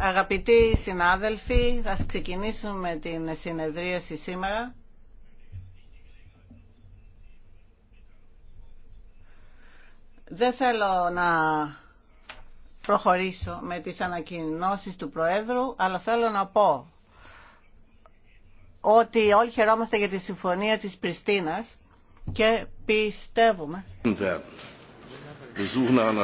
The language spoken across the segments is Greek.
Αγαπητοί συνάδελφοι, θα ξεκινήσουμε την συνεδρίαση σήμερα. Δεν θέλω να προχωρήσω με τις ανακοινώσεις του Προέδρου, αλλά θέλω να πω ότι όλοι χαιρόμαστε για τη συμφωνία της Πριστίνας και πιστεύουμε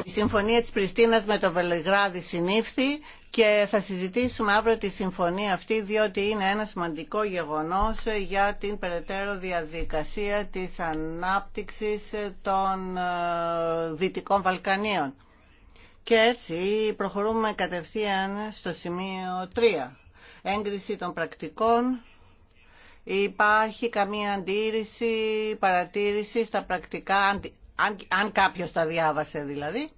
η συμφωνία της Πριστίνας με το Βελιγράδι συνήφθη και θα συζητήσουμε αύριο τη συμφωνία αυτή διότι είναι ένα σημαντικό γεγονός για την περαιτέρω διαδικασία της ανάπτυξης των ε, Δυτικών Βαλκανίων. Και έτσι προχωρούμε κατευθείαν στο σημείο 3. Έγκριση των πρακτικών. Υπάρχει καμία αντίρρηση, παρατήρηση στα πρακτικά, αν, αν κάποιος τα διάβασε δηλαδή.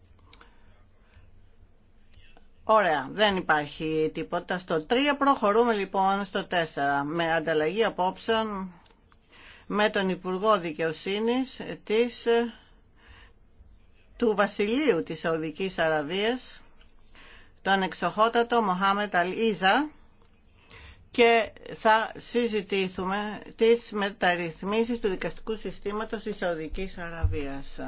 Ωραία, δεν υπάρχει τίποτα. Στο 3 προχωρούμε λοιπόν στο 4 με ανταλλαγή απόψεων με τον Υπουργό Δικαιοσύνης του Βασιλείου της Σαουδικής Αραβίας, τον εξοχότατο Μοχάμετ Αλ Ίζα, και θα συζητήσουμε τις μεταρρυθμίσεις του δικαστικού συστήματος της Σαουδικής Αραβίας.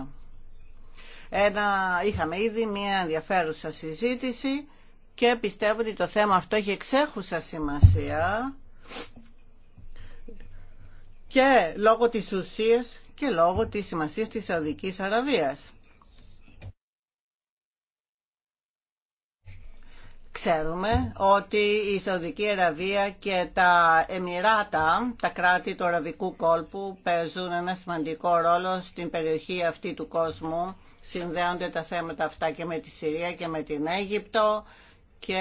Ένα, είχαμε ήδη μια ενδιαφέρουσα συζήτηση και πιστεύω ότι το θέμα αυτό έχει εξέχουσα σημασία και λόγω της ουσίας και λόγω της σημασίας της Σαουδικής Αραβίας. Ξέρουμε ότι η Σαουδική Αραβία και τα Εμμυράτα, τα κράτη του Αραβικού κόλπου, παίζουν ένα σημαντικό ρόλο στην περιοχή αυτή του κόσμου. Συνδέονται τα θέματα αυτά και με τη Συρία και με την Αίγυπτο και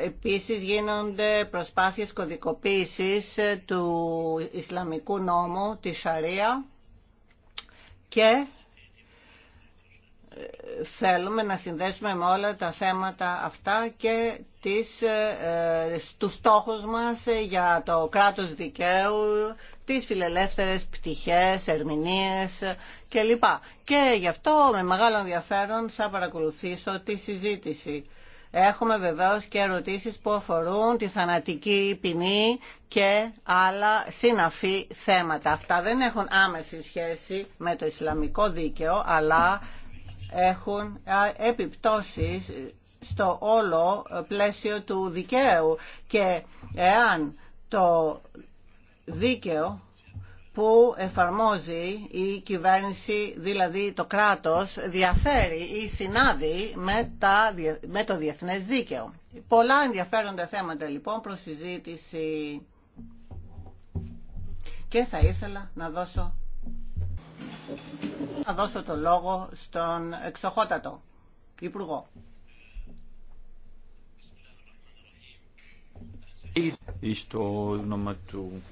ε, επίσης γίνονται προσπάθειες κωδικοποίησης ε, του Ισλαμικού νόμου, τη Σαρία και θέλουμε να συνδέσουμε με όλα τα θέματα αυτά και τις, ε, τους στόχους μας για το κράτος δικαίου, τις φιλελεύθερες πτυχές, ερμηνείες κλπ. Και γι' αυτό με μεγάλο ενδιαφέρον θα παρακολουθήσω τη συζήτηση. Έχουμε βεβαίως και ερωτήσεις που αφορούν τη θανατική ποινή και άλλα συναφή θέματα. Αυτά δεν έχουν άμεση σχέση με το Ισλαμικό δίκαιο, αλλά έχουν επιπτώσεις στο όλο πλαίσιο του δικαίου και εάν το δίκαιο που εφαρμόζει η κυβέρνηση, δηλαδή το κράτος, διαφέρει ή συνάδει με, το διεθνές δίκαιο. Πολλά ενδιαφέροντα θέματα λοιπόν προς συζήτηση και θα ήθελα να δώσω θα δώσω το λόγο στον εξοχότατο Υπουργό. Στο όνομα του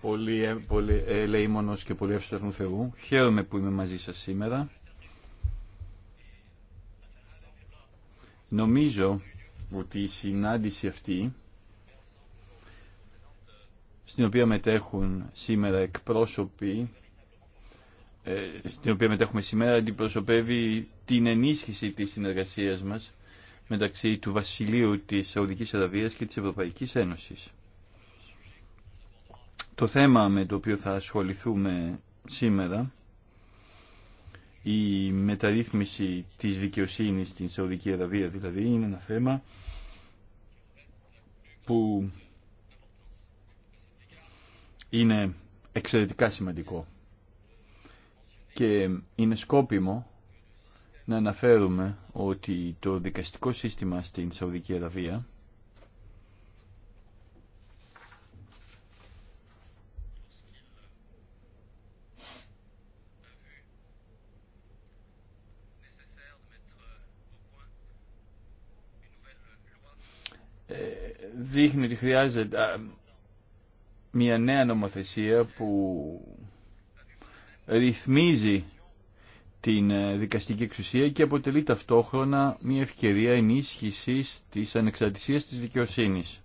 πολύ, ε, πολύ ε, ελεήμονος και πολύ εύστοχου Θεού, χαίρομαι που είμαι μαζί σας σήμερα. Νομίζω ότι η συνάντηση αυτή, στην οποία μετέχουν σήμερα εκπρόσωποι ε, στην οποία μετέχουμε σήμερα αντιπροσωπεύει την ενίσχυση της συνεργασίας μας μεταξύ του Βασιλείου της Σαουδικής Αραβίας και της Ευρωπαϊκής Ένωσης. Το θέμα με το οποίο θα ασχοληθούμε σήμερα η μεταρρύθμιση της δικαιοσύνης στην Σαουδική Αραβία δηλαδή είναι ένα θέμα που είναι εξαιρετικά σημαντικό. Και είναι σκόπιμο να αναφέρουμε ότι το δικαστικό σύστημα στην Σαουδική Αραβία ε, δείχνει ότι χρειάζεται μια νέα νομοθεσία που ρυθμίζει την ε, δικαστική εξουσία και αποτελεί ταυτόχρονα μια ευκαιρία ενίσχυσης της ανεξαρτησίας της δικαιοσύνης.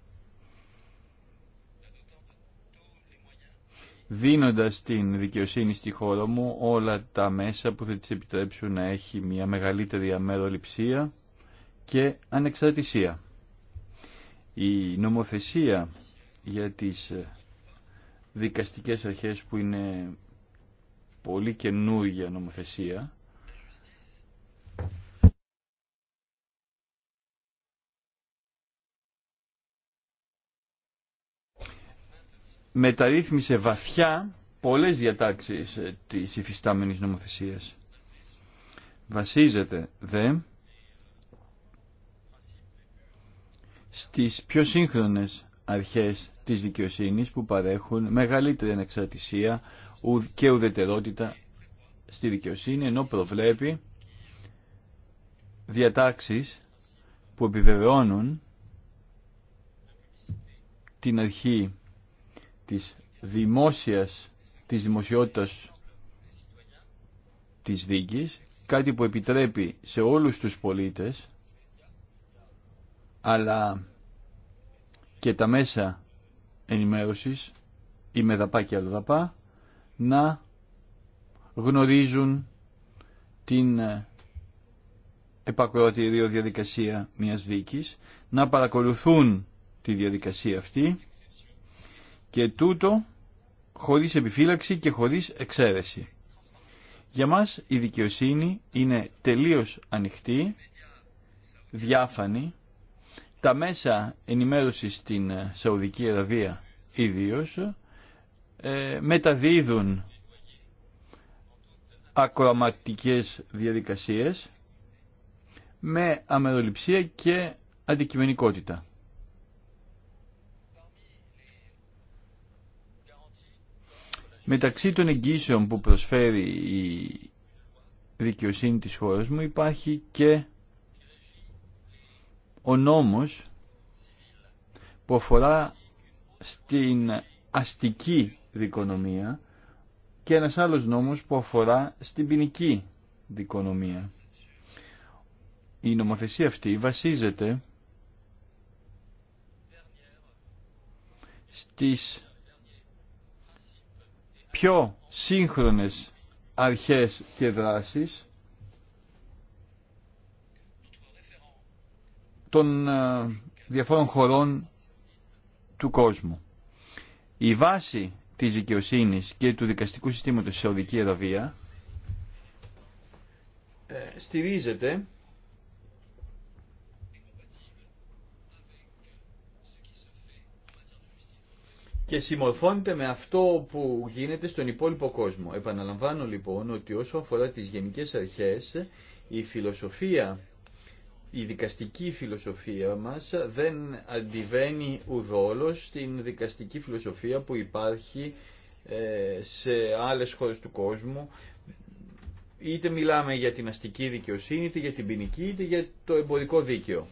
δίνοντας την δικαιοσύνη στη χώρα μου όλα τα μέσα που θα της επιτρέψουν να έχει μια μεγαλύτερη αμεροληψία και ανεξαρτησία. Η νομοθεσία για τις ε, δικαστικές αρχές που είναι πολύ καινούργια νομοθεσία μεταρρύθμισε βαθιά πολλές διατάξεις ε, της υφιστάμενης νομοθεσίας. Βασίζεται δε στις πιο σύγχρονες αρχές της δικαιοσύνης που παρέχουν μεγαλύτερη ανεξαρτησία, και ουδετερότητα στη δικαιοσύνη, ενώ προβλέπει διατάξεις που επιβεβαιώνουν την αρχή της δημόσιας, της δημοσιότητας της δίκης, κάτι που επιτρέπει σε όλους τους πολίτες, αλλά και τα μέσα ενημέρωσης, η ΜΕΔΑΠΑ και αλλοδαπά να γνωρίζουν την ε, επακροατήριο διαδικασία μιας δίκης, να παρακολουθούν τη διαδικασία αυτή και τούτο χωρίς επιφύλαξη και χωρίς εξαίρεση. Για μας η δικαιοσύνη είναι τελείως ανοιχτή, διάφανη. Τα μέσα ενημέρωσης στην ε, Σαουδική Αραβία ιδίως ε, μεταδίδουν ακροαματικές διαδικασίες με αμεροληψία και αντικειμενικότητα. Μεταξύ των εγγύσεων που προσφέρει η δικαιοσύνη της χώρας μου υπάρχει και ο νόμος που αφορά στην αστική δικονομία και ένας άλλος νόμος που αφορά στην ποινική δικονομία. Η νομοθεσία αυτή βασίζεται στις πιο σύγχρονες αρχές και δράσεις των ε, διαφόρων χωρών του κόσμου. Η βάση της δικαιοσύνη και του δικαστικού συστήματος στη Σαουδική Αραβία ε, στηρίζεται και συμμορφώνεται με αυτό που γίνεται στον υπόλοιπο κόσμο. Επαναλαμβάνω λοιπόν ότι όσο αφορά τις γενικές αρχές, η φιλοσοφία η δικαστική φιλοσοφία μας δεν αντιβαίνει ουδόλως στην δικαστική φιλοσοφία που υπάρχει ε, σε άλλες χώρες του κόσμου είτε μιλάμε για την αστική δικαιοσύνη, είτε για την ποινική, είτε για το εμπορικό δίκαιο.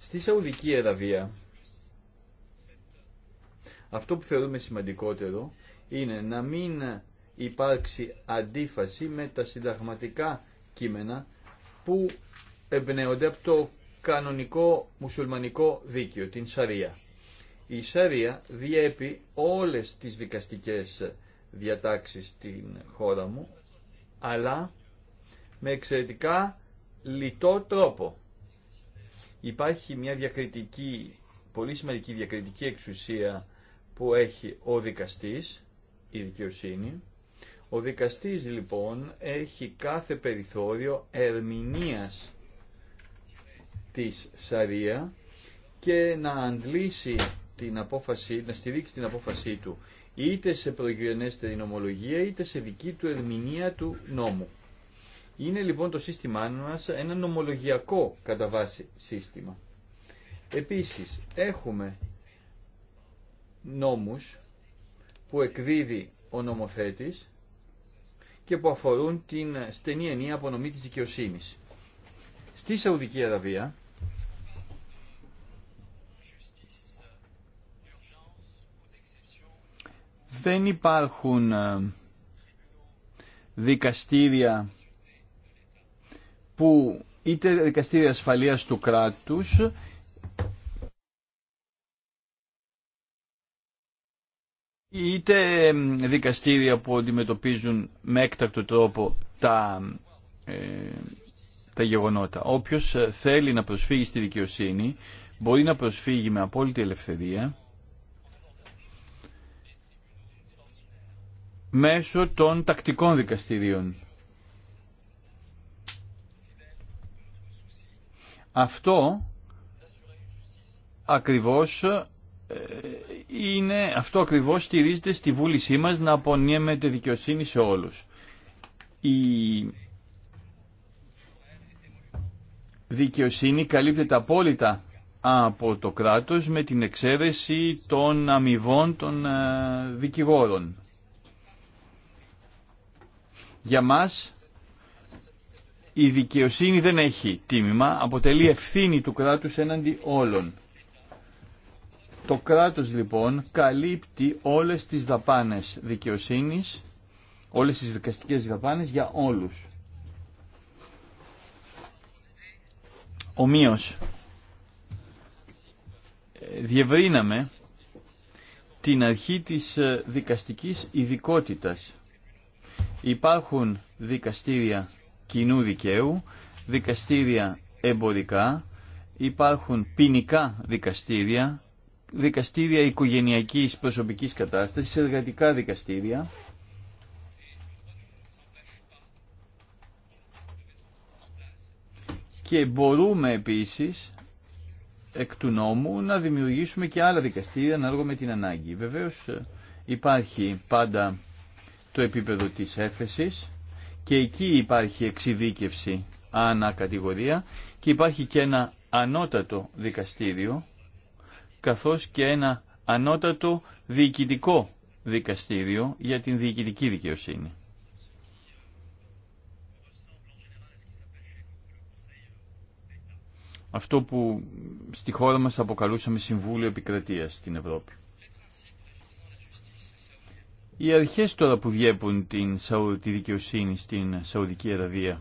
Στη Σαουδική Αραβία αυτό που θεωρούμε σημαντικότερο είναι να μην υπάρξει αντίφαση με τα συνταγματικά κείμενα που εμπνέονται από το κανονικό μουσουλμανικό δίκαιο, την Σαρία. Η Σαρία διέπει όλες τις δικαστικές διατάξεις στην χώρα μου, αλλά με εξαιρετικά λιτό τρόπο. Υπάρχει μια διακριτική, πολύ σημαντική διακριτική εξουσία που έχει ο δικαστής, η δικαιοσύνη. Ο δικαστής λοιπόν έχει κάθε περιθώριο ερμηνείας της Σαρία και να αντλήσει την απόφαση, να στηρίξει την απόφασή του είτε σε προγειονέστερη νομολογία είτε σε δική του ερμηνεία του νόμου. Είναι λοιπόν το σύστημά μας ένα νομολογιακό κατά βάση σύστημα. Επίσης έχουμε νόμους που εκδίδει ο νομοθέτης και που αφορούν την στενή ενία απονομή της δικαιοσύνης. Στη Σαουδική Αραβία δεν υπάρχουν ε, δικαστήρια που είτε δικαστήρια ασφαλείας του κράτους είτε ε, δικαστήρια που αντιμετωπίζουν με έκτακτο τρόπο τα, ε, τα γεγονότα. Όποιος ε, θέλει να προσφύγει στη δικαιοσύνη μπορεί να προσφύγει με απόλυτη ελευθερία μέσω των τακτικών δικαστηρίων. Αυτό ακριβώς ε, είναι, αυτό ακριβώς στηρίζεται στη βούλησή μας να απονείμεται δικαιοσύνη σε όλους δικαιοσύνη καλύπτεται απόλυτα από το κράτος με την εξαίρεση των αμοιβών των ε, δικηγόρων. Για μας η δικαιοσύνη δεν έχει τίμημα, αποτελεί ευθύνη του κράτους έναντι όλων. Το κράτος λοιπόν καλύπτει όλες τις δαπάνες δικαιοσύνης, όλες τις δικαστικές δαπάνες για όλους. Ομοίως, διευρύναμε την αρχή της ε, δικαστικής ειδικότητα. Υπάρχουν δικαστήρια κοινού δικαίου, δικαστήρια εμπορικά, υπάρχουν ποινικά δικαστήρια, δικαστήρια οικογενειακής προσωπικής κατάστασης, εργατικά δικαστήρια Και μπορούμε επίσης εκ του νόμου να δημιουργήσουμε και άλλα δικαστήρια ανάλογα με την ανάγκη. Βεβαίως ε, υπάρχει πάντα το επίπεδο της έφεσης και εκεί υπάρχει εξειδίκευση κατηγορία και υπάρχει και ένα ανώτατο δικαστήριο καθώς και ένα ανώτατο διοικητικό δικαστήριο για την διοικητική δικαιοσύνη. αυτό που στη χώρα μας αποκαλούσαμε Συμβούλιο Επικρατείας στην Ευρώπη. Οι αρχές τώρα που βλέπουν την, τη δικαιοσύνη στην Σαουδική Αραβία,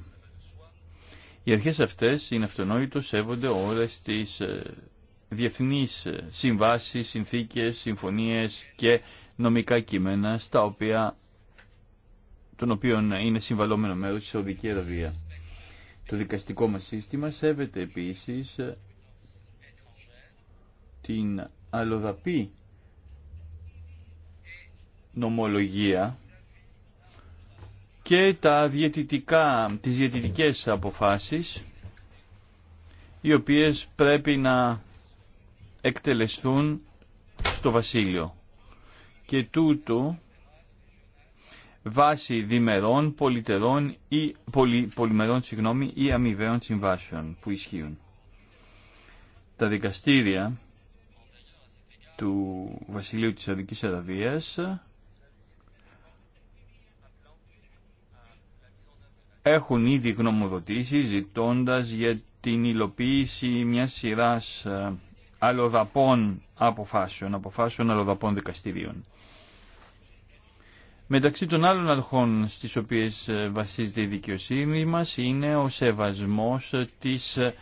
οι αρχές αυτές είναι αυτονόητο, σέβονται όλες τις ε, διεθνείς ε, συμβάσεις, συνθήκες, συμφωνίες και νομικά κείμενα στα οποία, των οποίων είναι συμβαλόμενο μέρος η Σαουδική Αραβία. Το δικαστικό μας σύστημα σέβεται επίσης ε, την αλλοδαπή νομολογία και τα διαιτητικά, τις διαιτητικές αποφάσεις οι οποίες πρέπει να εκτελεστούν στο βασίλειο. Και τούτο βάσει διμερών, πολυτερών ή πολυ, πολυμερών συγγνώμη, ή αμοιβαίων συμβάσεων που ισχύουν. Τα δικαστήρια του Βασιλείου της Αδικής Αραβίας έχουν ήδη γνωμοδοτήσει ζητώντας για την υλοποίηση μιας σειράς ε, αλλοδαπών αποφάσεων, αποφάσεων αλλοδαπών δικαστηρίων. Μεταξύ των άλλων αρχών στις οποίες ε, βασίζεται η δικαιοσύνη μας είναι ο σεβασμός ε, της ε,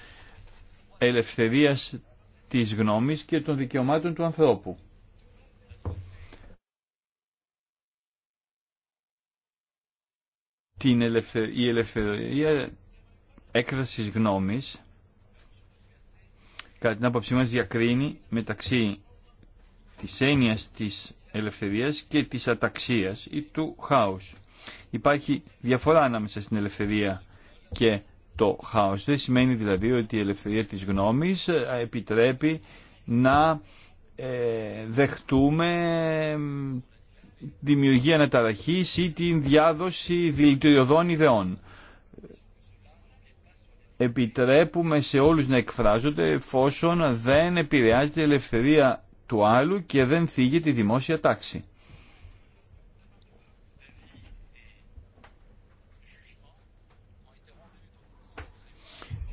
ελευθερίας της γνώμης και των δικαιωμάτων του ανθρώπου. Την η ελευθερία έκφρασης γνώμης κατά την άποψή μας διακρίνει μεταξύ της έννοιας της ελευθερίας και της αταξίας ή του χάους. Υπάρχει διαφορά ανάμεσα στην ελευθερία και το χάος. Δεν σημαίνει δηλαδή ότι η ελευθερία της γνώμης ε, επιτρέπει να ε, δεχτούμε δημιουργία αναταραχής ή την διάδοση δηλητηριωδών ιδεών. Επιτρέπουμε σε όλους να εκφράζονται εφόσον δεν επηρεάζεται η ελευθερία του άλλου και δεν θίγει τη δημόσια τάξη.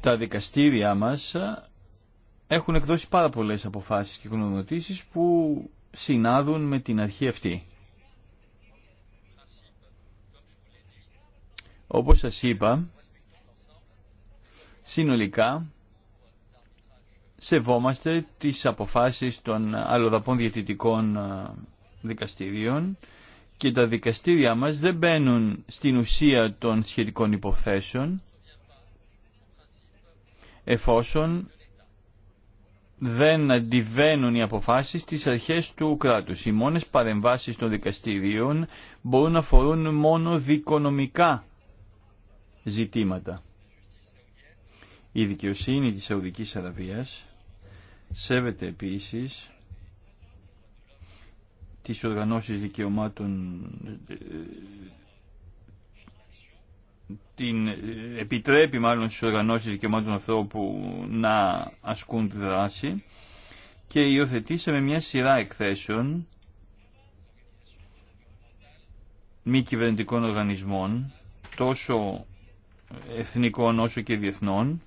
Τα δικαστήρια μας έχουν εκδώσει πάρα πολλές αποφάσεις και γνωμοτήσεις που συνάδουν με την αρχή αυτή. Όπως σας είπα, συνολικά σεβόμαστε τις αποφάσεις των αλλοδαπών διαιτητικών ε, δικαστηρίων και τα δικαστήρια μας δεν μπαίνουν στην ουσία των σχετικών υποθέσεων εφόσον δεν αντιβαίνουν οι αποφάσεις στις αρχές του κράτους. Οι μόνες παρεμβάσεις των δικαστηρίων μπορούν να αφορούν μόνο δικονομικά ζητήματα. Η δικαιοσύνη της Σαουδικής Αραβίας σέβεται επίσης τις οργανώσεις δικαιωμάτων την επιτρέπει μάλλον στις οργανώσεις δικαιωμάτων ανθρώπου να ασκούν τη δράση και υιοθετήσαμε μια σειρά εκθέσεων μη κυβερνητικών οργανισμών τόσο εθνικών όσο και διεθνών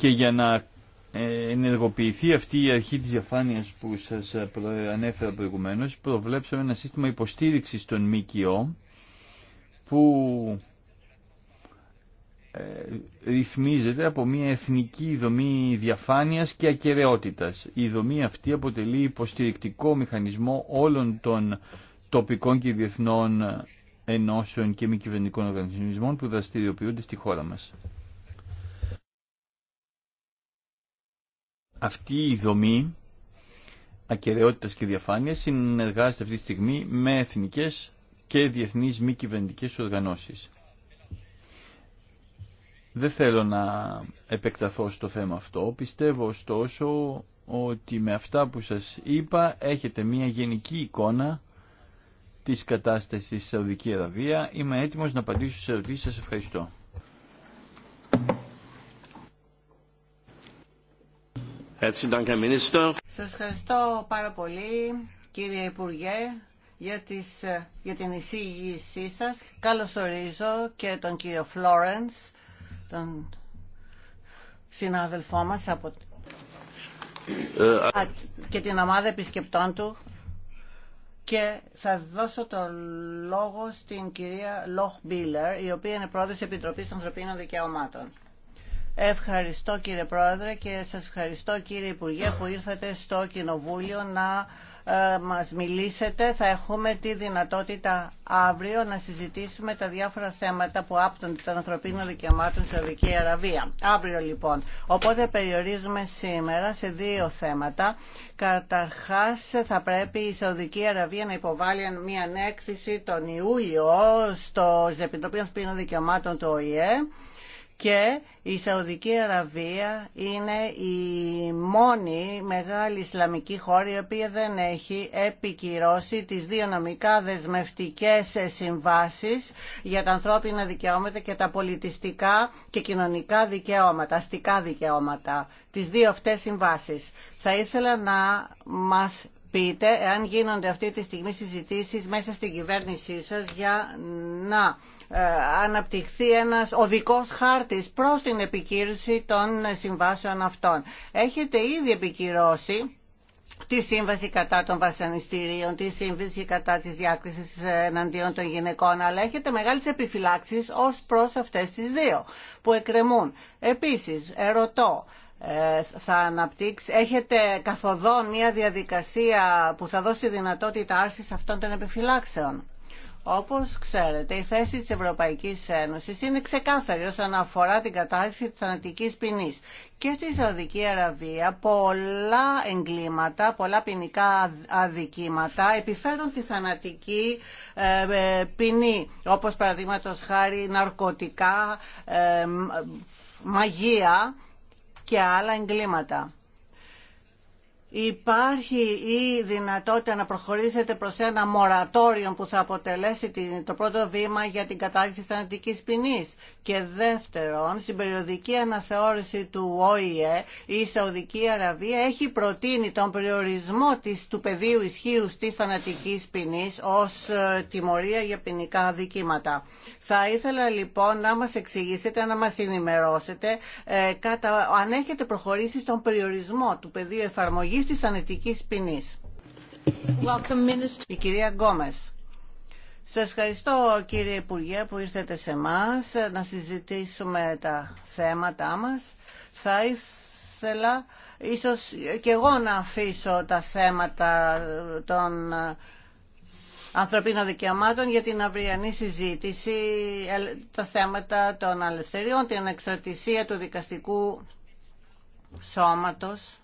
Και για να ε, ενεργοποιηθεί αυτή η αρχή της διαφάνειας που σας ε, ανέφερα προηγουμένως, προβλέψαμε ένα σύστημα υποστήριξης των ΜΚΟ που ε, ρυθμίζεται από μια εθνική δομή διαφάνειας και ακαιρεότητας. Η δομή αυτή αποτελεί υποστηρικτικό μηχανισμό όλων των τοπικών και διεθνών ενώσεων και μη κυβερνικών οργανισμών που δραστηριοποιούνται στη χώρα μας. αυτή η δομή ακαιρεότητας και διαφάνειας συνεργάζεται αυτή τη στιγμή με εθνικές και διεθνείς μη κυβερνητικέ οργανώσεις. Δεν θέλω να επεκταθώ στο θέμα αυτό. Πιστεύω ωστόσο ότι με αυτά που σας είπα έχετε μια γενική εικόνα της κατάστασης στη Σαουδική Αραβία. Είμαι έτοιμος να απαντήσω σε ερωτήσεις σας. Ευχαριστώ. Σας ευχαριστώ πάρα πολύ κύριε Υπουργέ για, την εισήγησή σας. Καλώς ορίζω και τον κύριο Φλόρενς, τον συνάδελφό μα από... Ε, και την ομάδα επισκεπτών του και θα δώσω το λόγο στην κυρία Λοχ Μπίλερ, η οποία είναι πρόεδρος της Επιτροπής Ανθρωπίνων Δικαιωμάτων. Ευχαριστώ κύριε Πρόεδρε και σας ευχαριστώ κύριε Υπουργέ που ήρθατε στο Κοινοβούλιο να ε, μας μιλήσετε. Θα έχουμε τη δυνατότητα αύριο να συζητήσουμε τα διάφορα θέματα που άπτονται των ανθρωπίνων δικαιωμάτων στη Σαουδική Αραβία. Αύριο λοιπόν. Οπότε περιορίζουμε σήμερα σε δύο θέματα. Καταρχάς θα πρέπει η Σαουδική Αραβία να υποβάλει μια ανέκτηση τον Ιούλιο στο Επιτροπή Ανθρωπίνων Δικαιωμάτων του ΟΗΕ και η Σαουδική Αραβία είναι η μόνη μεγάλη Ισλαμική χώρα η οποία δεν έχει επικυρώσει τις δύο νομικά δεσμευτικές συμβάσεις για τα ανθρώπινα δικαιώματα και τα πολιτιστικά και κοινωνικά δικαιώματα, αστικά δικαιώματα, τις δύο αυτές συμβάσεις. Θα ήθελα να μας πείτε εάν γίνονται αυτή τη στιγμή συζητήσεις μέσα στην κυβέρνησή σας για να ε, αναπτυχθεί ένας οδικός χάρτης προς την επικύρωση των συμβάσεων αυτών. Έχετε ήδη επικυρώσει τη σύμβαση κατά των βασανιστήριων, τη σύμβαση κατά της διάκρισης εναντίον των γυναικών, αλλά έχετε μεγάλες επιφυλάξεις ως προς αυτές τις δύο που εκκρεμούν. Επίσης, ερωτώ, ε, θα αναπτύξει, έχετε καθοδόν μια διαδικασία που θα δώσει δυνατότητα άρσης αυτών των επιφυλάξεων. Όπως ξέρετε, η θέση της Ευρωπαϊκής Ένωσης είναι ξεκάθαρη όσον αφορά την κατάρριξη της θανατικής ποινής. Και στη Σαουδική Αραβία πολλά εγκλήματα, πολλά ποινικά αδικήματα επιφέρουν τη θανατική ε, ε, ποινή, όπως παραδείγματο χάρη ναρκωτικά, ε, μαγεία και άλλα εγκλήματα. Υπάρχει η δυνατότητα να προχωρήσετε προς ένα μορατόριο που θα αποτελέσει το πρώτο βήμα για την κατάργηση θανατικής ποινή. Και δεύτερον, στην περιοδική αναθεώρηση του ΟΗΕ, η Σαουδική Αραβία έχει προτείνει τον περιορισμό της, του πεδίου ισχύου της θανατικής ποινή ως ε, τιμωρία για ποινικά δικήματα. Θα ήθελα λοιπόν να μας εξηγήσετε, να μας ενημερώσετε, ε, κατά, αν έχετε προχωρήσει στον περιορισμό του πεδίου εφαρμογή. Τη της θανατικής ποινής. Η κυρία Γκόμες. Σας ευχαριστώ κύριε Υπουργέ που ήρθατε σε εμά. να συζητήσουμε τα θέματα μας. Θα ήθελα ίσως και εγώ να αφήσω τα θέματα των ανθρωπίνων δικαιωμάτων για την αυριανή συζήτηση, ε, τα θέματα των αλευθεριών, την εξαρτησία του δικαστικού σώματος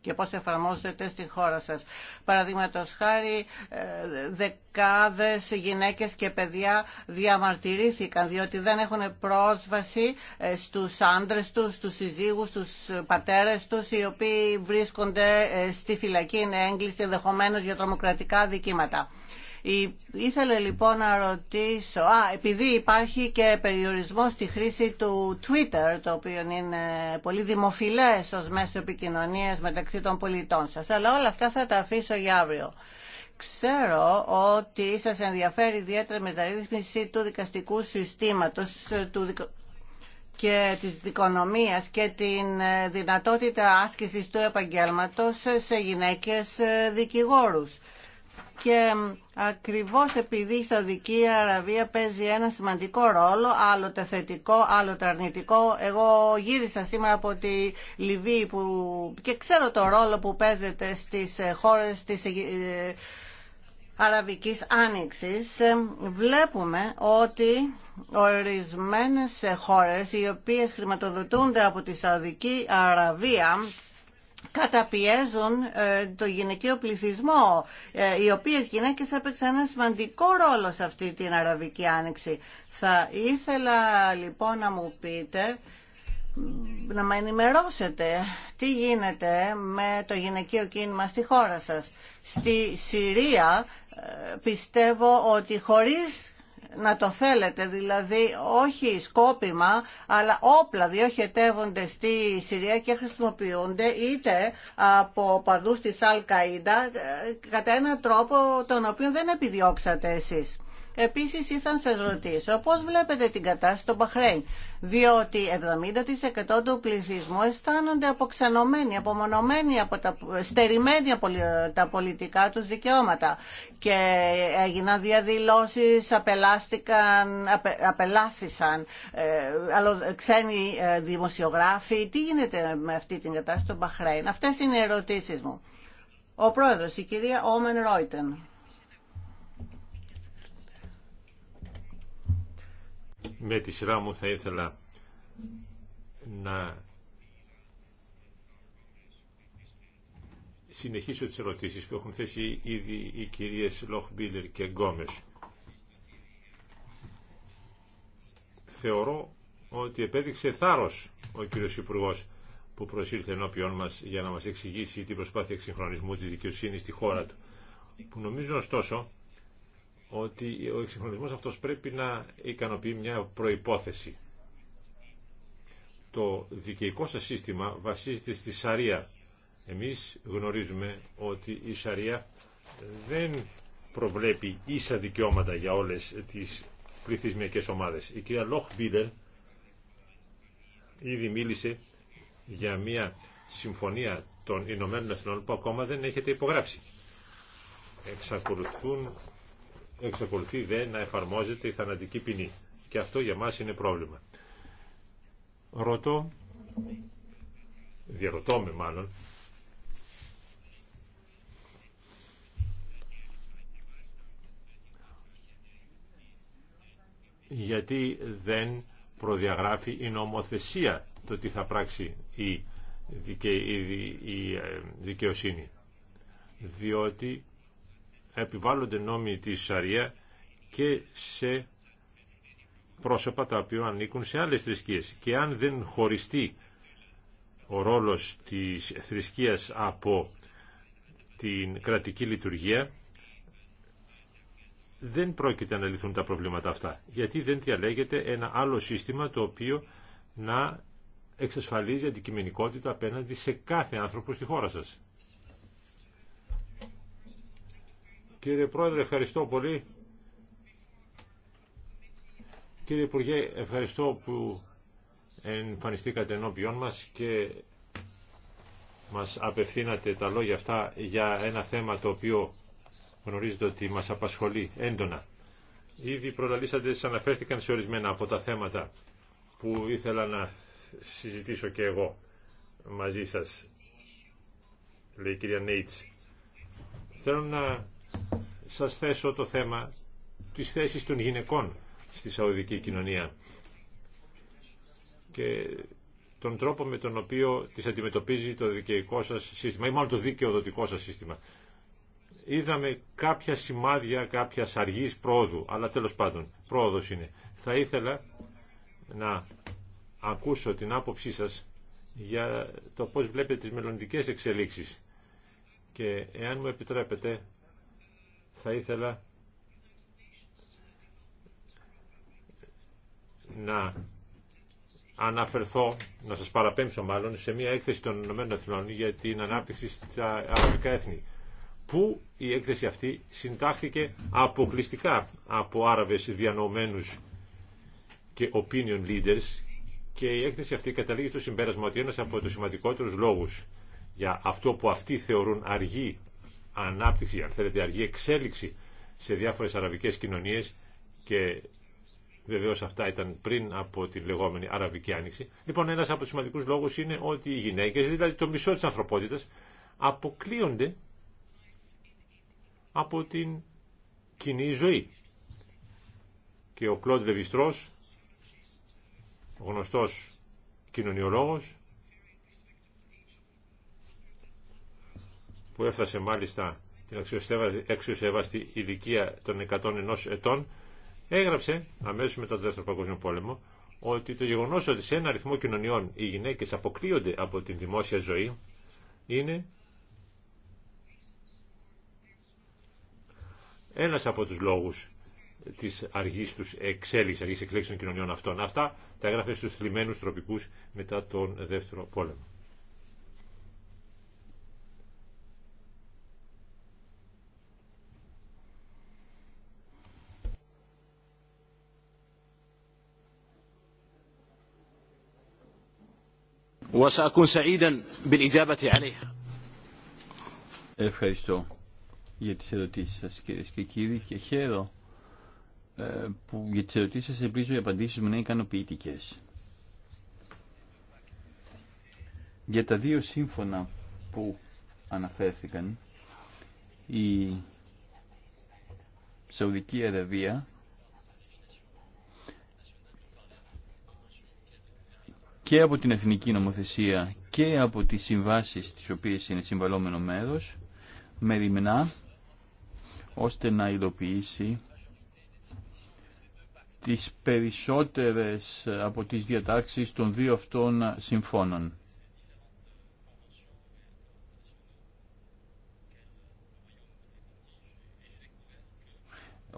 και πώς εφαρμόζεται στη χώρα σας. Παραδείγματο χάρη ε, δεκάδες γυναίκες και παιδιά διαμαρτυρήθηκαν διότι δεν έχουν πρόσβαση ε, στους άντρες τους, στους συζύγους, στους πατέρες τους οι οποίοι βρίσκονται ε, στη φυλακή, είναι έγκλειστοι ενδεχομένω για τρομοκρατικά δικήματα. Ήθελε λοιπόν να ρωτήσω, α, επειδή υπάρχει και περιορισμό στη χρήση του Twitter, το οποίο είναι πολύ δημοφιλές ως μέσο επικοινωνίας μεταξύ των πολιτών σας, αλλά όλα αυτά θα τα αφήσω για αύριο. Ξέρω ότι σας ενδιαφέρει ιδιαίτερα η μεταρρύθμιση του δικαστικού συστήματος, του, και της δικονομίας και την ε, δυνατότητα άσκησης του επαγγέλματος σε γυναίκες ε, δικηγόρους και ακριβώς επειδή η Σαουδική Αραβία παίζει ένα σημαντικό ρόλο, άλλοτε θετικό, άλλοτε αρνητικό. Εγώ γύρισα σήμερα από τη Λιβύη που... και ξέρω το ρόλο που παίζεται στις ε, χώρες της ε, Αραβικής Άνοιξης. Ε, βλέπουμε ότι ορισμένες χώρες οι οποίες χρηματοδοτούνται από τη Σαουδική Αραβία καταπιέζουν ε, το γυναικείο πληθυσμό. Ε, οι οποίες γυναίκες έπαιξαν ένα σημαντικό ρόλο σε αυτή την Αραβική Άνοιξη. Θα ήθελα λοιπόν να μου πείτε να με ενημερώσετε τι γίνεται με το γυναικείο κίνημα στη χώρα σας. Στη Συρία ε, πιστεύω ότι χωρίς να το θέλετε, δηλαδή όχι σκόπιμα, αλλά όπλα διοχετεύονται στη Συρία και χρησιμοποιούνται είτε από παδού τη αλ ε, κατά έναν τρόπο τον οποίο δεν επιδιώξατε εσείς. Επίσης ήθελα να σας ρωτήσω, πώς βλέπετε την κατάσταση στο Μπαχρέιν διότι 70% του πληθυσμού αισθάνονται αποξενωμένοι, απομονωμένοι, από τα, στερημένοι από τα πολιτικά τους δικαιώματα και έγιναν διαδηλώσεις, απελάστηκαν, απε, απελάστησαν ε, ξένοι ε, δημοσιογράφοι. Τι γίνεται με αυτή την κατάσταση στο Μπαχρέιν. Αυτές είναι οι ερωτήσεις μου. Ο πρόεδρος, η κυρία Όμεν Ρόιτεν. Με τη σειρά μου θα ήθελα να συνεχίσω τις ερωτήσεις που έχουν θέσει ήδη οι κυρίες Λοχμπίλερ και Γκόμες. Θεωρώ ότι επέδειξε θάρρος ο κύριος υπουργό που προσήλθε ενώπιον μας για να μας εξηγήσει την προσπάθεια εξυγχρονισμού της δικαιοσύνης στη χώρα του, που νομίζω ωστόσο ότι ο εξυγχρονισμός αυτός πρέπει να ικανοποιεί μια προϋπόθεση. Το δικαιικό σας σύστημα βασίζεται στη Σαρία. Εμείς γνωρίζουμε ότι η Σαρία δεν προβλέπει ίσα δικαιώματα για όλες τις πληθυσμιακές ομάδες. Η κυρία Λόχ Μπίλερ ήδη μίλησε για μια συμφωνία των Ηνωμένων Εθνών που ακόμα δεν έχετε υπογράψει. Εξακολουθούν εξακολουθεί δε να εφαρμόζεται η θανατική ποινή. Και αυτό για μας είναι πρόβλημα. Ρωτώ, διαρωτώ με μάλλον, γιατί δεν προδιαγράφει η νομοθεσία το τι θα πράξει η ε, δικαιοσύνη. Διότι επιβάλλονται νόμοι της Σαρία και σε πρόσωπα τα οποία ανήκουν σε άλλες θρησκείες. Και αν δεν χωριστεί ο ρόλος της θρησκείας από την κρατική λειτουργία, δεν πρόκειται να λυθούν τα προβλήματα αυτά. Γιατί δεν διαλέγεται ένα άλλο σύστημα το οποίο να εξασφαλίζει αντικειμενικότητα απέναντι σε κάθε άνθρωπο στη χώρα σας. Κύριε Πρόεδρε, ευχαριστώ πολύ. Κύριε Υπουργέ, ευχαριστώ που εμφανιστήκατε ενώπιόν μας και μας απευθύνατε τα λόγια αυτά για ένα θέμα το οποίο γνωρίζετε ότι μας απασχολεί έντονα. Ήδη προλαλήσατε, αναφέρθηκαν σε ορισμένα από τα θέματα που ήθελα να συζητήσω και εγώ μαζί σας, λέει η κυρία Νέιτς. Θέλω να σας θέσω το θέμα της θέσης των γυναικών στη σαουδική κοινωνία και τον τρόπο με τον οποίο τις αντιμετωπίζει το δικαιικό σας σύστημα ή μάλλον το δικαιοδοτικό σας σύστημα. Είδαμε κάποια σημάδια κάποια αργής πρόοδου, αλλά τέλος πάντων πρόοδος είναι. Θα ήθελα να ακούσω την άποψή σας για το πώς βλέπετε τις μελλοντικές εξελίξεις και εάν μου επιτρέπετε θα ήθελα να αναφερθώ, να σας παραπέμψω μάλλον, σε μια έκθεση των Ηνωμένων Εθνών για την ανάπτυξη στα αραβικά έθνη, που η έκθεση αυτή συντάχθηκε αποκλειστικά από Άραβες διανομένους και opinion leaders και η έκθεση αυτή καταλήγει στο συμπέρασμα ότι ένας από τους σημαντικότερους λόγους για αυτό που αυτοί θεωρούν αργή ανάπτυξη, αν θέλετε αργή εξέλιξη σε διάφορες αραβικές κοινωνίες και βεβαίως αυτά ήταν πριν από την λεγόμενη Αραβική Άνοιξη. Λοιπόν, ένας από τους σημαντικούς λόγους είναι ότι οι γυναίκες, δηλαδή το μισό της ανθρωπότητας, αποκλείονται από την κοινή ζωή. Και ο Κλοντ Λεβιστρός, γνωστός κοινωνιολόγος, που έφτασε μάλιστα την αξιοσέβαστη ηλικία των 101 ετών, έγραψε αμέσως μετά το Δεύτερο Παγκόσμιο Πόλεμο ότι το γεγονός ότι σε ένα αριθμό κοινωνιών οι γυναίκες αποκλείονται από την δημόσια ζωή είναι ένας από τους λόγους της αργή τους εξέλιξης, αργής εκλέξης των κοινωνιών αυτών. Αυτά τα έγραφε στους θλιμμένους τροπικούς μετά τον Δεύτερο Πόλεμο. Ευχαριστώ για τις ερωτήσεις σας κυρίες και κύριοι και χαίρο ε, που για τις ερωτήσεις σας ελπίζω οι απαντήσεις μου να είναι ικανοποιητικές. Για τα δύο σύμφωνα που αναφέρθηκαν η Σαουδική Αραβία και από την εθνική νομοθεσία και από τις συμβάσεις τις οποίες είναι συμβαλόμενο μέρος μεριμνά ώστε να υλοποιήσει τις περισσότερες από τις διατάξεις των δύο αυτών συμφώνων.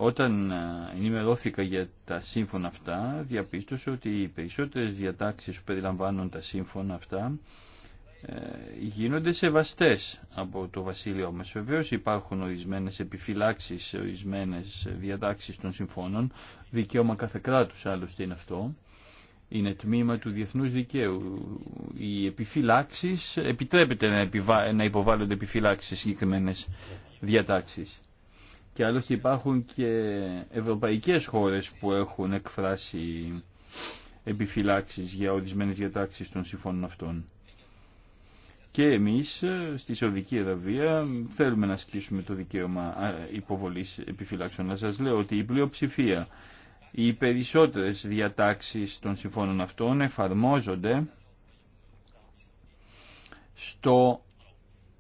Όταν ε, ενημερώθηκα για τα σύμφωνα αυτά, διαπίστωσα ότι οι περισσότερες διατάξεις που περιλαμβάνουν τα σύμφωνα αυτά ε, γίνονται σεβαστές από το βασίλειό μας. Βεβαίως υπάρχουν ορισμένες επιφυλάξεις, ορισμένες διατάξεις των συμφώνων, δικαίωμα κάθε κράτους άλλωστε είναι αυτό, είναι τμήμα του διεθνούς δικαίου. Οι επιφυλάξεις, επιτρέπεται να, υποβάλλονται επιφυλάξεις σε διατάξεις. Και άλλωστε υπάρχουν και ευρωπαϊκές χώρες που έχουν εκφράσει επιφυλάξεις για ορισμένες διατάξεις των συμφώνων αυτών. Και εμείς ε, στη Σαουδική Αραβία θέλουμε να ασκήσουμε το δικαίωμα υποβολής επιφυλάξεων. Να σας λέω ότι η πλειοψηφία, οι περισσότερες διατάξεις των συμφώνων αυτών εφαρμόζονται στο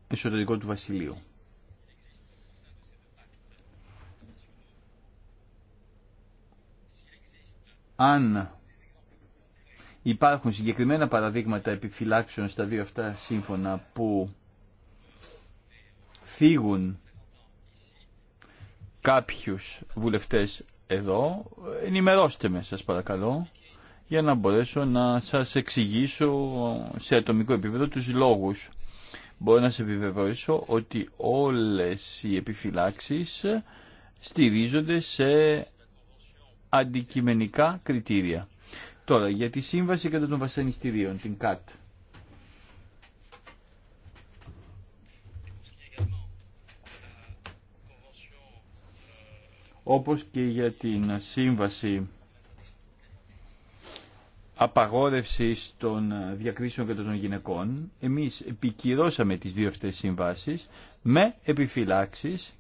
εσωτερικό του βασιλείου. αν υπάρχουν συγκεκριμένα παραδείγματα επιφυλάξεων στα δύο αυτά σύμφωνα που φύγουν κάποιους βουλευτές εδώ, ενημερώστε με σας παρακαλώ για να μπορέσω να σας εξηγήσω σε ατομικό επίπεδο τους λόγους. Μπορώ να σε επιβεβαιώσω ότι όλες οι επιφυλάξεις στηρίζονται σε αντικειμενικά κριτήρια. Τώρα, για τη σύμβαση κατά των βασανιστήριων, την ΚΑΤ. Όπως και για την σύμβαση απαγόρευση των διακρίσεων κατά των γυναικών, εμείς επικυρώσαμε τις δύο αυτές συμβάσεις με επιφυλάξεις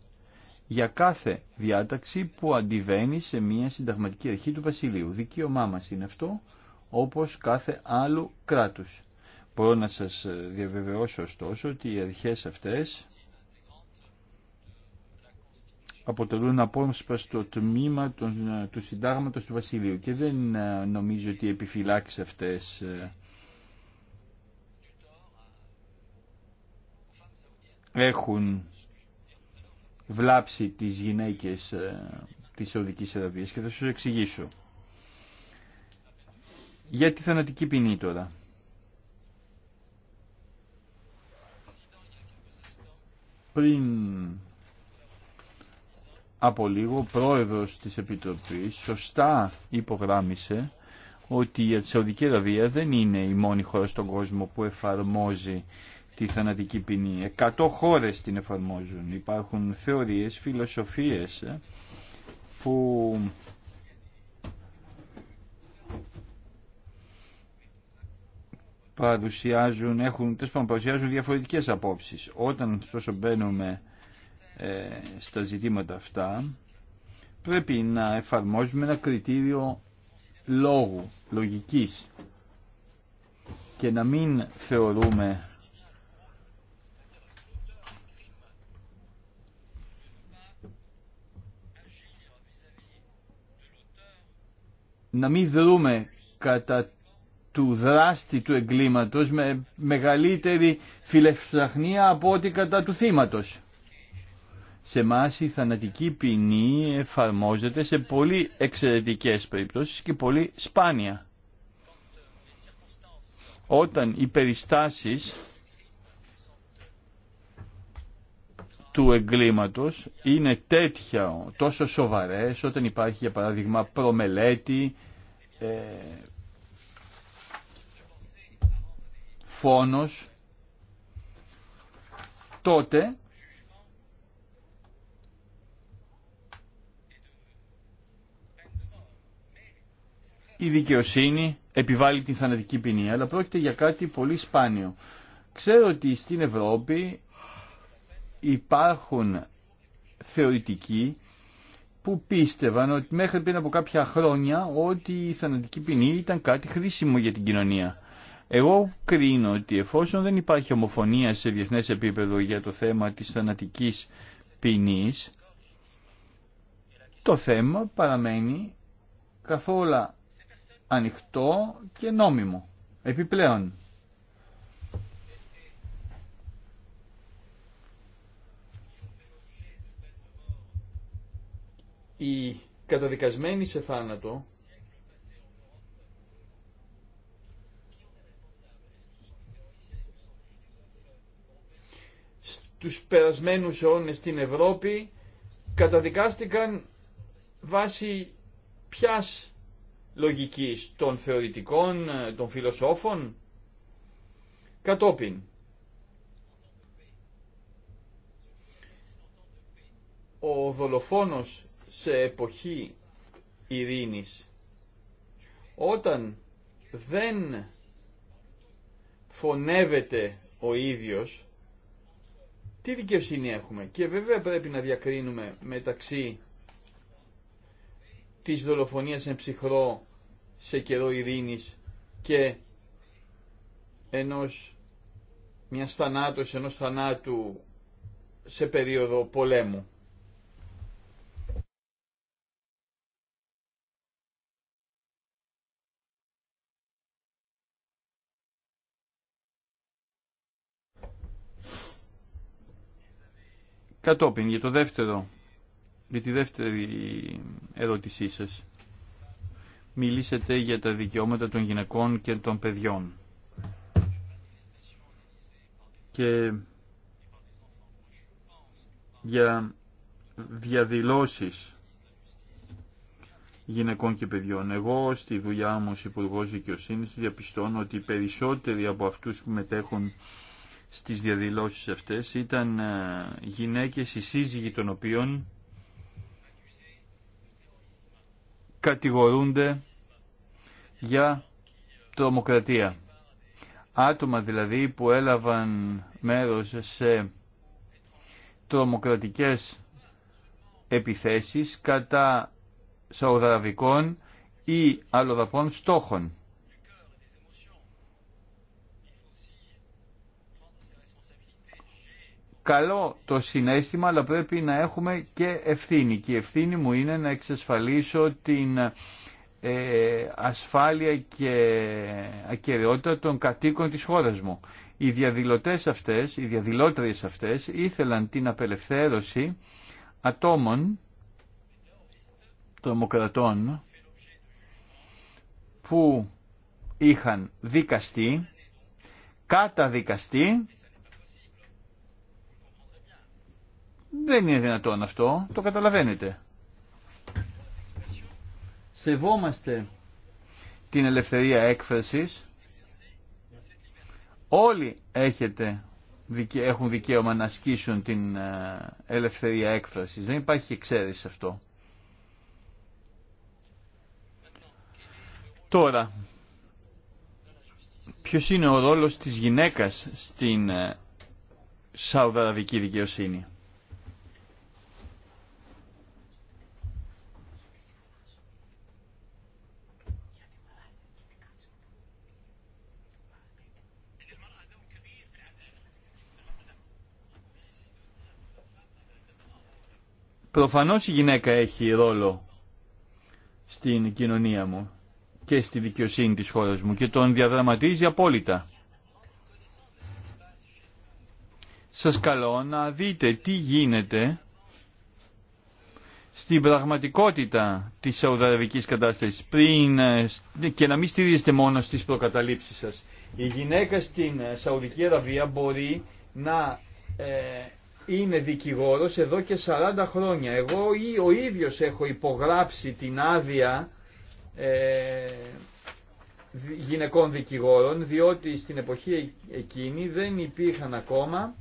για κάθε διάταξη που αντιβαίνει σε μια συνταγματική αρχή του Βασιλείου. Δικαίωμά μας είναι αυτό, όπως κάθε άλλου κράτους. Μπορώ να σας διαβεβαιώσω ωστόσο ότι οι αρχές αυτές αποτελούν απόσπαστο τμήμα του συντάγματος του Βασιλείου και δεν ε, νομίζω ότι οι επιφυλάξεις αυτές ε, έχουν βλάψει τις γυναίκες ε, της Σαουδικής Αραβίας και θα σου εξηγήσω. Για τη θανατική ποινή τώρα. Πριν από λίγο, ο πρόεδρος της Επιτροπής σωστά υπογράμμισε ότι η Σαουδική Αραβία δεν είναι η μόνη χώρα στον κόσμο που εφαρμόζει τη θανατική ποινή. Εκατό χώρες την εφαρμόζουν. Υπάρχουν θεωρίες, φιλοσοφίες ε, που παρουσιάζουν, έχουν, πάνω, παρουσιάζουν διαφορετικές απόψεις. Όταν τόσο μπαίνουμε ε, στα ζητήματα αυτά, πρέπει να εφαρμόζουμε ένα κριτήριο λόγου, λογικής και να μην θεωρούμε να μην δρούμε κατά του δράστη του εγκλήματος με μεγαλύτερη φιλευσταχνία από ό,τι κατά του θύματος. Σε εμά η θανατική ποινή εφαρμόζεται σε πολύ εξαιρετικές περιπτώσεις και πολύ σπάνια. Όταν οι περιστάσεις του εγκλήματος είναι τέτοια, τόσο σοβαρές όταν υπάρχει για παράδειγμα προμελέτη, ε, φόνος, τότε η δικαιοσύνη επιβάλλει την θανατική ποινή, αλλά πρόκειται για κάτι πολύ σπάνιο. Ξέρω ότι στην Ευρώπη υπάρχουν θεωρητικοί που πίστευαν ότι μέχρι πριν από κάποια χρόνια ότι η θανατική ποινή ήταν κάτι χρήσιμο για την κοινωνία. Εγώ κρίνω ότι εφόσον δεν υπάρχει ομοφωνία σε διεθνές επίπεδο για το θέμα της θανατικής ποινή, το θέμα παραμένει καθόλου ανοιχτό και νόμιμο. Επιπλέον, οι καταδικασμένοι σε θάνατο στους περασμένους αιώνες στην Ευρώπη καταδικάστηκαν βάσει ποιας λογικής των θεωρητικών, των φιλοσόφων κατόπιν. Ο δολοφόνος σε εποχή ειρήνης. Όταν δεν φωνεύεται ο ίδιος, τι δικαιοσύνη έχουμε. Και βέβαια πρέπει να διακρίνουμε μεταξύ της δολοφονίας εν ψυχρό σε καιρό ειρήνης και ενός μιας θανάτου, ενός θανάτου σε περίοδο πολέμου. Κατόπιν, για το δεύτερο, για τη δεύτερη ερώτησή σας, μιλήσατε για τα δικαιώματα των γυναικών και των παιδιών. Και για διαδηλώσεις γυναικών και παιδιών. Εγώ στη δουλειά μου ως Υπουργός Δικαιοσύνης διαπιστώνω ότι περισσότεροι από αυτούς που μετέχουν στις διαδηλώσεις αυτές ήταν ε, γυναίκες οι σύζυγοι των οποίων κατηγορούνται για τρομοκρατία. Άτομα δηλαδή που έλαβαν μέρος σε τρομοκρατικές επιθέσεις κατά σαουδαραβικών ή αλλοδαπών στόχων. καλό το συνέστημα, αλλά πρέπει να έχουμε και ευθύνη. Και η ευθύνη μου είναι να εξασφαλίσω την ε, ασφάλεια και ακαιρεότητα των κατοίκων της χώρας μου. Οι διαδηλωτές αυτές, οι διαδηλώτριες αυτές ήθελαν την απελευθέρωση ατόμων τρομοκρατών που είχαν δικαστεί, καταδικαστεί Δεν είναι δυνατόν αυτό, το καταλαβαίνετε. Σεβόμαστε την ελευθερία έκφρασης. Όλοι έχετε, έχουν δικαίωμα να ασκήσουν την ε, ελευθερία έκφρασης. Δεν υπάρχει εξαίρεση σε αυτό. Τώρα, ποιος είναι ο ρόλος της γυναίκας στην ε, σαουδαραβική δικαιοσύνη. Προφανώς η γυναίκα έχει ρόλο στην κοινωνία μου και στη δικαιοσύνη της χώρας μου και τον διαδραματίζει απόλυτα. Σας καλώ να δείτε τι γίνεται στην πραγματικότητα της σαουδαραβικής κατάστασης πριν ε, και να μην στηρίζετε μόνο στις προκαταλήψεις σας. Η γυναίκα στην Σαουδική Αραβία μπορεί να ε, είναι δικηγόρος εδώ και 40 χρόνια. Εγώ ή ο ίδιος έχω υπογράψει την άδεια ε, γυναικών δικηγόρων, διότι στην εποχή εκείνη δεν υπήρχαν ακόμα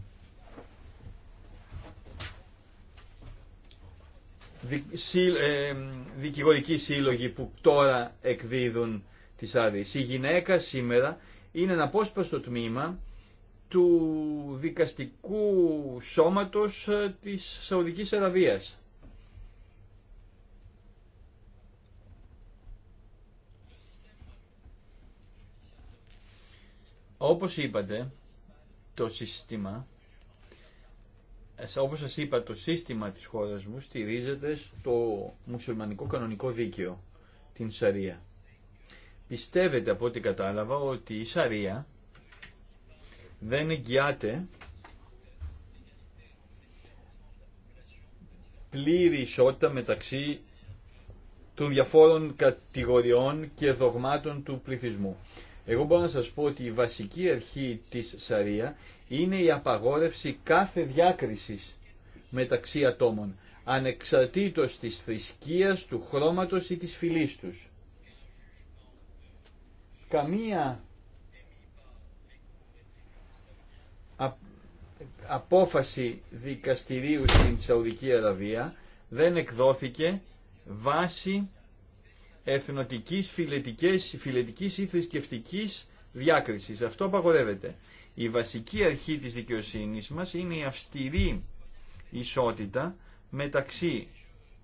ε, δικηγορικοί σύλλογοι που τώρα εκδίδουν τις άδειες. Η γυναίκα σήμερα είναι ένα απόσπαστο τμήμα του δικαστικού σώματος ε, της Σαουδικής Αραβίας. Όπως είπατε, το σύστημα, ε, όπως σας είπα, το σύστημα της χώρας μου στηρίζεται στο μουσουλμανικό κανονικό δίκαιο, την Σαρία. Πιστεύετε από ό,τι κατάλαβα ότι η Σαρία δεν εγγυάται πλήρη ισότητα μεταξύ των διαφόρων κατηγοριών και δογμάτων του πληθυσμού. Εγώ μπορώ να σας πω ότι η βασική αρχή της Σαρία είναι η απαγόρευση κάθε διάκρισης μεταξύ ατόμων, ανεξαρτήτως της θρησκείας, του χρώματος ή της φυλής τους. Καμία απόφαση δικαστηρίου στην Σαουδική Αραβία δεν εκδόθηκε βάσει εθνοτικής φιλετικής φιλετικής ή θρησκευτική διάκρισης. Αυτό απαγορεύεται. Η βασική αρχή της δικαιοσύνης μας είναι η αυστηρή ισότητα μεταξύ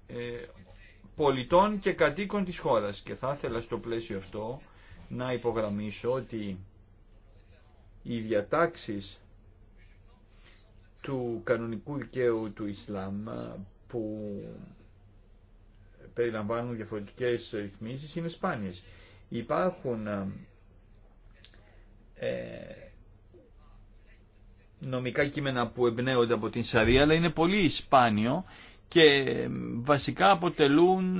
ε, πολιτών και κατοίκων της δικαιοσυνης μας ειναι η αυστηρη ισοτητα μεταξυ πολιτων και κατοικων της χωρας Και θα ήθελα στο πλαίσιο αυτό να υπογραμμίσω ότι οι διατάξεις του κανονικού δικαίου του Ισλάμ που περιλαμβάνουν διαφορετικές ρυθμίσεις είναι σπάνιες. Υπάρχουν ε, νομικά κείμενα που εμπνέονται από την Σαρία, αλλά είναι πολύ σπάνιο και βασικά αποτελούν,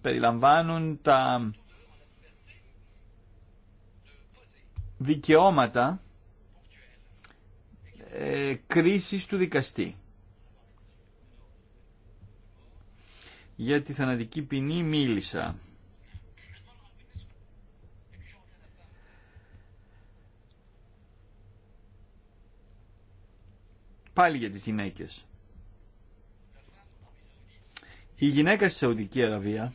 περιλαμβάνουν τα δικαιώματα ε, κρίσης του δικαστή. Για τη θανατική ποινή μίλησα. Πάλι για τις γυναίκες. Η γυναίκα στη Σαουδική Αραβία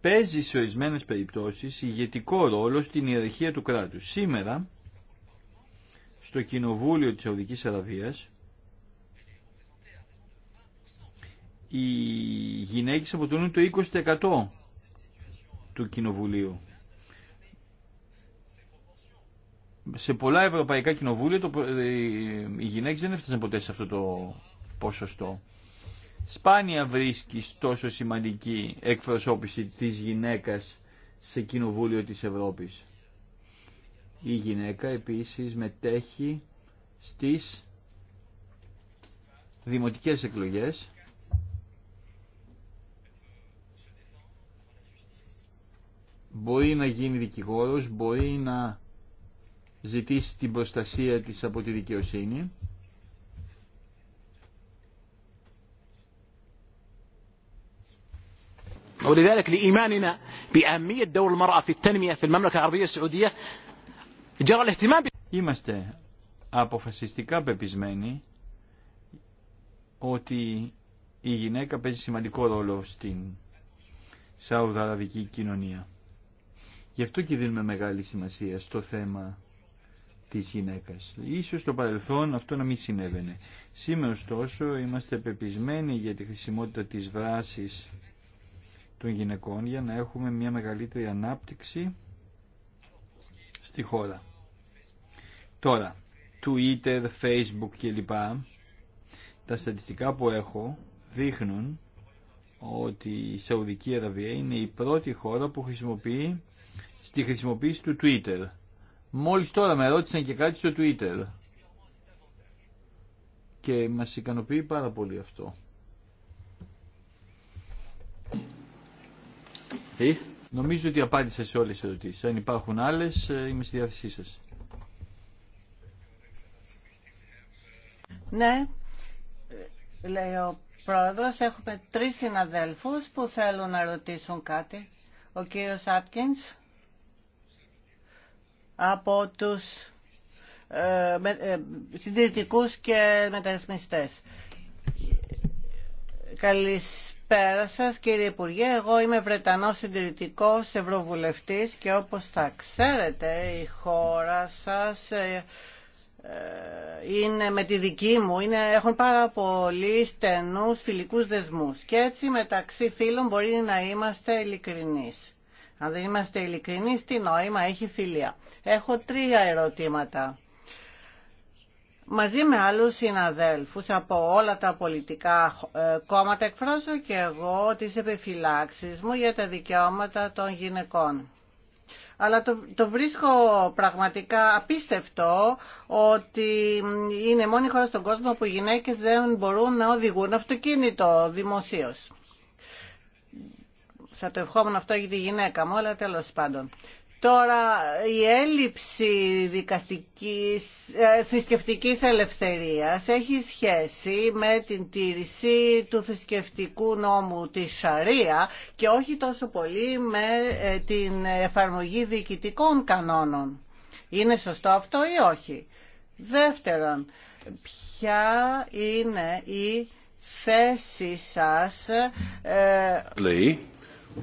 παίζει σε ορισμένες περιπτώσεις ηγετικό ρόλο στην ιεραρχία του κράτους. Σήμερα, στο Κοινοβούλιο της Σαουδικής Αραβίας, οι γυναίκες αποτελούν το 20% του Κοινοβουλίου. Σε πολλά ευρωπαϊκά κοινοβούλια ε, οι γυναίκες δεν έφτασαν ποτέ σε αυτό το ποσοστό. Σπάνια βρίσκεις τόσο σημαντική εκπροσώπηση της γυναίκας σε Κοινοβούλιο της Ευρώπης. Η γυναίκα επίσης μετέχει στις δημοτικές εκλογές μπορεί να γίνει δικηγόρος, μπορεί να ζητήσει την προστασία της από τη δικαιοσύνη لإيماننا بأهمية دور المرأة في التنمية في المملكة العربية السعودية جرى الاهتمام Είμαστε αποφασιστικά πεπισμένοι ότι η γυναίκα παίζει σημαντικό ρόλο στην Σαουδαραβική κοινωνία. Γι' αυτό και δίνουμε μεγάλη σημασία στο θέμα της γυναίκας. Ίσως στο παρελθόν αυτό να μην συνέβαινε. Σήμερα ωστόσο είμαστε πεπισμένοι για τη χρησιμότητα της βράσης των γυναικών για να έχουμε μια μεγαλύτερη ανάπτυξη στη χώρα. Τώρα, Twitter, Facebook κλπ. Τα στατιστικά που έχω δείχνουν ότι η Σαουδική Αραβία είναι η πρώτη χώρα που χρησιμοποιεί στη χρησιμοποίηση του Twitter. Μόλις τώρα με ρώτησαν και κάτι στο Twitter. Και μας ικανοποιεί πάρα πολύ αυτό. Ε? Νομίζω ότι απάντησα σε όλες τις ερωτήσεις. Αν υπάρχουν άλλες, ε, είμαι στη διάθεσή σας. Ναι, ε, λέει ο πρόεδρος, έχουμε τρεις συναδέλφους που θέλουν να ρωτήσουν κάτι. Ο κύριος Άτκινς από τους ε, ε, συντηρητικούς και μεταρρυθμιστές. Καλησπέρα Καλησπέρα σας κύριε Υπουργέ, εγώ είμαι Βρετανός συντηρητικός ευρωβουλευτής και όπως θα ξέρετε η χώρα σας ε, ε, είναι με τη δική μου, είναι, έχουν πάρα πολύ στενούς φιλικούς δεσμούς και έτσι μεταξύ φίλων μπορεί να είμαστε ειλικρινεί. Αν δεν είμαστε ειλικρινεί, τι νόημα έχει φιλία. Έχω τρία ερωτήματα μαζί με άλλους συναδέλφους από όλα τα πολιτικά ε, κόμματα εκφράζω και εγώ τις επιφυλάξει μου για τα δικαιώματα των γυναικών. Αλλά το, το βρίσκω πραγματικά απίστευτο ότι είναι μόνη χώρα στον κόσμο που οι γυναίκες δεν μπορούν να οδηγούν αυτοκίνητο δημοσίως. Σα το ευχόμουν αυτό για τη γυναίκα μου, αλλά τέλος πάντων. Τώρα η έλλειψη δικαστικής, ε, θρησκευτικής ελευθερίας έχει σχέση με την τήρηση του θρησκευτικού νόμου της Σαρία και όχι τόσο πολύ με ε, την εφαρμογή διοικητικών κανόνων. Είναι σωστό αυτό ή όχι. Δεύτερον, ποια είναι η θέση σας... Ε,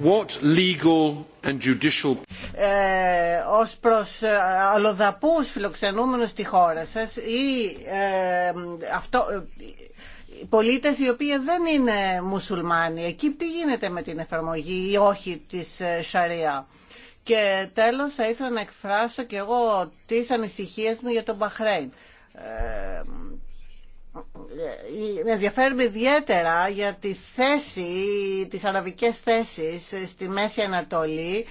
What legal and judicial... Ε, ως προς ε, αλλοδαπούς φιλοξενούμενους στη χώρα σας ή ε, οι πολίτες οι οποίοι δεν είναι μουσουλμάνοι. Εκεί τι γίνεται με την εφαρμογή ή όχι της Σαρία. Και τέλος θα ήθελα να εκφράσω και εγώ τις ανησυχίες μου για τον Μπαχρέιν. Ε, ε, ενδιαφέρουμε ιδιαίτερα για τη θέση, τις αραβικές θέσεις στη Μέση Ανατολή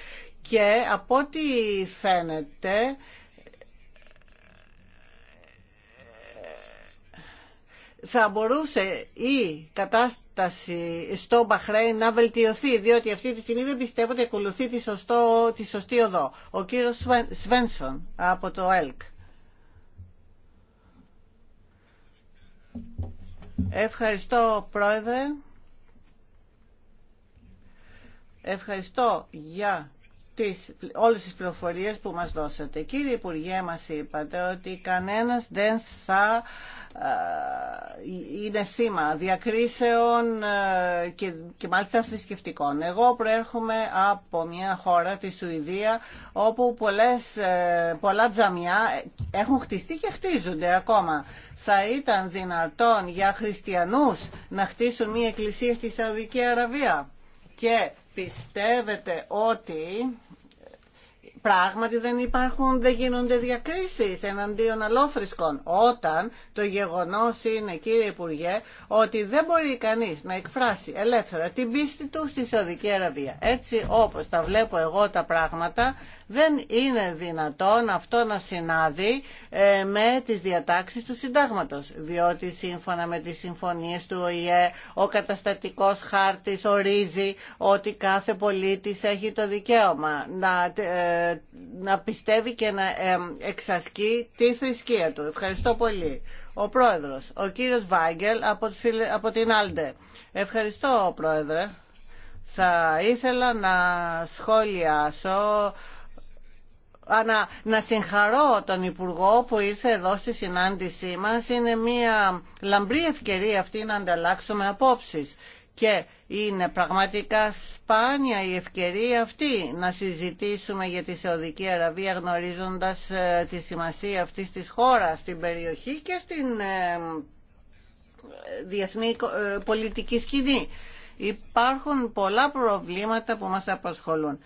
και από ό,τι φαίνεται ε, θα μπορούσε η κατάσταση στο Μπαχρέι να βελτιωθεί, διότι αυτή τη στιγμή δεν πιστεύω ότι ακολουθεί τη, σωστό, τη σωστή οδό. Ο κύριος Σβένσον από το ΕΛΚ. Ευχαριστώ Πρόεδρε. Ευχαριστώ για τις, όλες τις πληροφορίες που μας δώσατε. Κύριε Υπουργέ, μας είπατε ότι κανένας δεν θα ε, είναι σήμα διακρίσεων ε, και, και μάλιστα θρησκευτικών. Εγώ προέρχομαι από μια χώρα, τη Σουηδία, όπου πολλές, ε, πολλά τζαμιά έχουν χτιστεί και χτίζονται ακόμα. Θα ήταν δυνατόν για χριστιανούς να χτίσουν μια εκκλησία στη Σαουδική Αραβία και πιστεύετε ότι πράγματι δεν υπάρχουν, δεν γίνονται διακρίσεις εναντίον αλόφρισκων όταν το γεγονός είναι κύριε Υπουργέ ότι δεν μπορεί κανείς να εκφράσει ελεύθερα την πίστη του στη Σαουδική Αραβία. Έτσι όπως τα βλέπω εγώ τα πράγματα δεν είναι δυνατόν αυτό να συνάδει ε, με τις διατάξεις του συντάγματος, διότι σύμφωνα με τις συμφωνίες του ΟΗΕ ο καταστατικός χάρτης ορίζει ότι κάθε πολίτης έχει το δικαίωμα να, ε, να πιστεύει και να ε, εξασκεί τη θρησκεία του. Ευχαριστώ πολύ. Ο Πρόεδρος, ο κύριος Βάγκελ από την Άλντε. Ευχαριστώ, Πρόεδρε. Θα ήθελα να σχολιάσω να, να συγχαρώ τον Υπουργό που ήρθε εδώ στη συνάντησή μας. Είναι μια λαμπρή ευκαιρία αυτή να ανταλλάξουμε απόψεις. Και είναι πραγματικά σπάνια η ευκαιρία αυτή να συζητήσουμε για τη Σεωδική Αραβία γνωρίζοντας ε, τη σημασία αυτής της χώρας στην περιοχή και στην ε, διεθνή ε, πολιτική σκηνή. Υπάρχουν πολλά προβλήματα που μας απασχολούν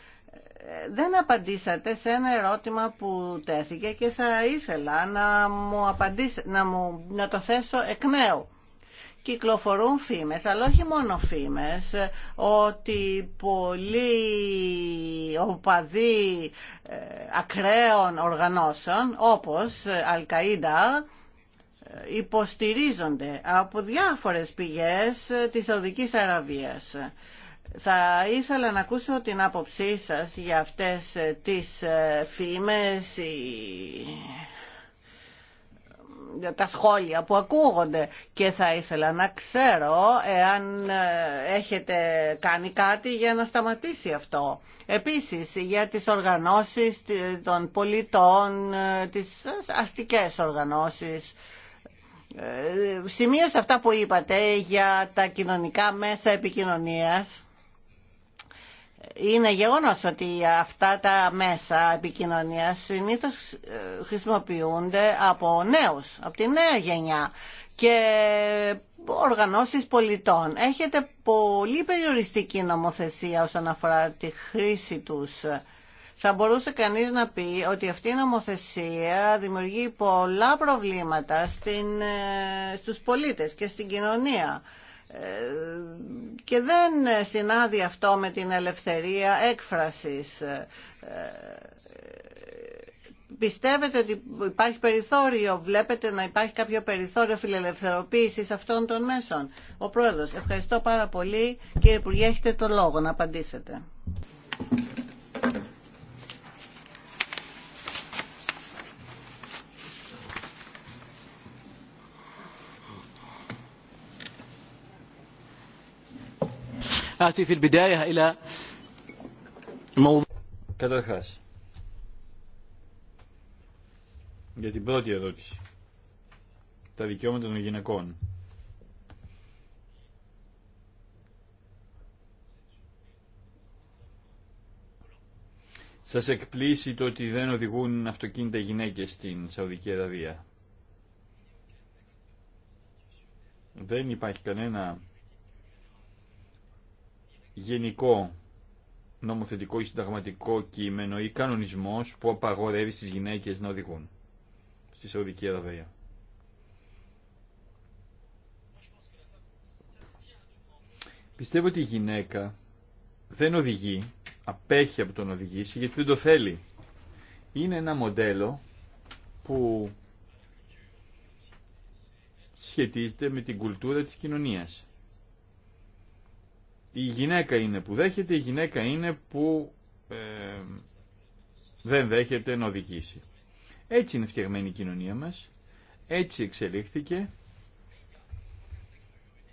δεν απαντήσατε σε ένα ερώτημα που τέθηκε και θα ήθελα να μου, να το θέσω εκ νέου. Κυκλοφορούν φήμες, αλλά όχι μόνο φήμες, ότι πολλοί οπαδοί ε, ακραίων οργανώσεων, όπως αλκαΐδα ε, υποστηρίζονται από διάφορες πηγές ε, της Σαουδικής Αραβίας. Θα ήθελα να ακούσω την άποψή σας για αυτές ε, τις ε, φήμες, τα σχόλια που ακούγονται και θα ήθελα να ξέρω εάν ε, έχετε κάνει κάτι για να σταματήσει αυτό. Επίσης για τις οργανώσεις των πολιτών, τις αστικές οργανώσεις. Σημείωσα αυτά που είπατε για τα κοινωνικά μέσα επικοινωνίας είναι γεγονός ότι αυτά τα μέσα επικοινωνίας συνήθως ε, χρησιμοποιούνται από νέους, από τη νέα γενιά και οργανώσεις πολιτών. Έχετε πολύ περιοριστική νομοθεσία όσον αφορά τη χρήση τους. Θα μπορούσε κανείς να πει ότι αυτή η νομοθεσία δημιουργεί πολλά προβλήματα στην, ε, στους πολίτες και στην κοινωνία. Ε, και δεν συνάδει αυτό με την ελευθερία έκφρασης. Ε, πιστεύετε ότι υπάρχει περιθώριο, βλέπετε να υπάρχει κάποιο περιθώριο φιλελευθεροποίησης αυτών των μέσων. Ο Πρόεδρος, ευχαριστώ πάρα πολύ. Κύριε Υπουργέ, έχετε το λόγο να απαντήσετε. آتي في Καταρχάς, για την πρώτη ερώτηση, τα δικαιώματα των γυναικών. Σας εκπλήσει το ότι δεν οδηγούν αυτοκίνητα γυναίκες στην Σαουδική Αραβία. Δεν υπάρχει κανένα γενικό νομοθετικό ή συνταγματικό κείμενο ή κανονισμός που απαγορεύει στις γυναίκες να οδηγούν στη Σαουδική Αραβία. Πιστεύω ότι η συνταγματικο κειμενο η κανονισμο που απαγορευει στις γυναικες να οδηγουν στη σαουδικη αραβια πιστευω οτι η γυναικα δεν οδηγεί, απέχει από τον οδηγήσει γιατί δεν το θέλει. Είναι ένα μοντέλο που σχετίζεται με την κουλτούρα της κοινωνίας η γυναίκα είναι που δέχεται, η γυναίκα είναι που ε, δεν δέχεται να οδηγήσει. Έτσι είναι φτιαγμένη η κοινωνία μας, έτσι εξελίχθηκε.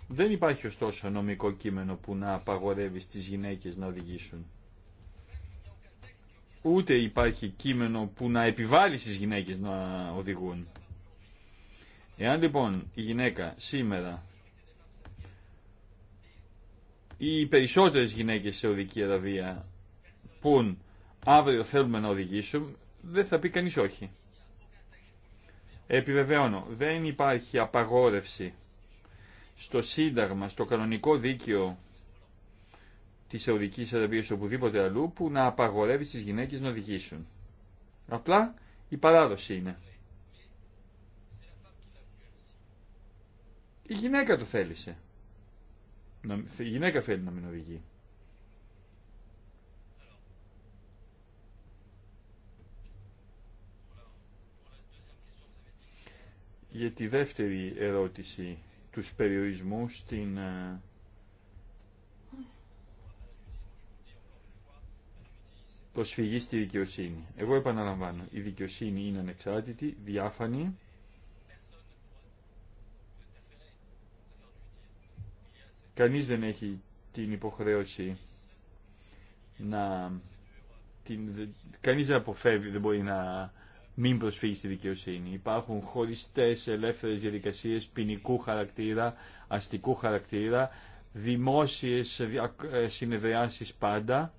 Δεν υπάρχει ωστόσο νομικό κείμενο που να απαγορεύει στις γυναίκες να οδηγήσουν. Ούτε υπάρχει κείμενο που να επιβάλλει στις γυναίκες να οδηγούν. Εάν λοιπόν η γυναίκα σήμερα οι περισσότερες γυναίκες σε Σαουδική Αραβία πούν αύριο θέλουμε να οδηγήσουν, δεν θα πει κανείς όχι. Επιβεβαιώνω, δεν υπάρχει απαγόρευση στο σύνταγμα, στο κανονικό δίκαιο της Σαουδικής Αραβίας οπουδήποτε αλλού που να απαγορεύει στις γυναίκες να οδηγήσουν. Απλά η παράδοση είναι. Η γυναίκα το θέλησε. Να, η γυναίκα θέλει να μην οδηγεί. Για τη δεύτερη ερώτηση, τους περιορισμούς στην ε, προσφυγή στη δικαιοσύνη. Εγώ επαναλαμβάνω, η δικαιοσύνη είναι ανεξάρτητη, διάφανη, Κανείς δεν έχει την υποχρέωση να... Την, κανείς δεν αποφεύγει, δεν μπορεί να μην προσφύγει στη δικαιοσύνη. Υπάρχουν χωριστές ελεύθερες διαδικασίες ποινικού χαρακτήρα, αστικού χαρακτήρα, δημόσιες ε, συνεδριάσεις πάντα,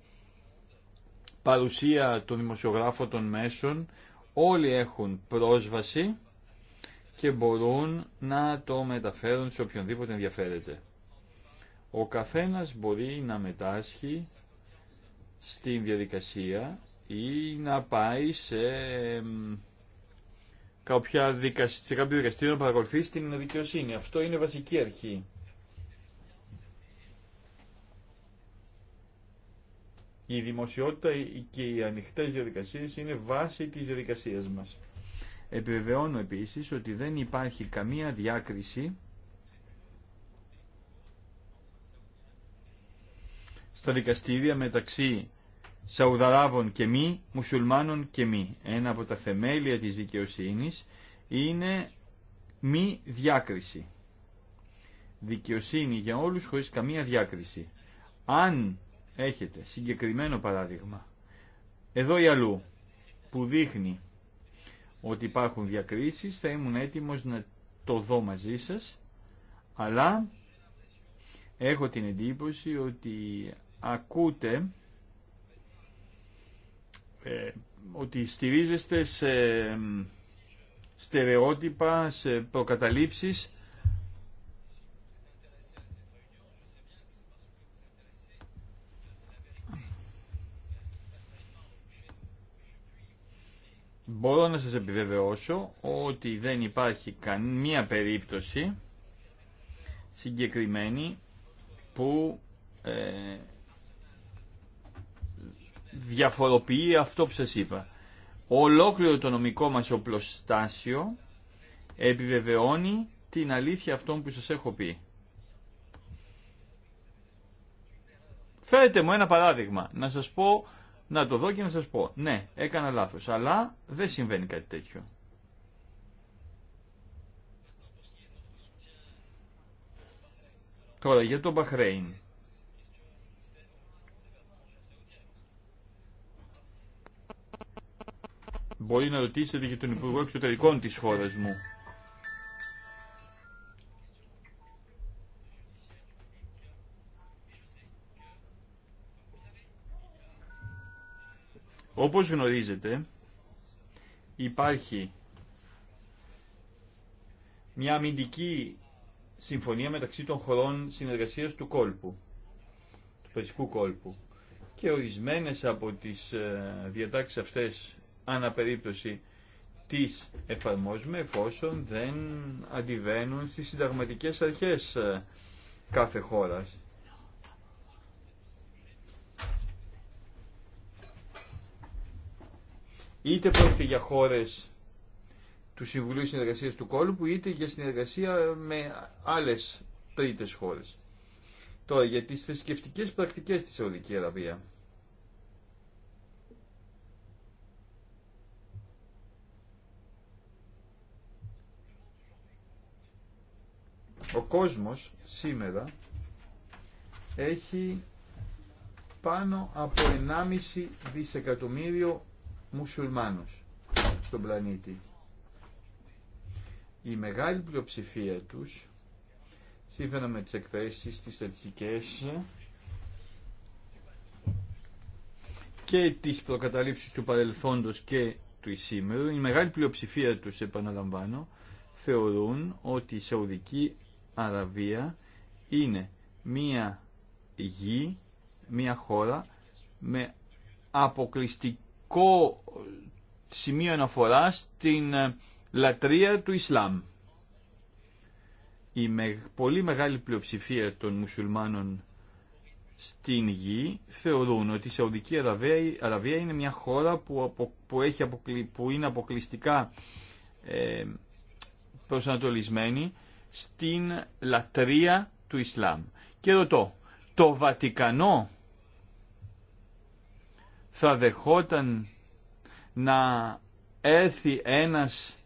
παρουσία των δημοσιογράφων των μέσων, όλοι έχουν πρόσβαση και μπορούν να το μεταφέρουν σε οποιονδήποτε ενδιαφέρεται. Ο καθένας μπορεί να μετάσχει στην διαδικασία ή να πάει σε, κάποια σε κάποιο δικαστήριο να παρακολουθήσει την δικαιοσύνη. Αυτό είναι βασική αρχή. Η δημοσιότητα και οι ανοιχτές διαδικασίες είναι βάση της διαδικασίας μας. Επιβεβαιώνω επίσης ότι δεν υπάρχει καμία διάκριση στα δικαστήρια μεταξύ Σαουδαράβων και μη, μουσουλμάνων και μη. Ένα από τα θεμέλια της δικαιοσύνης είναι μη διάκριση. Δικαιοσύνη για όλους χωρίς καμία διάκριση. Αν έχετε συγκεκριμένο παράδειγμα, εδώ ή αλλού, που δείχνει ότι υπάρχουν διακρίσεις, θα ήμουν έτοιμος να το δω μαζί σας, αλλά έχω την εντύπωση ότι ακούτε ε, ότι στηρίζεστε σε στερεότυπα, σε προκαταλήψεις Μπορώ να σας επιβεβαιώσω ότι δεν υπάρχει καμία περίπτωση συγκεκριμένη που ε, διαφοροποιεί αυτό που σας είπα. Ολόκληρο το νομικό μας οπλοστάσιο επιβεβαιώνει την αλήθεια αυτών που σας έχω πει. Φέρετε μου ένα παράδειγμα, να σας πω, να το δω και να σας πω. Ναι, έκανα λάθος, αλλά δεν συμβαίνει κάτι τέτοιο. Τώρα για το Μπαχρέιν. Μπορεί να ρωτήσετε και τον Υπουργό Εξωτερικών της χώρας μου. Όπως γνωρίζετε, υπάρχει μια αμυντική συμφωνία μεταξύ των χωρών συνεργασίας του κόλπου, του Περσικού κόλπου. Και ορισμένες από τις ε, διατάξεις αυτές αναπερίπτωση τις εφαρμόζουμε εφόσον δεν αντιβαίνουν στις συνταγματικές αρχές ε, κάθε χώρας. Είτε πρόκειται για χώρες του Συμβουλίου Συνεργασίας του Κόλπου, είτε για συνεργασία με άλλες τρίτες χώρες. Τώρα για τις θρησκευτικέ πρακτικές της Σαουδική Αραβία. Ο κόσμος σήμερα έχει πάνω από 1,5 δισεκατομμύριο μουσουλμάνους στον πλανήτη. Η μεγάλη πλειοψηφία τους, σύμφωνα με τις εκθέσεις, τις στατιστικές και τις προκαταλήψεις του παρελθόντος και του σήμερα, η μεγάλη πλειοψηφία τους, επαναλαμβάνω, θεωρούν ότι η Σαουδική Αραβία είναι μία γη, μία χώρα με αποκλειστικό σημείο αναφορά στην ε, λατρεία του Ισλάμ. Η με, πολύ μεγάλη πλειοψηφία των μουσουλμάνων στην γη θεωρούν ότι η Σαουδική Αραβία, είναι μια χώρα που, που, έχει είναι αποκλειστικά ε, προσανατολισμένη στην λατρεία του Ισλάμ. Και ρωτώ, το Βατικανό θα δεχόταν να έρθει ένας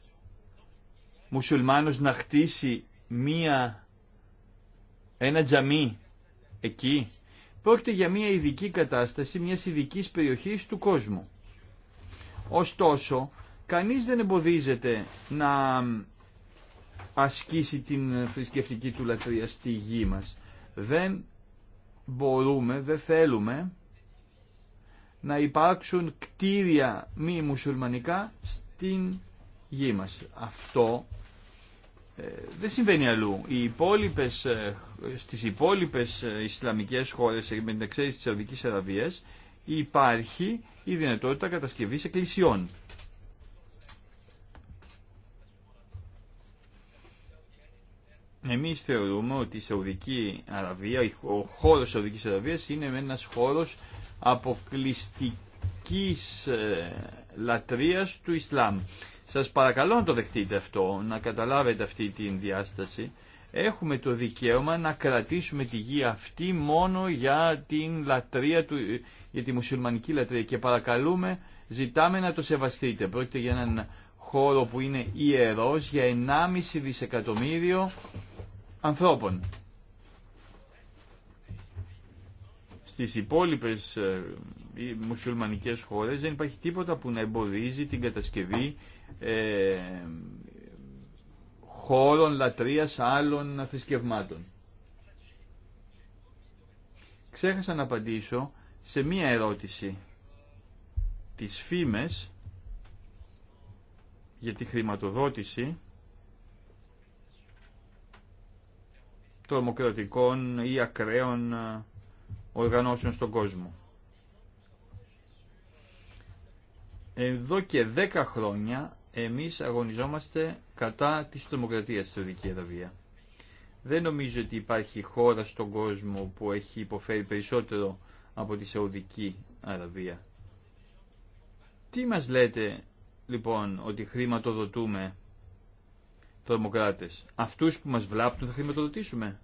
μουσουλμάνος να χτίσει μία, ένα τζαμί εκεί. Πρόκειται για μία ειδική κατάσταση μια ειδική περιοχής του κόσμου. Ωστόσο, κανείς δεν εμποδίζεται να ασκήσει την θρησκευτική του λατρεία στη γη μας. Δεν μπορούμε, δεν θέλουμε να υπάρξουν κτίρια μη μουσουλμανικά στην γη μας. Αυτό ε, δεν συμβαίνει αλλού. Οι υπόλοιπες, ε, στις υπόλοιπες ε, Ισλαμικές χώρες ε, με την εξαίρεση της Σαουδικής Αραβίας υπάρχει η δυνατότητα κατασκευής εκκλησιών. Εμείς θεωρούμε ότι η Σαουδική Αραβία, ο χώρος της Σαουδικής Αραβίας είναι ένας χώρος αποκλειστικής ε, λατρείας του Ισλάμ. Σας παρακαλώ να το δεχτείτε αυτό, να καταλάβετε αυτή την διάσταση. Έχουμε το δικαίωμα να κρατήσουμε τη γη αυτή μόνο για, την λατρεία του, για τη μουσουλμανική λατρεία και παρακαλούμε, ζητάμε να το σεβαστείτε. Πρόκειται για έναν χώρο που είναι ιερός για 1,5 δισεκατομμύριο ανθρώπων. Στις υπόλοιπες ε, οι μουσουλμανικές χώρες δεν υπάρχει τίποτα που να εμποδίζει την κατασκευή ε, χώρων λατρείας άλλων θρησκευμάτων. Ξέχασα να απαντήσω σε μία ερώτηση. της φήμες για τη χρηματοδότηση τρομοκρατικών ή ακραίων ε, οργανώσεων στον κόσμο. Εδώ και δέκα χρόνια εμείς αγωνιζόμαστε κατά της τρομοκρατίας στη Σαουδική Αραβία. Δεν νομίζω ότι υπάρχει χώρα στον κόσμο που έχει υποφέρει περισσότερο από τη Σαουδική Αραβία. Τι μας λέτε λοιπόν ότι χρηματοδοτούμε το Αυτούς που μας βλάπτουν θα χρηματοδοτήσουμε.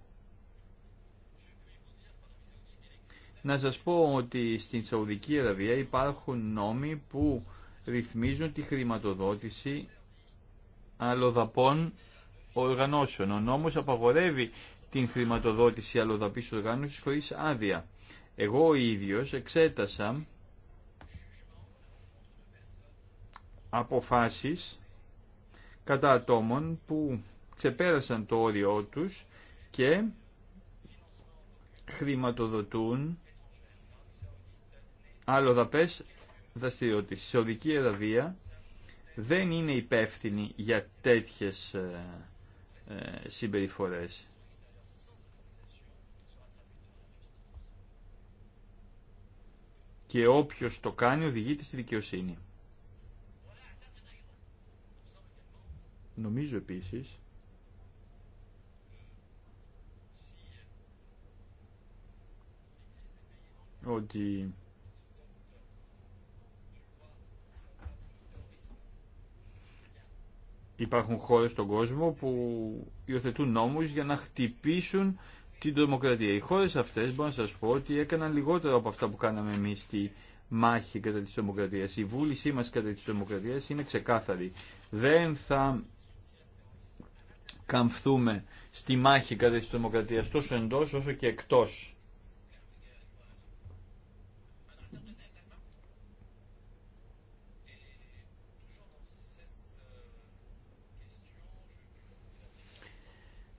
Να σας πω ότι στην Σαουδική Αραβία υπάρχουν νόμοι που ρυθμίζουν τη χρηματοδότηση αλλοδαπών οργανώσεων. Ο νόμος απαγορεύει την χρηματοδότηση αλλοδαπής οργάνωσης χωρίς άδεια. Εγώ ο ίδιος εξέτασα αποφάσεις κατά ατόμων που ξεπέρασαν το όριό τους και χρηματοδοτούν αλλοδαπές δραστηριότητες. Η Σαουδική Αραβία δεν είναι υπεύθυνη για τέτοιες ε, ε, συμπεριφορές. Και όποιος το κάνει οδηγείται στη δικαιοσύνη. Νομίζω επίσης ότι υπάρχουν χώρες στον κόσμο που υιοθετούν νόμους για να χτυπήσουν την τρομοκρατία. Οι χώρες αυτές, μπορώ να σας πω, ότι έκαναν λιγότερο από αυτά που κάναμε εμείς στη μάχη κατά της τρομοκρατίας. Η βούλησή μας κατά της τρομοκρατίας είναι ξεκάθαρη. Δεν θα καμφθούμε στη μάχη κατά της δημοκρατίας τόσο εντός όσο και εκτός.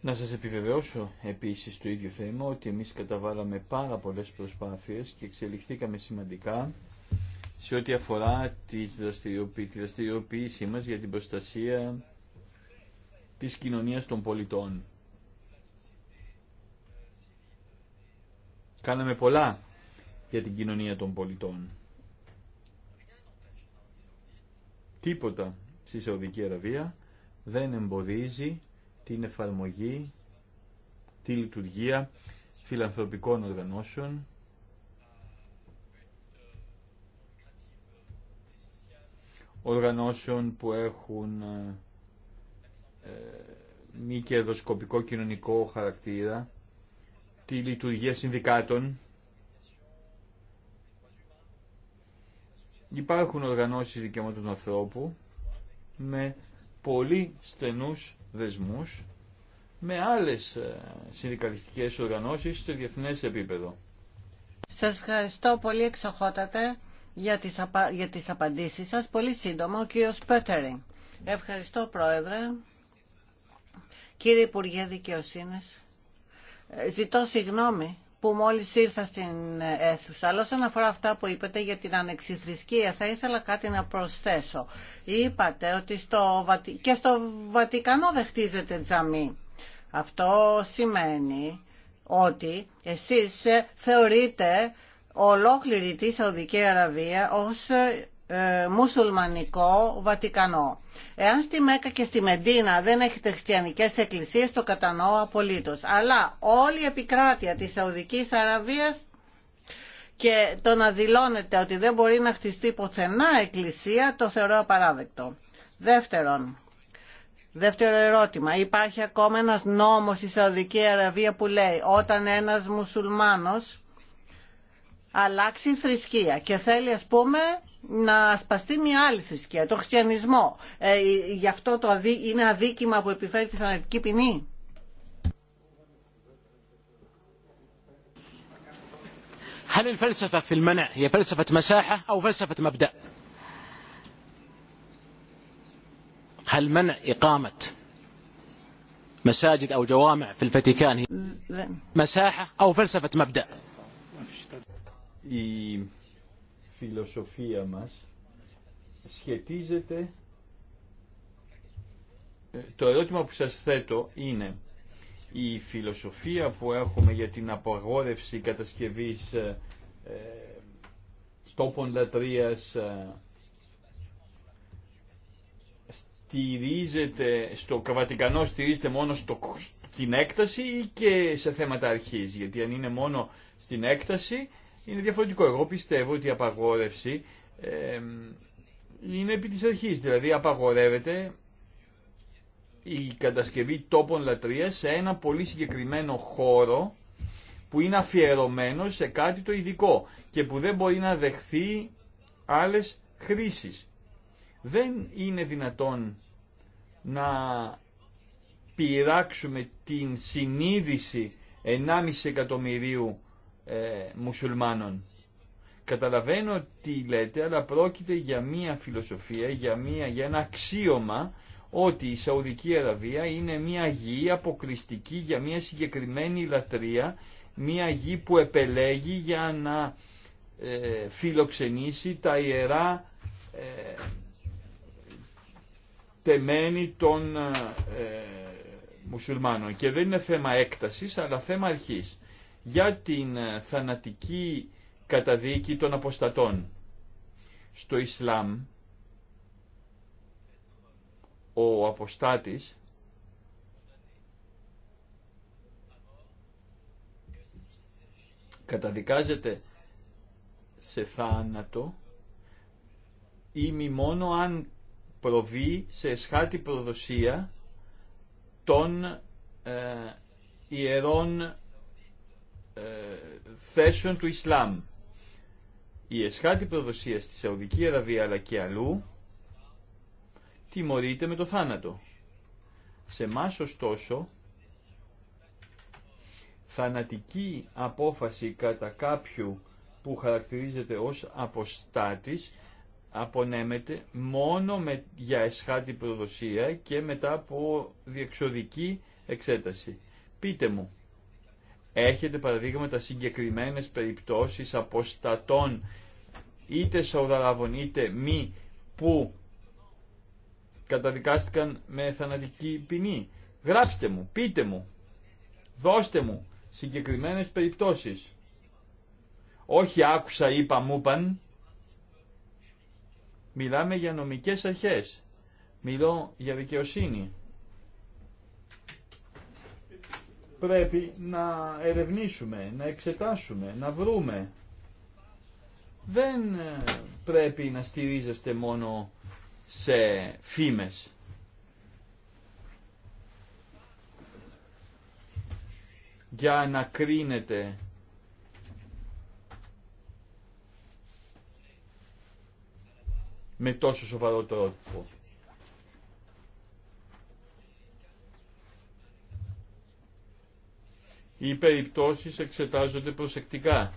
Να σας επιβεβαιώσω επίσης το ίδιο θέμα ότι εμείς καταβάλαμε πάρα πολλές προσπάθειες και εξελιχθήκαμε σημαντικά σε ό,τι αφορά τη δραστηριοποίησή μας για την προστασία της κοινωνίας των πολιτών. Κάναμε πολλά για την κοινωνία των πολιτών. Τίποτα στη Σαουδική Αραβία δεν εμποδίζει την εφαρμογή, τη λειτουργία φιλανθρωπικών οργανώσεων οργανώσεων που έχουν ε, μη κερδοσκοπικό κοινωνικό χαρακτήρα, τη λειτουργία συνδικάτων. Υπάρχουν οργανώσεις δικαιωμάτων ανθρώπου με πολύ στενούς δεσμούς με άλλες ε, συνδικαλιστικές οργανώσεις σε διεθνές επίπεδο. Σας ευχαριστώ πολύ εξοχότατε για τις, απα... για σας. Πολύ σύντομα ο κύριος Πέτερη. Ευχαριστώ πρόεδρε. Κύριε Υπουργέ Δικαιοσύνη, ε, ζητώ συγγνώμη που μόλις ήρθα στην ε, αίθουσα. Αλλά όσον αφορά αυτά που είπατε για την ανεξιθρησκεία, θα ήθελα κάτι να προσθέσω. Είπατε ότι στο Βατι... και στο Βατικανό δεν χτίζεται τζαμί. Αυτό σημαίνει ότι εσείς ε, θεωρείτε ολόκληρη τη Σαουδική Αραβία ως ε, μουσουλμανικό Βατικανό. Εάν στη Μέκα και στη Μεντίνα δεν έχετε χριστιανικές εκκλησίες, το κατανοώ απολύτως. Αλλά όλη η επικράτεια της Σαουδικής Αραβίας και το να δηλώνεται ότι δεν μπορεί να χτιστεί ποθενά εκκλησία, το θεωρώ απαράδεκτο. Δεύτερον, Δεύτερο ερώτημα. Υπάρχει ακόμα ένας νόμος στη Σαουδική Αραβία που λέει όταν ένας μουσουλμάνος αλλάξει θρησκεία και θέλει ας πούμε να σπαστεί μια άλλη θρησκεία, το χριστιανισμό. Ε, γι' αυτό το αδί, είναι αδίκημα που επιφέρει τη θανατική ποινή. هل الفلسفة في المنع هي فلسفة مساحة أو فلسفة مبدأ؟ هل منع إقامة مساجد أو جوامع في الفاتيكان هي مساحة أو فلسفة مبدأ؟ φιλοσοφία μας σχετίζεται ε, το ερώτημα που σας θέτω είναι η φιλοσοφία που έχουμε για την απαγόρευση κατασκευής ε, ε τόπων λατρείας ε, στηρίζεται στο Βατικανό στηρίζεται μόνο στο, στην έκταση ή και σε θέματα αρχής γιατί αν είναι μόνο στην έκταση είναι διαφορετικό. Εγώ πιστεύω ότι η απαγόρευση είναι επί της αρχής, δηλαδή απαγορεύεται η κατασκευή τόπων λατρείας σε ένα πολύ συγκεκριμένο χώρο που είναι αφιερωμένο σε κάτι το ειδικό και που δεν μπορεί να δεχθεί άλλες χρήσεις. Δεν είναι δυνατόν να πειράξουμε την συνείδηση 1,5 εκατομμυρίου ε, μουσουλμάνων. Καταλαβαίνω τι λέτε, αλλά πρόκειται για μία φιλοσοφία, για, μία, για ένα αξίωμα ότι η Σαουδική Αραβία είναι μία γη αποκριστική για μία συγκεκριμένη λατρεία, μία γη που επελέγει για να ε, φιλοξενήσει τα ιερά ε, τεμένη των ε, ε, μουσουλμάνων. Και δεν είναι θέμα έκτασης, αλλά θέμα αρχής για την ε, θανατική καταδίκη των αποστατών. Στο Ισλάμ ο αποστάτης καταδικάζεται σε θάνατο ή μη μόνο αν προβεί σε εσχάτη προδοσία των ε, ιερών θέσεων του Ισλάμ. Η εσχάτη προδοσία στη Σαουδική Αραβία αλλά και αλλού τιμωρείται με το θάνατο. Σε εμά ωστόσο θανατική απόφαση κατά κάποιου που χαρακτηρίζεται ως αποστάτης απονέμεται μόνο με, για εσχάτη προδοσία και μετά από διεξοδική εξέταση. Πείτε μου, έχετε παραδείγματα συγκεκριμένες περιπτώσεις αποστατών είτε Σαουδαραβών είτε μη που καταδικάστηκαν με θανατική ποινή. Γράψτε μου, πείτε μου, δώστε μου συγκεκριμένες περιπτώσεις. Όχι άκουσα, είπα, μου παν. Μιλάμε για νομικές αρχές. Μιλώ για δικαιοσύνη. πρέπει να ερευνήσουμε, να εξετάσουμε, να βρούμε. Δεν ε, πρέπει να στηρίζεστε μόνο σε φήμες. για να κρίνετε με τόσο σοβαρό τρόπο. οι περιπτώσεις εξετάζονται προσεκτικά.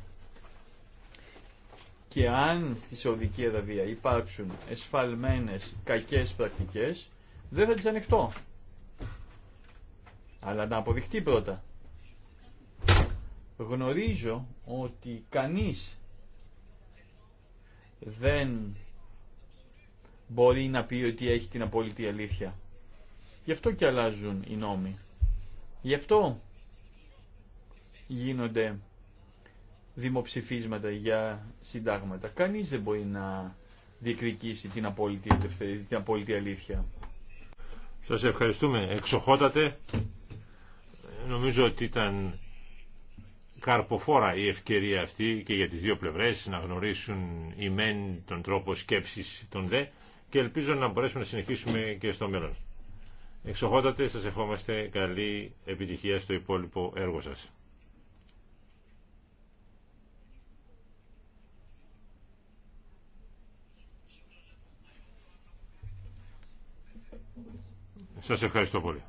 Και αν στη Σαουδική Αραβία υπάρξουν εσφαλμένες κακές πρακτικές, δεν θα τις ανοιχτώ. Αλλά να αποδειχτεί πρώτα. Γνωρίζω ότι κανείς δεν μπορεί να πει ότι έχει την απόλυτη αλήθεια. Γι' αυτό και αλλάζουν οι νόμοι. Γι' αυτό γίνονται δημοψηφίσματα για συντάγματα. Κανείς δεν μπορεί να διεκδικήσει την απόλυτη, την απόλυτη αλήθεια. Σας ευχαριστούμε. Εξοχότατε. Νομίζω ότι ήταν καρποφόρα η ευκαιρία αυτή και για τις δύο πλευρές να γνωρίσουν οι μεν τον τρόπο σκέψης των δε και ελπίζω να μπορέσουμε να συνεχίσουμε και στο μέλλον. Εξοχότατε, σας ευχόμαστε καλή επιτυχία στο υπόλοιπο έργο σας. Σας ευχαριστώ πολύ.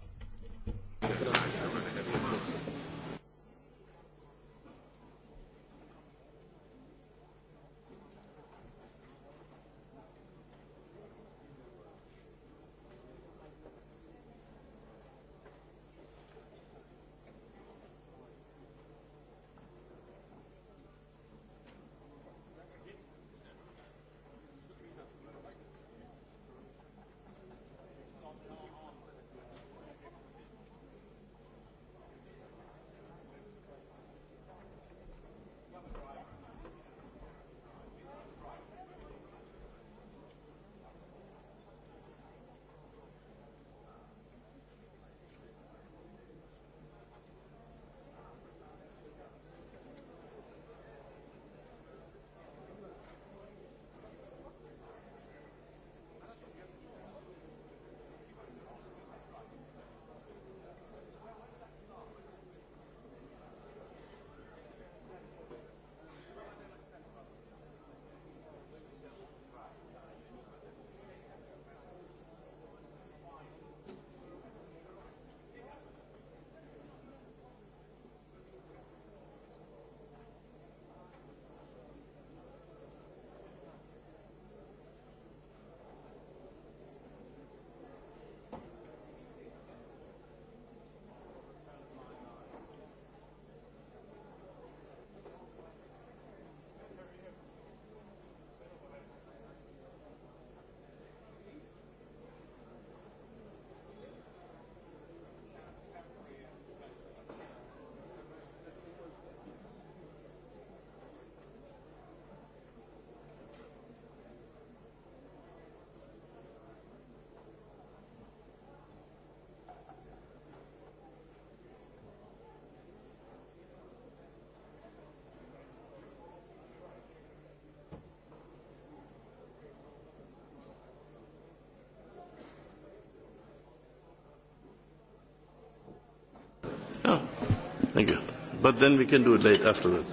thank you. But then we can do it late afterwards.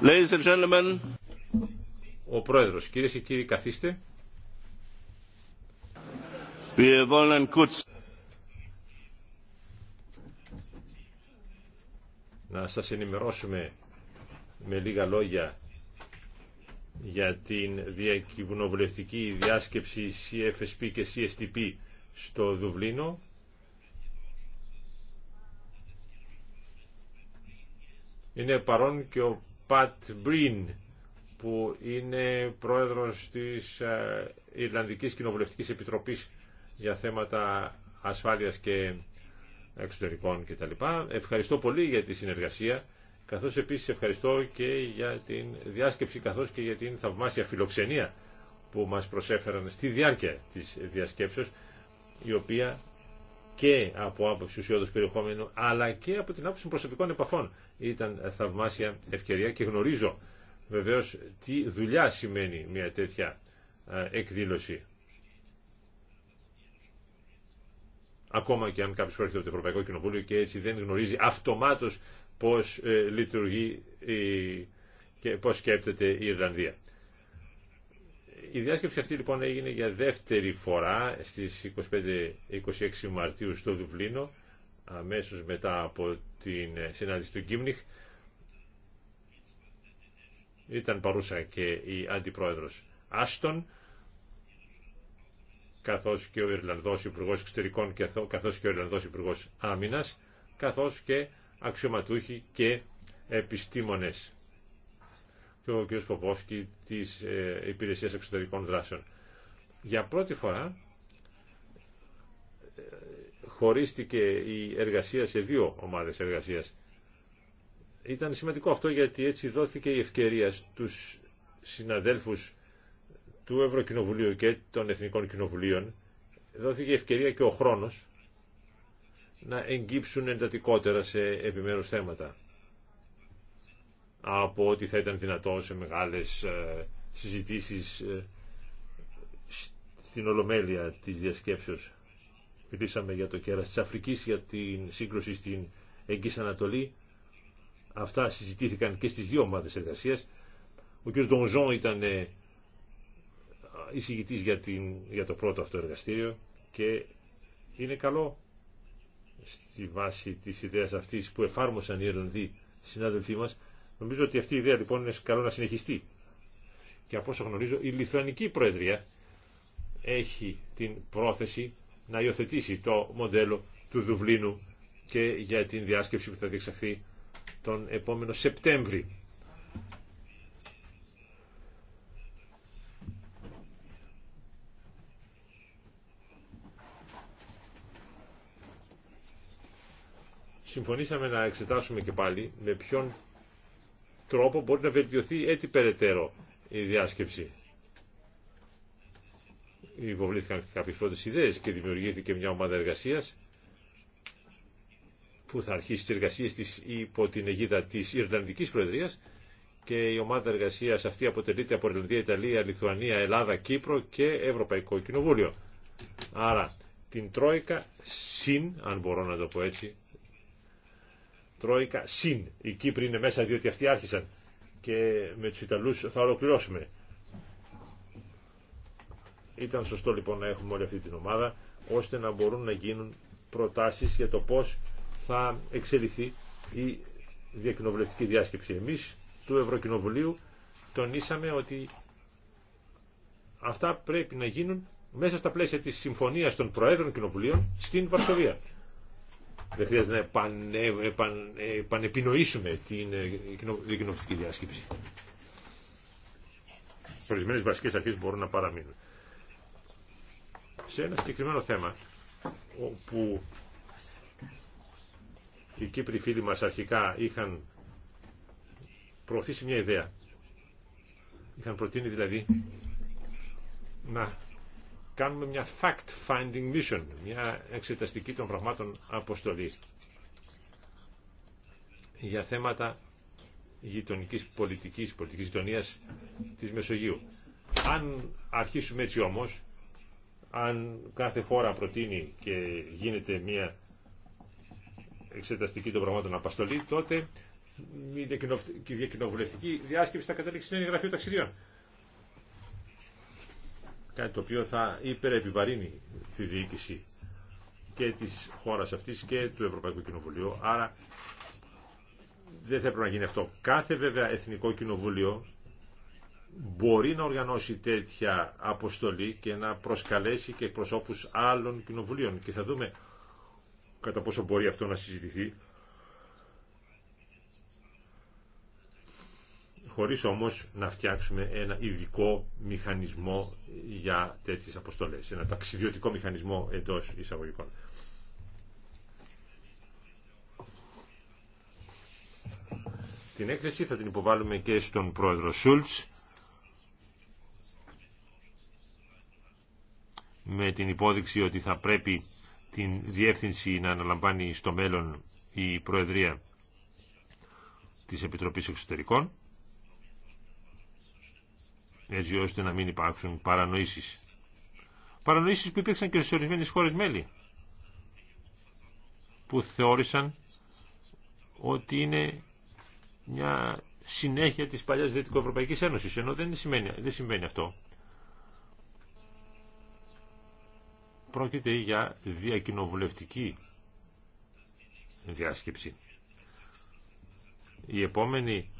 Ladies and gentlemen. Ο πρόεδρος, κυρίες και κύριοι, καθίστε. Wir wollen kurz... Να σας ενημερώσουμε με λίγα λόγια για την διακυβουνοβουλευτική διάσκεψη CFSP και CSTP στο Δουβλίνο Είναι παρόν και ο Πατ Μπριν που είναι πρόεδρος της ε, Ιρλανδικής Κοινοβουλευτικής Επιτροπής για θέματα ασφάλειας και εξωτερικών κτλ. Ευχαριστώ πολύ για τη συνεργασία, καθώς επίσης ευχαριστώ και για την διάσκεψη, καθώς και για την θαυμάσια φιλοξενία που μας προσέφεραν στη διάρκεια της διασκέψεως, η οποία και από άποψη ουσιώδου περιεχόμενου αλλά και από την άποψη προσωπικών επαφών. Ήταν θαυμάσια ευκαιρία και γνωρίζω βεβαίως τι δουλειά σημαίνει μια τέτοια εκδήλωση. Ακόμα και αν κάποιο έρχεται από το Ευρωπαϊκό Κοινοβούλιο και έτσι δεν γνωρίζει αυτομάτω πώ ε, λειτουργεί και πώ σκέπτεται η Ιρλανδία. Η διάσκεψη αυτή λοιπόν έγινε για δεύτερη φορά στις 25-26 Μαρτίου στο Δουβλίνο, αμέσως μετά από την συνάντηση του Γκίμνιχ. Ήταν παρούσα και η Αντιπρόεδρος Άστον, καθώς και ο Ιρλανδός Υπουργός Εξωτερικών, καθώς και ο Ιρλανδός Υπουργός Άμυνας, καθώς και αξιωματούχοι και επιστήμονες και ο κ. Σκοπόφσκι της ε, Υπηρεσία Εξωτερικών Δράσεων. Για πρώτη φορά ε, χωρίστηκε η εργασία σε δύο ομάδες εργασίας. Ήταν σημαντικό αυτό γιατί έτσι δόθηκε η ευκαιρία στους συναδέλφους του Ευρωκοινοβουλίου και των Εθνικών Κοινοβουλίων δόθηκε η ευκαιρία και ο χρόνος να εγκύψουν εντατικότερα σε επιμέρους θέματα από ό,τι θα ήταν δυνατό σε μεγάλες ε, συζητήσεις ε, στην Ολομέλεια της διασκέψεως. Μιλήσαμε για το κέρας της Αφρικής, για την σύγκρουση στην Εγγύς Ανατολή. Αυτά συζητήθηκαν και στις δύο ομάδες εργασίας. Ο κ. Ντονζόν ήταν ε, εισηγητής για, την, για το πρώτο αυτό εργαστήριο και είναι καλό στη βάση της ιδέας αυτής που εφάρμοσαν οι Ιρλανδοί συνάδελφοί μας Νομίζω ότι αυτή η ιδέα λοιπόν είναι καλό να συνεχιστεί. Και από όσο γνωρίζω η Λιθουανική Προεδρία έχει την πρόθεση να υιοθετήσει το μοντέλο του Δουβλίνου και για την διάσκεψη που θα διεξαχθεί τον επόμενο Σεπτέμβρη. συμφωνήσαμε να εξετάσουμε και πάλι με ποιον τρόπο μπορεί να βελτιωθεί έτσι περαιτέρω η διάσκεψη. Υποβλήθηκαν κάποιε πρώτε ιδέε και δημιουργήθηκε μια ομάδα εργασία που θα αρχίσει τι εργασίε τη υπό την αιγίδα τη Ιρλανδική Προεδρία και η ομάδα εργασία αυτή αποτελείται από Ιρλανδία, Ιταλία, Λιθουανία, Ελλάδα, Κύπρο και Ευρωπαϊκό Κοινοβούλιο. Άρα την Τρόικα συν, αν μπορώ να το πω έτσι, Τρόικα συν. Οι Κύπροι είναι μέσα διότι αυτοί άρχισαν και με τους Ιταλούς θα ολοκληρώσουμε. Ήταν σωστό λοιπόν να έχουμε όλη αυτή την ομάδα ώστε να μπορούν να γίνουν προτάσεις για το πώς θα εξελιχθεί η διακοινοβουλευτική διάσκεψη. Εμείς του Ευρωκοινοβουλίου τονίσαμε ότι αυτά πρέπει να γίνουν μέσα στα πλαίσια της συμφωνίας των Προέδρων Κοινοβουλίων στην Βαρσοβία. Δεν χρειάζεται να επανεπινοήσουμε ε, την κοινοβουλευτική διάσκεψη. Ορισμένε βασικέ αρχέ μπορούν να παραμείνουν. Σε ένα συγκεκριμένο θέμα, όπου οι Κύπροι φίλοι μας αρχικά είχαν προωθήσει μια ιδέα. Είχαν προτείνει δηλαδή να κάνουμε μια fact-finding mission, μια εξεταστική των πραγμάτων αποστολή για θέματα γειτονικής πολιτικής, πολιτικής γειτονίας της Μεσογείου. Αν αρχίσουμε έτσι όμως, αν κάθε χώρα προτείνει και γίνεται μια εξεταστική των πραγμάτων αποστολή, τότε η διακοινοβουλευτική διάσκεψη θα καταλήξει στην εγγραφή ταξιδιών κάτι το οποίο θα υπερεπιβαρύνει τη διοίκηση και της χώρας αυτής και του Ευρωπαϊκού Κοινοβουλίου. Άρα δεν θα έπρεπε να γίνει αυτό. Κάθε βέβαια Εθνικό Κοινοβούλιο μπορεί να οργανώσει τέτοια αποστολή και να προσκαλέσει και προσώπους άλλων κοινοβουλίων. Και θα δούμε κατά πόσο μπορεί αυτό να συζητηθεί χωρίς όμως να φτιάξουμε ένα ειδικό μηχανισμό για τέτοιες αποστολές, ένα ταξιδιωτικό μηχανισμό εντός εισαγωγικών. Την έκθεση θα την υποβάλουμε και στον πρόεδρο Σούλτς με την υπόδειξη ότι θα πρέπει την διεύθυνση να αναλαμβάνει στο μέλλον η Προεδρία της Επιτροπής Εξωτερικών έτσι ώστε να μην υπάρξουν παρανοήσει. Παρανοήσει που υπήρξαν και στι ορισμένε χώρες μέλη που θεώρησαν ότι είναι μια συνέχεια της παλιάς Δυτικοευρωπαϊκής Ένωσης ενώ δεν, σημαίνει, δεν συμβαίνει αυτό. Πρόκειται για διακοινοβουλευτική διάσκεψη. Η επόμενη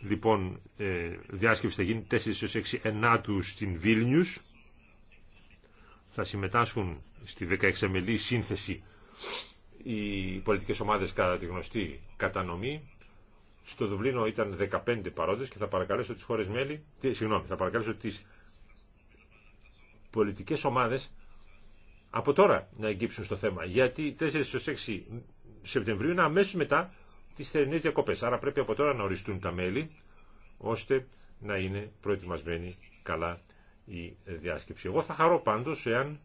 λοιπόν ε, διάσκεψη θα γίνει 4 6 ενάτου στην Βίλνιους. Θα συμμετάσχουν στη 16 μελή σύνθεση οι πολιτικές ομάδες κατά τη γνωστή κατανομή. Στο Δουβλίνο ήταν 15 παρόντες και θα παρακαλέσω τις χώρες μέλη, τι, συγγνώμη, θα παρακαλέσω τις πολιτικές ομάδες από τώρα να εγκύψουν στο θέμα. Γιατί 4 6 Σεπτεμβρίου είναι αμέσως μετά τις θερινέ διακοπέ. Άρα πρέπει από τώρα να οριστούν τα μέλη, ώστε να είναι προετοιμασμένη καλά η διάσκεψη. Εγώ θα χαρώ πάντω εάν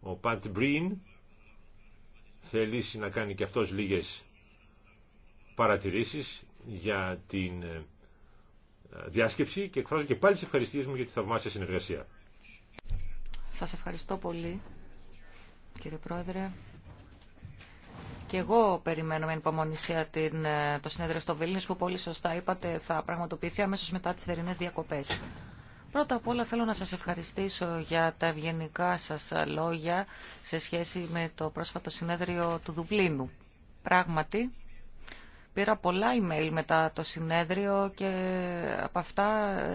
ο Πατ Μπριν θελήσει να κάνει και αυτός λίγες παρατηρήσεις για την ε, διάσκεψη και εκφράζω και πάλι τις ευχαριστίες μου για τη θαυμάσια συνεργασία. Σας ευχαριστώ πολύ κύριε Πρόεδρε. Και εγώ περιμένω με υπομονησία την, ε, το συνέδριο στο Βίλνιου, που πολύ σωστά είπατε θα πραγματοποιηθεί αμέσω μετά τις θερινές διακοπές. Πρώτα απ' όλα θέλω να σας ευχαριστήσω για τα ευγενικά σας λόγια σε σχέση με το πρόσφατο συνέδριο του Δουβλίνου. Πράγματι, Πήρα πολλά email μετά το συνέδριο και από αυτά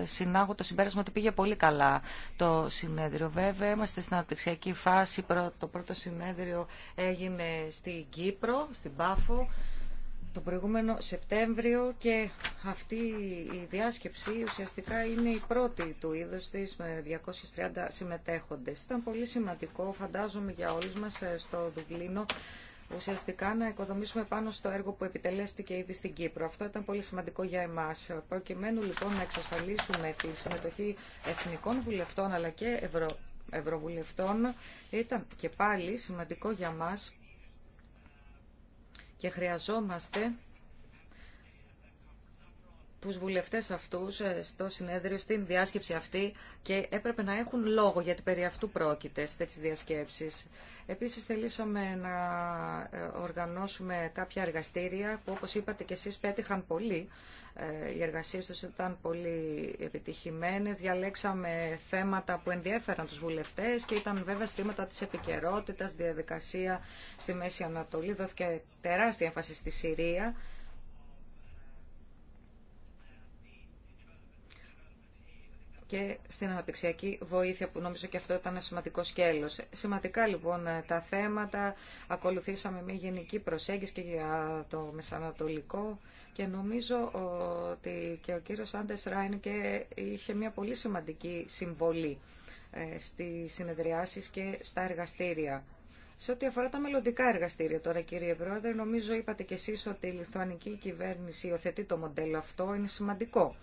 συνάγω το συμπέρασμα ότι πήγε πολύ καλά το συνέδριο. Βέβαια, είμαστε στην αναπτυξιακή φάση. Το πρώτο συνέδριο έγινε στην Κύπρο, στην Πάφο, τον προηγούμενο Σεπτέμβριο και αυτή η διάσκεψη ουσιαστικά είναι η πρώτη του είδους της με 230 συμμετέχοντες. Ήταν πολύ σημαντικό, φαντάζομαι, για όλους μας ε, στο Δουβλίνο ουσιαστικά να οικοδομήσουμε πάνω στο έργο που επιτελέστηκε ήδη στην Κύπρο. Αυτό ήταν πολύ σημαντικό για εμάς. Προκειμένου λοιπόν να εξασφαλίσουμε τη συμμετοχή εθνικών βουλευτών αλλά και ευρωβουλευτών ήταν και πάλι σημαντικό για μας και χρειαζόμαστε τους βουλευτές αυτούς ε, στο συνέδριο, στην διάσκεψη αυτή και έπρεπε να έχουν λόγο γιατί περί αυτού πρόκειται σε τέτοιες διασκέψεις. Επίσης θελήσαμε να ε, οργανώσουμε κάποια εργαστήρια που όπως είπατε και εσείς πέτυχαν πολύ. Ε, οι εργασίες τους ήταν πολύ επιτυχημένες. Διαλέξαμε θέματα που ενδιέφεραν τους βουλευτές και ήταν βέβαια στήματα της επικαιρότητα, διαδικασία στη Μέση Ανατολή. Δόθηκε τεράστια έμφαση στη Συρία και στην αναπτυξιακή βοήθεια που νομίζω και αυτό ήταν ένα σημαντικό σκέλος. Σημαντικά λοιπόν τα θέματα, ακολουθήσαμε μια γενική προσέγγιση και για το Μεσανατολικό και νομίζω ότι και ο κύριος Άντες Ράιν και είχε μια πολύ σημαντική συμβολή ε, στις συνεδριάσεις και στα εργαστήρια. Σε ό,τι αφορά τα μελλοντικά εργαστήρια τώρα, κύριε Πρόεδρε, νομίζω είπατε και εσείς ότι η λιθουανική κυβέρνηση υιοθετεί το μοντέλο αυτό, είναι σημαντικό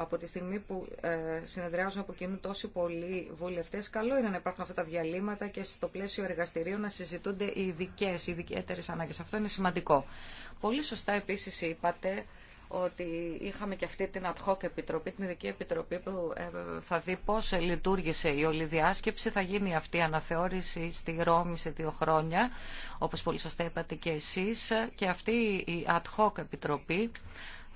από τη στιγμή που ε, συνεδριάζουν από κοινού τόσοι πολλοί βουλευτέ, καλό είναι να υπάρχουν αυτά τα διαλύματα και στο πλαίσιο εργαστηρίου να συζητούνται οι ειδικέ, οι ιδιαίτερε ανάγκε. Αυτό είναι σημαντικό. Πολύ σωστά επίση είπατε ότι είχαμε και αυτή την ad hoc επιτροπή, την ειδική επιτροπή που ε, θα δει πώ λειτουργήσε η όλη διάσκεψη. Θα γίνει αυτή η αναθεώρηση στη Ρώμη σε δύο χρόνια, όπω πολύ σωστά είπατε και εσεί. Και αυτή η ad hoc επιτροπή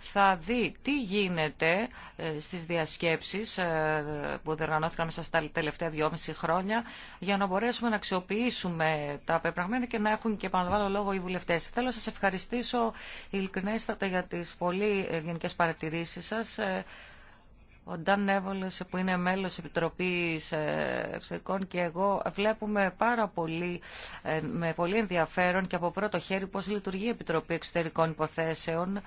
θα δει τι γίνεται ε, στις διασκέψεις ε, που διοργανώθηκαν μέσα στα τελευταία δυόμιση χρόνια για να μπορέσουμε να αξιοποιήσουμε τα πεπραγμένα και να έχουν και επαναλαμβάνω λόγο οι βουλευτές. Θέλω να σας ευχαριστήσω ειλικρινέστατα για τις πολύ γενικέ παρατηρήσεις σας. Ε, ο Νταν Νέβολες που είναι μέλος Επιτροπής Εξωτερικών και εγώ βλέπουμε πάρα πολύ με πολύ ενδιαφέρον και από πρώτο χέρι πώς λειτουργεί η Επιτροπή Εξωτερικών Υποθέσεων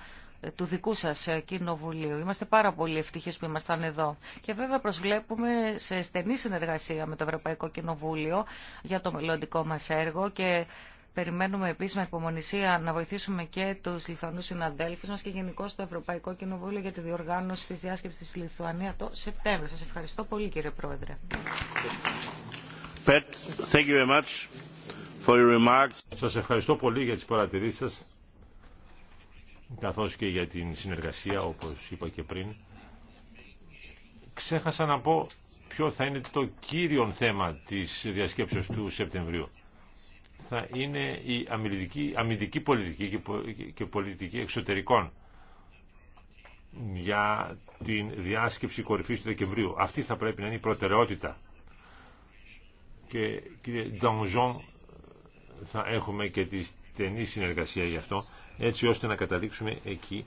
του δικού σας ε, κοινοβουλίου. Είμαστε πάρα πολύ ευτυχείς που ήμασταν εδώ. Και βέβαια προσβλέπουμε σε στενή συνεργασία με το Ευρωπαϊκό Κοινοβούλιο για το μελλοντικό μας έργο και περιμένουμε επίσης με υπομονησία να βοηθήσουμε και τους λιθανούς συναδέλφους μας και γενικώ το Ευρωπαϊκό Κοινοβούλιο για τη διοργάνωση της διάσκεψης της Λιθουανία το Σεπτέμβριο. Σας ευχαριστώ πολύ κύριε Πρόεδρε. Thank Σας ευχαριστώ πολύ για τις παρατηρήσεις σας καθώς και για την συνεργασία, όπως είπα και πριν. Ξέχασα να πω ποιο θα είναι το κύριο θέμα της διασκέψεως του Σεπτεμβρίου. Θα είναι η αμυντική, αμυντική πολιτική και πολιτική εξωτερικών για την διάσκεψη κορυφής του Δεκεμβρίου. Αυτή θα πρέπει να είναι η προτεραιότητα. Και κύριε Ντανζόν θα έχουμε και τη στενή συνεργασία γι' αυτό έτσι ώστε να καταλήξουμε εκεί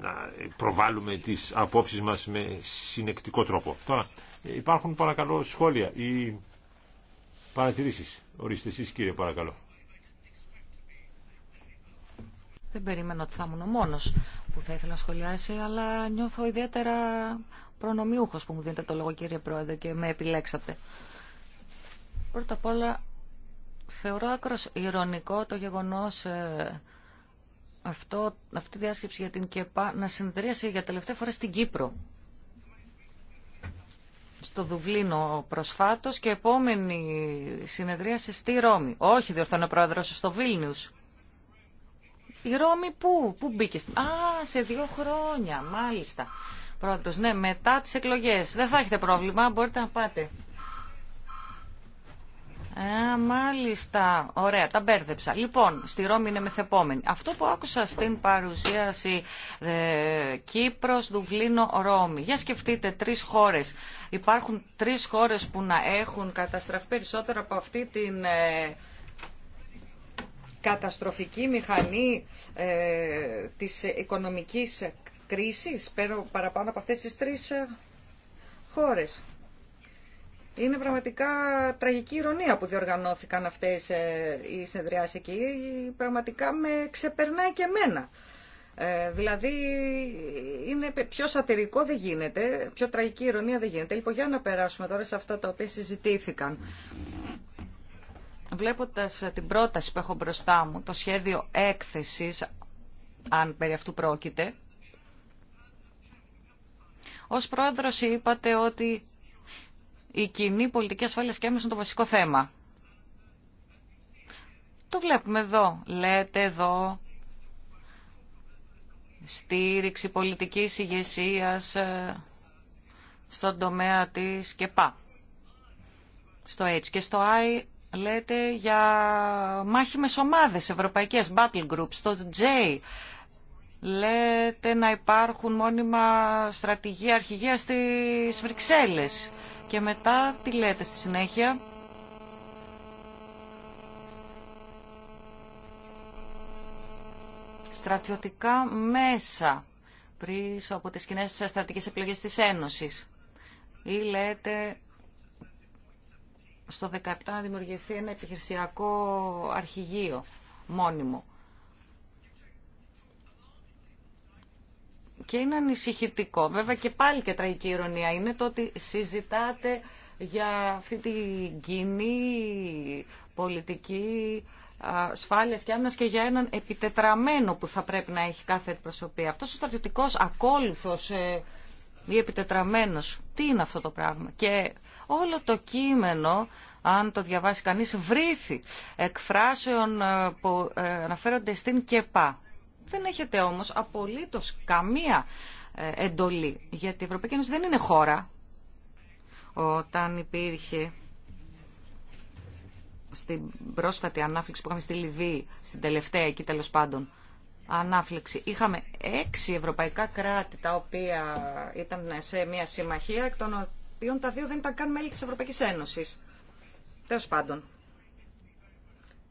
να προβάλλουμε τις απόψεις μας με συνεκτικό τρόπο. Τώρα, υπάρχουν παρακαλώ σχόλια ή παρατηρήσεις. Ορίστε εσείς κύριε παρακαλώ. Δεν περίμενα ότι θα ήμουν ο μόνος που θα ήθελα να σχολιάσει, αλλά νιώθω ιδιαίτερα προνομιούχος που μου δίνετε το λόγο κύριε Πρόεδρε και με επιλέξατε. Πρώτα απ' όλα, θεωρώ άκρος ηρωνικό το γεγονός ε, αυτό, αυτή η διάσκεψη για την ΚΕΠΑ να συνεδρίασε για τελευταία φορά στην Κύπρο. Στο Δουβλίνο προσφάτως και επόμενη συνεδρίαση στη Ρώμη. Όχι, διορθώνει ο πρόεδρος, στο Βίλνιους. Η Ρώμη πού, πού μπήκε. Α, σε δύο χρόνια, μάλιστα. Πρόεδρος, ναι, μετά τις εκλογές. Δεν θα έχετε πρόβλημα, μπορείτε να πάτε. Α, μάλιστα. Ωραία, τα μπέρδεψα. Λοιπόν, στη Ρώμη είναι μεθεπόμενη. Αυτό που άκουσα στην παρουσίαση ε, Κύπρος, Δουβλίνο, Ρώμη. Για σκεφτείτε, τρεις χώρες. Υπάρχουν τρεις χώρες που να έχουν καταστραφεί περισσότερο από αυτή την... Ε, καταστροφική μηχανή ε, της οικονομικής κρίσης παραπάνω από αυτές τις τρεις ε, χώρες. Είναι πραγματικά τραγική ηρωνία που διοργανώθηκαν αυτές ε, οι συνεδριάσεις εκεί. Πραγματικά με ξεπερνάει και εμένα. Ε, δηλαδή είναι πιο σατερικό δεν γίνεται, πιο τραγική ηρωνία δεν γίνεται. Λοιπόν, για να περάσουμε τώρα σε αυτά τα οποία συζητήθηκαν. Βλέποντας ε, την πρόταση που έχω μπροστά μου, το σχέδιο έκθεσης, αν περί αυτού πρόκειται, ως πρόεδρος είπατε ότι η κοινή πολιτική ασφάλεια και μέσα είναι το βασικό θέμα. Το βλέπουμε εδώ. Λέτε εδώ στήριξη πολιτική ηγεσία ε, στον τομέα της ΚΕΠΑ. Στο H και στο I λέτε για μάχη με ομάδες ευρωπαϊκές battle groups. Στο J λέτε να υπάρχουν μόνιμα στρατηγία αρχηγεία στις Βρυξέλλες και μετά τι λέτε στη συνέχεια. Στρατιωτικά μέσα πριν από τις κοινέ στρατηγικές επιλογές της Ένωσης. Ή λέτε στο 17 να δημιουργηθεί ένα επιχειρησιακό αρχηγείο μόνιμο. Και είναι ανησυχητικό. Βέβαια και πάλι και τραγική ηρωνία είναι το ότι συζητάτε για αυτή την κοινή πολιτική ασφάλεια και άμυνα και για έναν επιτετραμένο που θα πρέπει να έχει κάθε προσωπή. Αυτό ο στρατιωτικό ακόλουθο ε, ή επιτετραμένο, τι είναι αυτό το πράγμα. Και όλο το κείμενο, αν το διαβάσει κανεί, βρήθη εκφράσεων ε, που ε, αναφέρονται στην ΚΕΠΑ. Δεν έχετε όμως απολύτως καμία ε, εντολή, γιατί η Ευρωπαϊκή Ένωση δεν είναι χώρα. Όταν υπήρχε στην πρόσφατη ανάφλεξη που είχαμε στη Λιβύη, στην τελευταία εκεί τέλος πάντων, ανάφλεξη. Είχαμε έξι ευρωπαϊκά κράτη τα οποία ήταν σε μια συμμαχία, εκ των οποίων τα δύο δεν ήταν καν μέλη της Ευρωπαϊκής Ένωσης. Τέλος πάντων.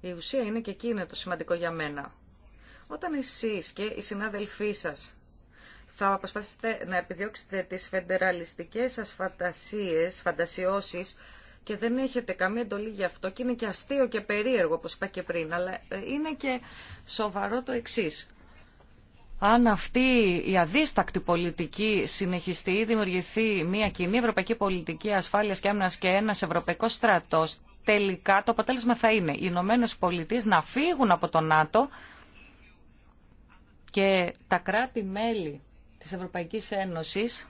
Η ουσία είναι και εκεί είναι το σημαντικό για μένα. Όταν εσείς και οι συνάδελφοί σας θα προσπαθήσετε να επιδιώξετε τις φεντεραλιστικές σας φαντασίες, φαντασιώσεις και δεν έχετε καμία εντολή γι' αυτό και είναι και αστείο και περίεργο όπως είπα και πριν αλλά ε, είναι και σοβαρό το εξής. Αν αυτή η αδίστακτη πολιτική συνεχιστεί, δημιουργηθεί μια κοινή ευρωπαϊκή πολιτική ασφάλειας και άμυνας και ένας ευρωπαϊκός στρατός, τελικά το αποτέλεσμα θα είναι οι Ηνωμένε Πολιτείε να φύγουν από το ΝΑΤΟ και τα κράτη-μέλη της Ευρωπαϊκής Ένωσης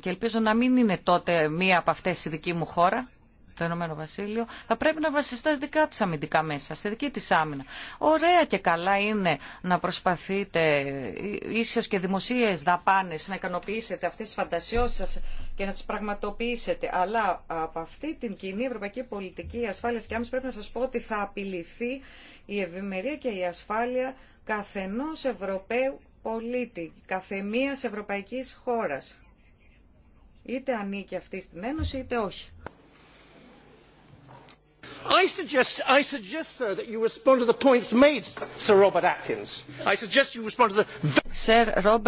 και ελπίζω να μην είναι τότε μία από αυτές η δική μου χώρα το Ηνωμένο Βασίλειο, θα πρέπει να βασιστεί στα δικά τη αμυντικά μέσα, στη δική τη άμυνα. Ωραία και καλά είναι να προσπαθείτε ίσω και δημοσίε δαπάνε να ικανοποιήσετε αυτέ τι φαντασιώσει σα και να τι πραγματοποιήσετε. Αλλά από αυτή την κοινή ευρωπαϊκή πολιτική ασφάλεια και άμυνα πρέπει να σα πω ότι θα απειληθεί η ευημερία και η ασφάλεια καθενό Ευρωπαίου πολίτη, καθεμίας ευρωπαϊκής χώρας. Είτε ανήκει αυτή στην Ένωση είτε όχι. I suggest, I sir, Robert Atkins. I uh,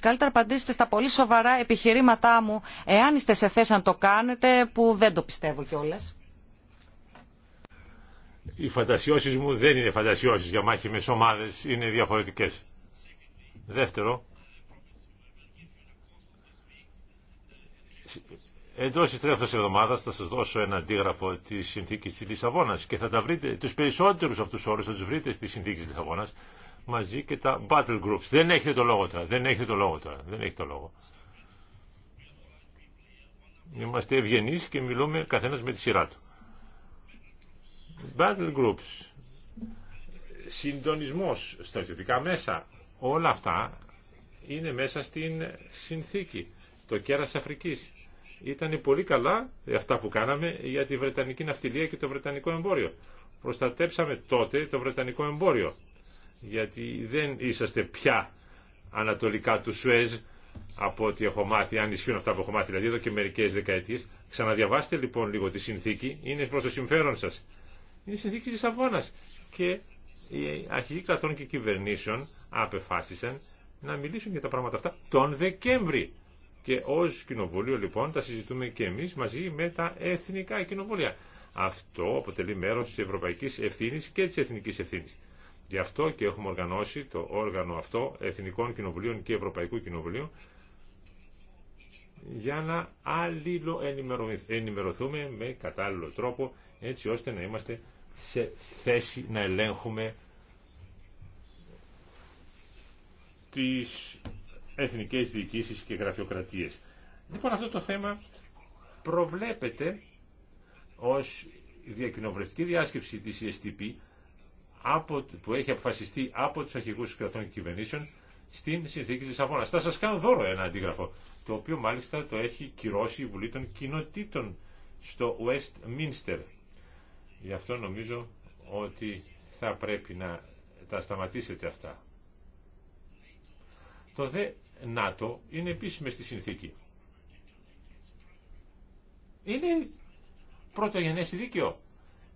καλύτερα απαντήσετε στα πολύ σοβαρά επιχειρήματά μου, εάν είστε σε θέση να το κάνετε, που δεν το πιστεύω κιόλας. Οι φαντασιώσεις μου δεν είναι φαντασιώσεις για μάχη με ομάδες, είναι διαφορετικές. Δεύτερο, Εντό τη τρέχουσα εβδομάδα θα σα δώσω ένα αντίγραφο τη συνθήκη τη Λισαβόνα και θα τα βρείτε, του περισσότερου αυτού όρου θα του βρείτε στη συνθήκη τη Λισαβόνα μαζί και τα battle groups. Δεν έχετε το λόγο τώρα. Δεν έχετε το λόγο τώρα. Δεν έχετε το λόγο. Είμαστε ευγενεί και μιλούμε καθένα με τη σειρά του. Battle groups, συντονισμό, στρατιωτικά μέσα, όλα αυτά είναι μέσα στην συνθήκη. Το κέρας Αφρικής, ήταν πολύ καλά αυτά που κάναμε για τη Βρετανική ναυτιλία και το Βρετανικό εμπόριο. Προστατέψαμε τότε το Βρετανικό εμπόριο, γιατί δεν είσαστε πια ανατολικά του Σουέζ, από ό,τι έχω μάθει, αν ισχύουν αυτά που έχω μάθει, δηλαδή εδώ και μερικέ δεκαετίε. Ξαναδιαβάστε λοιπόν λίγο τη συνθήκη, είναι προ το συμφέρον σα. Είναι η συνθήκη τη Αβώνα. Και οι αρχηγοί κρατών και κυβερνήσεων απεφάσισαν να μιλήσουν για τα πράγματα αυτά τον Δεκέμβρη. Και ω κοινοβούλιο λοιπόν τα συζητούμε και εμείς μαζί με τα εθνικά κοινοβούλια. Αυτό αποτελεί μέρος της ευρωπαϊκής ευθύνη και της εθνικής Ευθύνη. Γι' αυτό και έχουμε οργανώσει το όργανο αυτό Εθνικών Κοινοβουλίων και Ευρωπαϊκού Κοινοβουλίου για να αλληλοενημερωθούμε με κατάλληλο τρόπο έτσι ώστε να είμαστε σε θέση να ελέγχουμε τις εθνικές διοικήσεις και γραφειοκρατίες. Λοιπόν, αυτό το θέμα προβλέπεται ως διακοινοβουλευτική διάσκεψη της ESTP από, που έχει αποφασιστεί από τους αρχηγούς κρατών και κυβερνήσεων στην συνθήκη της Αφώνας. Θα σας κάνω δώρο ένα αντίγραφο, το οποίο μάλιστα το έχει κυρώσει η Βουλή των Κοινοτήτων στο Westminster. Γι' αυτό νομίζω ότι θα πρέπει να τα σταματήσετε αυτά. Το δε ΝΑΤΟ είναι επίσημες στη συνθήκη. Είναι πρωτογενές δίκαιο.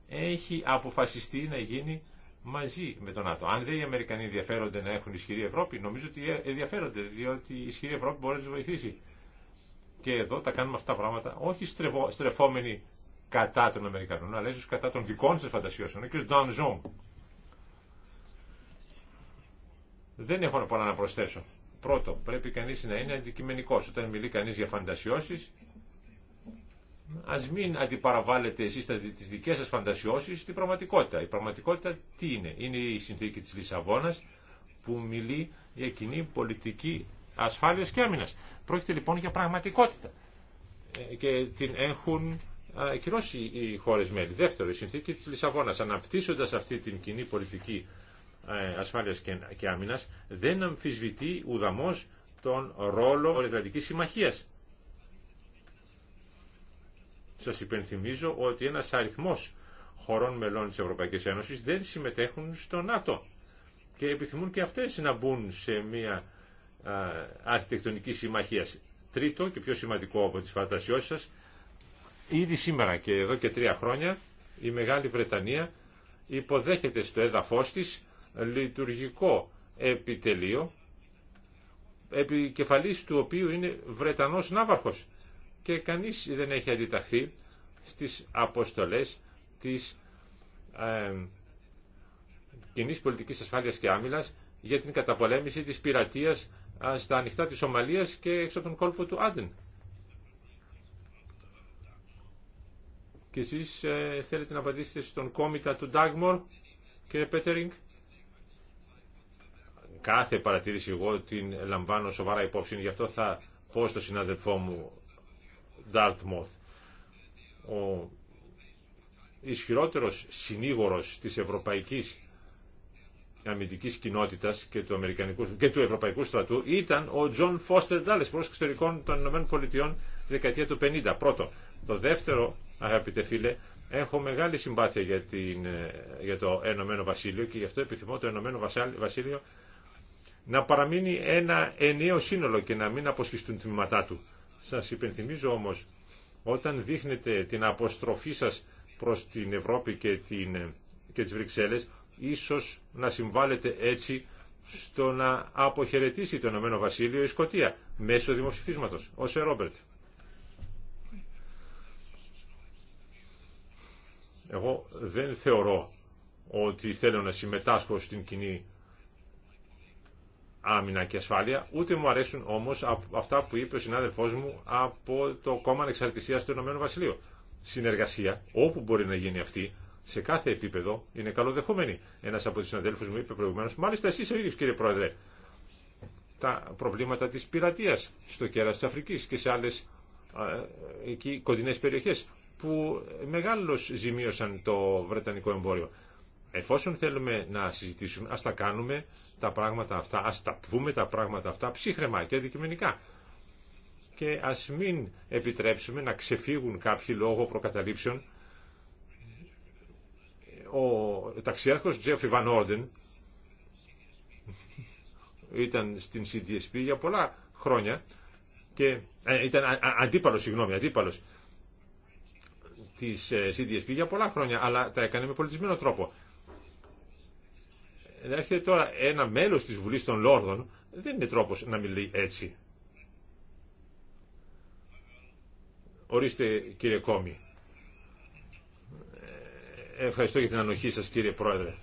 Έχει αποφασιστεί να γίνει μαζί με τον ΝΑΤΟ. Αν δεν οι Αμερικανοί ενδιαφέρονται να έχουν ισχυρή Ευρώπη, νομίζω ότι ενδιαφέρονται, διότι η ισχυρή Ευρώπη μπορεί να του βοηθήσει. Και εδώ τα κάνουμε αυτά τα πράγματα όχι στρεφόμενοι κατά των Αμερικανών, αλλά ίσω κατά των δικών σα φαντασιώσεων. Ο κ. Δεν έχω πολλά να προσθέσω. Πρώτο, πρέπει κανείς να είναι αντικειμενικός. Όταν μιλεί κανείς για φαντασιώσεις, ας μην αντιπαραβάλλετε εσείς τις δικές σας φαντασιώσεις στην πραγματικότητα. Η πραγματικότητα τι είναι. Είναι η συνθήκη της Λισαβόνας που μιλεί για κοινή πολιτική ασφάλειας και άμυνας. Πρόκειται λοιπόν για πραγματικότητα ε, και την έχουν κυρώσει οι χώρες μέλη. Δεύτερο, η συνθήκη της Λισαβόνας αναπτύσσοντας αυτή την κοινή πολιτική ε, ασφάλειας και Άμυνας δεν αμφισβητεί ουδαμός τον ρόλο Ολυκρατικής Συμμαχίας. Σας υπενθυμίζω ότι ένας αριθμός χωρών μελών της Ευρωπαϊκής Ένωσης δεν συμμετέχουν στο ΝΑΤΟ και επιθυμούν και αυτές να μπουν σε μια ε, αρχιτεκτονική συμμαχία. Τρίτο και πιο σημαντικό από τις φαντασιώσεις σας, ήδη σήμερα και εδώ και τρία χρόνια η Μεγάλη Βρετανία υποδέχεται στο έδαφος της λειτουργικό επιτελείο επικεφαλής του οποίου είναι Βρετανός Ναύαρχος και κανείς δεν έχει αντιταχθεί στις αποστολές της ε, κοινής πολιτικής ασφάλειας και άμυλας για την καταπολέμηση της πειρατείας στα ανοιχτά της Ομαλίας και έξω από τον κόλπο του Άντεν. Και εσείς ε, θέλετε να απαντήσετε στον κόμιτα του Ντάγμορ, κύριε Πέτερινγκ κάθε παρατήρηση εγώ την λαμβάνω σοβαρά υπόψη. Γι' αυτό θα πω στο συναδελφό μου Dartmouth. Ο ισχυρότερος συνήγορος της ευρωπαϊκής αμυντικής κοινότητας και του, Αμερικανικού, και του Ευρωπαϊκού στρατού ήταν ο Τζον Φώστερ Ντάλλες, προς εξωτερικών των ΗΠΑ τη δεκαετία του 50. Πρώτο. Το δεύτερο, αγαπητέ φίλε, έχω μεγάλη συμπάθεια για, την, ε, για το Ενωμένο Βασίλειο και γι' αυτό επιθυμώ το Ενωμένο Βασίλειο να παραμείνει ένα ενιαίο σύνολο και να μην αποσχιστούν τμήματά του. Σας υπενθυμίζω όμως, όταν δείχνετε την αποστροφή σας προς την Ευρώπη και, την, και τις Βρυξέλλες, ίσως να συμβάλλετε έτσι στο να αποχαιρετήσει το Ηνωμένο Βασίλειο η Σκοτία μέσω δημοψηφίσματος, ο Ρόμπερτ. Εγώ δεν θεωρώ ότι θέλω να συμμετάσχω στην κοινή άμυνα και ασφάλεια, ούτε μου αρέσουν όμω αυτά που είπε ο συνάδελφό μου από το κόμμα ανεξαρτησία του Ηνωμένου Βασιλείου. Συνεργασία, όπου μπορεί να γίνει αυτή, σε κάθε επίπεδο είναι καλοδεχόμενη. Ένα από του συναδέλφου μου είπε προηγουμένω, μάλιστα εσεί ο ίδιο κύριε Πρόεδρε, τα προβλήματα τη πειρατεία στο κέρα τη Αφρική και σε άλλε κοντινέ περιοχέ που μεγάλο ζημίωσαν το βρετανικό εμπόριο. Εφόσον θέλουμε να συζητήσουμε, ας τα κάνουμε τα πράγματα αυτά, ας τα πούμε τα πράγματα αυτά ψύχρεμα και αντικειμενικά. Και ας μην επιτρέψουμε να ξεφύγουν κάποιοι λόγω προκαταλήψεων. Ο ταξιάρχος Τζέφι Βαν Όρντεν ήταν στην CDSP για πολλά χρόνια και ε, ήταν αντίπαλος, συγγνώμη, αντίπαλος της ε, CDSP για πολλά χρόνια, αλλά τα έκανε με πολιτισμένο τρόπο να έρχεται τώρα ένα μέλος της Βουλής των Λόρδων δεν είναι τρόπος να μιλεί έτσι. Ορίστε κύριε Κόμη. Ε, ευχαριστώ για την ανοχή σας κύριε Πρόεδρε.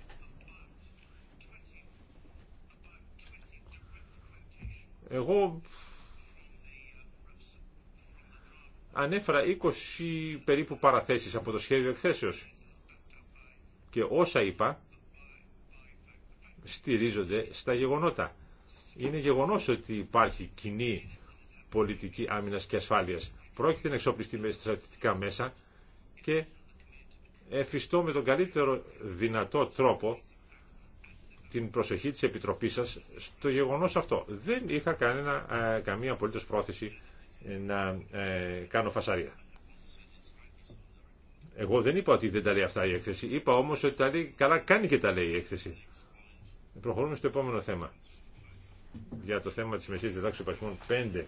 Εγώ ανέφερα 20 περίπου παραθέσεις από το σχέδιο εκθέσεως και όσα είπα στηρίζονται στα γεγονότα. Είναι γεγονός ότι υπάρχει κοινή πολιτική άμυνας και ασφάλειας. Πρόκειται να εξοπλιστεί με στρατιωτικά μέσα και εφιστώ με τον καλύτερο δυνατό τρόπο την προσοχή της Επιτροπής σας στο γεγονός αυτό. Δεν είχα κανένα, ε, καμία απολύτως πρόθεση ε, να ε, κάνω φασαρία. Εγώ δεν είπα ότι δεν τα λέει αυτά η έκθεση. Είπα όμως ότι τα λέει, καλά κάνει και τα λέει η έκθεση. Προχωρούμε στο επόμενο θέμα. Για το θέμα της μεσής διδάξης υπαρχών 5.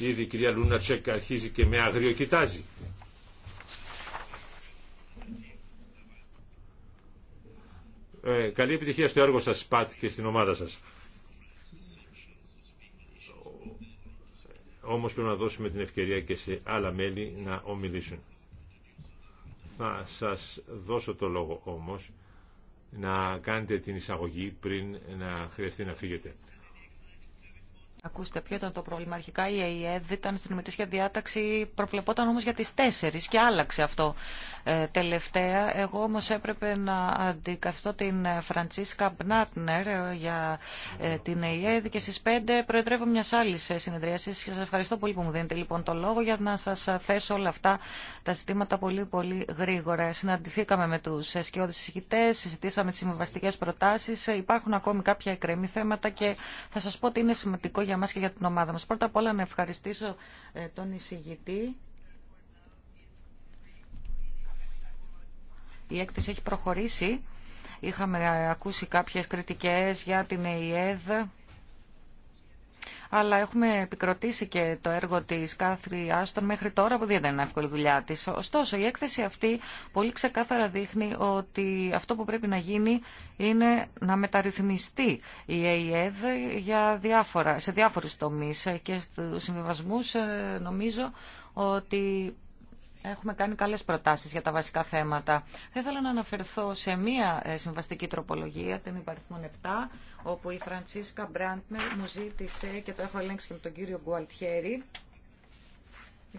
Ήδη η κυρία Λούνατσεκ αρχίζει και με αγρίο κοιτάζει. Ε, καλή επιτυχία στο έργο σας, Πατ, και στην ομάδα σας. Όμως πρέπει να δώσουμε την ευκαιρία και σε άλλα μέλη να ομιλήσουν. Θα σας δώσω το λόγο όμως να κάνετε την εισαγωγή πριν να χρειαστεί να φύγετε. Ακούστε, ποιο ήταν το πρόβλημα. Αρχικά η ΑΕΔ ήταν στην ημερήσια διάταξη, προβλεπόταν όμως για τις 4 και άλλαξε αυτό ε, τελευταία. Εγώ όμως έπρεπε να αντικαθιστώ την ε, Φραντσίσκα Μπνάτνερ ε, για ε, την ΑΕΔ και στις 5 προεδρεύω μια άλλη συνεδρίαση. Σας ευχαριστώ πολύ που μου δίνετε λοιπόν το λόγο για να σας θέσω όλα αυτά τα ζητήματα πολύ πολύ γρήγορα. Συναντηθήκαμε με τους σκιώδεις συζητητές, συζητήσαμε τις συμβαστικές προτάσεις, υπάρχουν ακόμη κάποια εκκρεμή θέματα και θα σας πω ότι είναι σημαντικό για για μας και για την ομάδα μας. Πρώτα απ' όλα να ευχαριστήσω ε, τον εισηγητή. Η έκθεση έχει προχωρήσει. Είχαμε ε, ακούσει κάποιες κριτικές για την ΕΙΕΔ αλλά έχουμε επικροτήσει και το έργο της Κάθρι Άστον μέχρι τώρα που δεν ήταν εύκολη δουλειά τη. Ωστόσο, η έκθεση αυτή πολύ ξεκάθαρα δείχνει ότι αυτό που πρέπει να γίνει είναι να μεταρρυθμιστεί η ΑΕΔ για διάφορα, σε διάφορου τομεί. και στου συμβιβασμού ε, νομίζω ότι Έχουμε κάνει καλές προτάσεις για τα βασικά θέματα. Θα ήθελα να αναφερθώ σε μία ε, συμβαστική τροπολογία, την υπαριθμόν 7, όπου η Φραντσίσκα Μπραντνερ μου ζήτησε, και το έχω ελέγξει με τον κύριο Γκουαλτιέρη,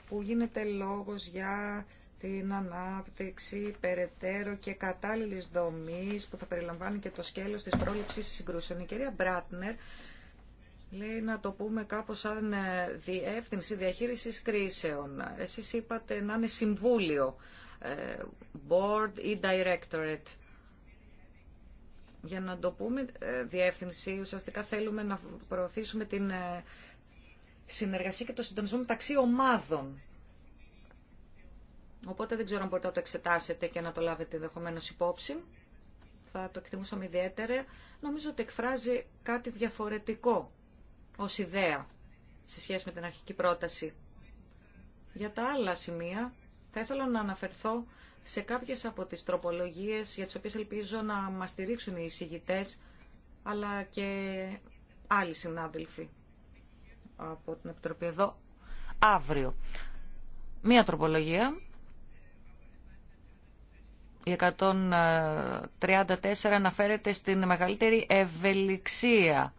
που γίνεται λόγος για την ανάπτυξη περαιτέρω και κατάλληλης δομής που θα περιλαμβάνει και το σκέλος της πρόληψης συγκρούσεων. Η κυρία Μπράτνερ Λέει να το πούμε κάπως σαν ε, διεύθυνση διαχείρισης κρίσεων. Εσείς είπατε να είναι συμβούλιο, ε, board ή directorate. Για να το πούμε ε, διεύθυνση, ουσιαστικά θέλουμε να προωθήσουμε την συνεργασία και το συντονισμό μεταξύ ομάδων. Οπότε δεν ξέρω αν μπορείτε να το εξετάσετε και να το λάβετε ενδεχομένω υπόψη. Θα το εκτιμούσαμε ιδιαίτερα. Νομίζω ότι εκφράζει κάτι διαφορετικό ως ιδέα σε σχέση με την αρχική πρόταση. Για τα άλλα σημεία θα ήθελα να αναφερθώ σε κάποιες από τις τροπολογίες για τις οποίες ελπίζω να μας στηρίξουν οι εισηγητές αλλά και άλλοι συνάδελφοι από την Επιτροπή εδώ αύριο. Μία τροπολογία η 134 ε, αναφέρεται στην μεγαλύτερη ευελιξία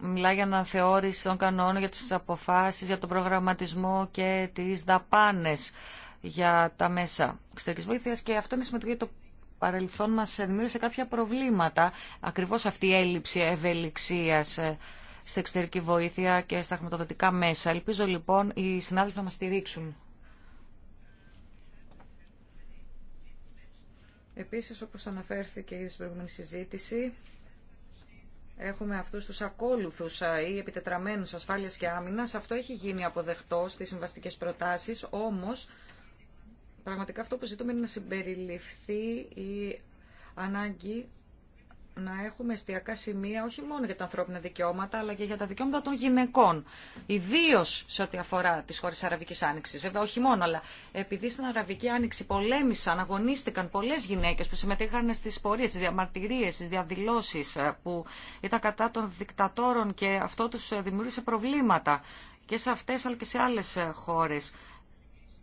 Μιλάει για αναθεώρηση των κανόνων για τις αποφάσεις, για τον προγραμματισμό και τις δαπάνες για τα μέσα εξωτερικής βοήθειας και αυτό είναι σημαντικό για το παρελθόν μας δημιούργησε κάποια προβλήματα, ακριβώς αυτή η έλλειψη ευελιξίας ε, στην εξωτερική βοήθεια και στα χρηματοδοτικά μέσα. Ελπίζω λοιπόν οι συνάδελφοι να μας στηρίξουν. Επίσης, όπως αναφέρθηκε η προηγούμενη συζήτηση, Έχουμε αυτούς τους ακόλουθους ή επιτετραμένους ασφάλειας και άμυνας. Αυτό έχει γίνει αποδεκτό στις συμβαστικές προτάσεις, όμως πραγματικά αυτό που ζητούμε είναι να συμπεριληφθεί η ανάγκη να έχουμε εστιακά σημεία όχι μόνο για τα ανθρώπινα δικαιώματα, αλλά και για τα δικαιώματα των γυναικών. Ιδίω σε ό,τι αφορά τι χώρε Αραβική Άνοιξη. Βέβαια, όχι μόνο, αλλά επειδή στην Αραβική Άνοιξη πολέμησαν, αγωνίστηκαν πολλέ γυναίκε που συμμετείχαν στι πορείε, στι διαμαρτυρίε, στι διαδηλώσει ε, που ήταν κατά των δικτατόρων και αυτό του ε, δημιούργησε προβλήματα και σε αυτέ αλλά και σε άλλε χώρε.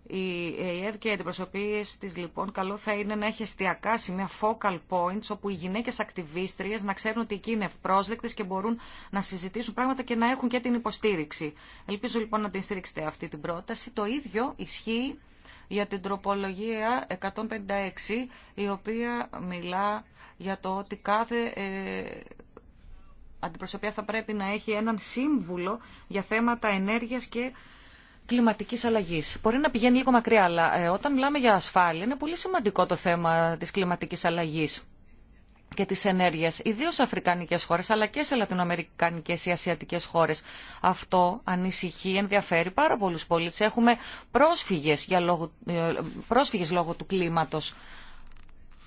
Η ΕΕΔ και οι αντιπροσωπείε τη λοιπόν καλό θα είναι να έχει εστιακά σημεία focal points όπου οι γυναίκε ακτιβίστριε να ξέρουν ότι εκεί είναι ευπρόσδεκτε και μπορούν να συζητήσουν πράγματα και να έχουν και την υποστήριξη. Ελπίζω λοιπόν να την στήριξετε αυτή την πρόταση. Το ίδιο ισχύει για την τροπολογία 156 η οποία μιλά για το ότι κάθε ε, θα πρέπει να έχει έναν σύμβουλο για θέματα ενέργειας και κλιματικής αλλαγής. Μπορεί να πηγαίνει λίγο μακριά, αλλά ε, όταν μιλάμε για ασφάλεια είναι πολύ σημαντικό το θέμα της κλιματικής αλλαγής και τη ενέργεια, ιδίως σε αφρικανικές χώρες, αλλά και σε λατινοαμερικανικές ή ασιατικές χώρες. Αυτό ανησυχεί, ενδιαφέρει πάρα πολλούς πολίτες. Έχουμε πρόσφυγες, για λόγο, ε, πρόσφυγες λόγω του κλίματος.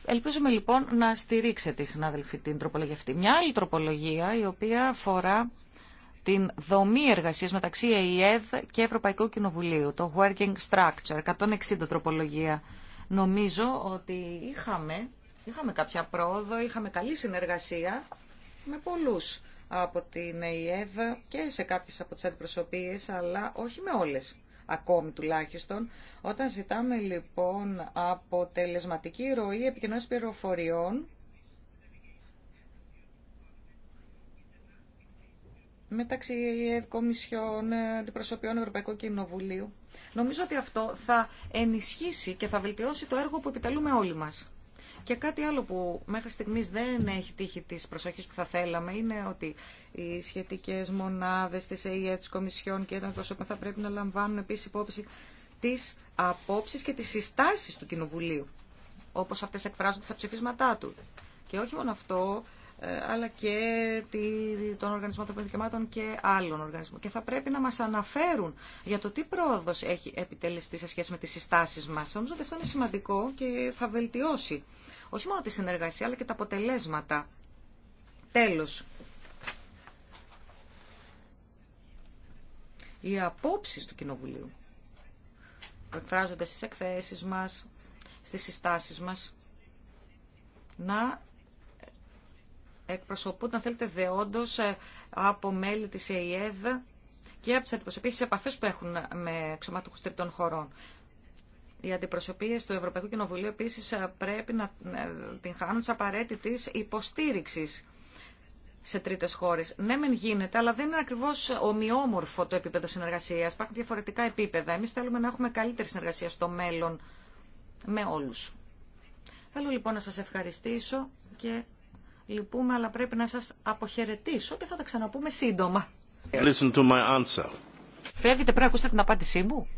Ελπίζουμε λοιπόν να στηρίξετε, συνάδελφοι, την τροπολογία αυτή. Μια άλλη τροπολογία, η ασιατικες χωρες αυτο ανησυχει ενδιαφερει παρα πολλους πολιτες εχουμε προσφυγες για λογω του αφορά την δομή εργασίας μεταξύ ΕΙΕΔ και Ευρωπαϊκού Κοινοβουλίου, το Working Structure, 160 τροπολογία. Νομίζω ότι είχαμε, είχαμε κάποια πρόοδο, είχαμε καλή συνεργασία με πολλούς από την ΕΙΕΔ και σε κάποιες από τις αντιπροσωπείες, αλλά όχι με όλες ακόμη τουλάχιστον. Όταν ζητάμε λοιπόν αποτελεσματική ροή επικοινωνίας πληροφοριών, μεταξύ Ευκομισιών, ε, Αντιπροσωπιών Ευρωπαϊκού Κοινοβουλίου. Νομίζω ότι αυτό θα ενισχύσει και θα βελτιώσει το έργο που επιτελούμε όλοι μας. Και κάτι άλλο που μέχρι στιγμής δεν έχει τύχει της προσοχής που θα θέλαμε είναι ότι οι σχετικές μονάδες της ΕΕ, της Κομισιόν και των προσώπων θα πρέπει να λαμβάνουν επίσης υπόψη τι απόψει και τι συστάσεις του Κοινοβουλίου, όπως αυτές εκφράζονται στα ψηφίσματά του. Και όχι μόνο αυτό, ε, αλλά και των Οργανισμών των Δικαιωμάτων και άλλων οργανισμών. Και θα πρέπει να μας αναφέρουν για το τι πρόοδο έχει επιτελεστεί σε σχέση με τις συστάσεις μας. Νομίζω ότι αυτό είναι σημαντικό και θα βελτιώσει όχι μόνο τη συνεργασία αλλά και τα αποτελέσματα. Τέλος. Οι απόψει του Κοινοβουλίου που εκφράζονται στις εκθέσεις μας, στις συστάσεις μας, να εκπροσωπούνται, αν θέλετε, δεόντως ε, από μέλη της ΕΙΕΔ και από τις αντιπροσωπείες επαφές που έχουν με εξωματικούς τρίτων χωρών. Οι αντιπροσωπείες του Ευρωπαϊκού Κοινοβουλίου επίσης ε, πρέπει να ε, την χάνουν τη απαραίτητη υποστήριξης σε τρίτε χώρε. Ναι, μεν γίνεται, αλλά δεν είναι ακριβώ ομοιόμορφο το επίπεδο συνεργασία. Υπάρχουν διαφορετικά επίπεδα. Εμεί θέλουμε να έχουμε καλύτερη συνεργασία στο μέλλον με όλου. Θέλω λοιπόν να σα ευχαριστήσω και Λυπούμε, αλλά πρέπει να σας αποχαιρετήσω και θα τα ξαναπούμε σύντομα. to my Φεύγετε, πρέπει να ακούσετε την απάντησή μου.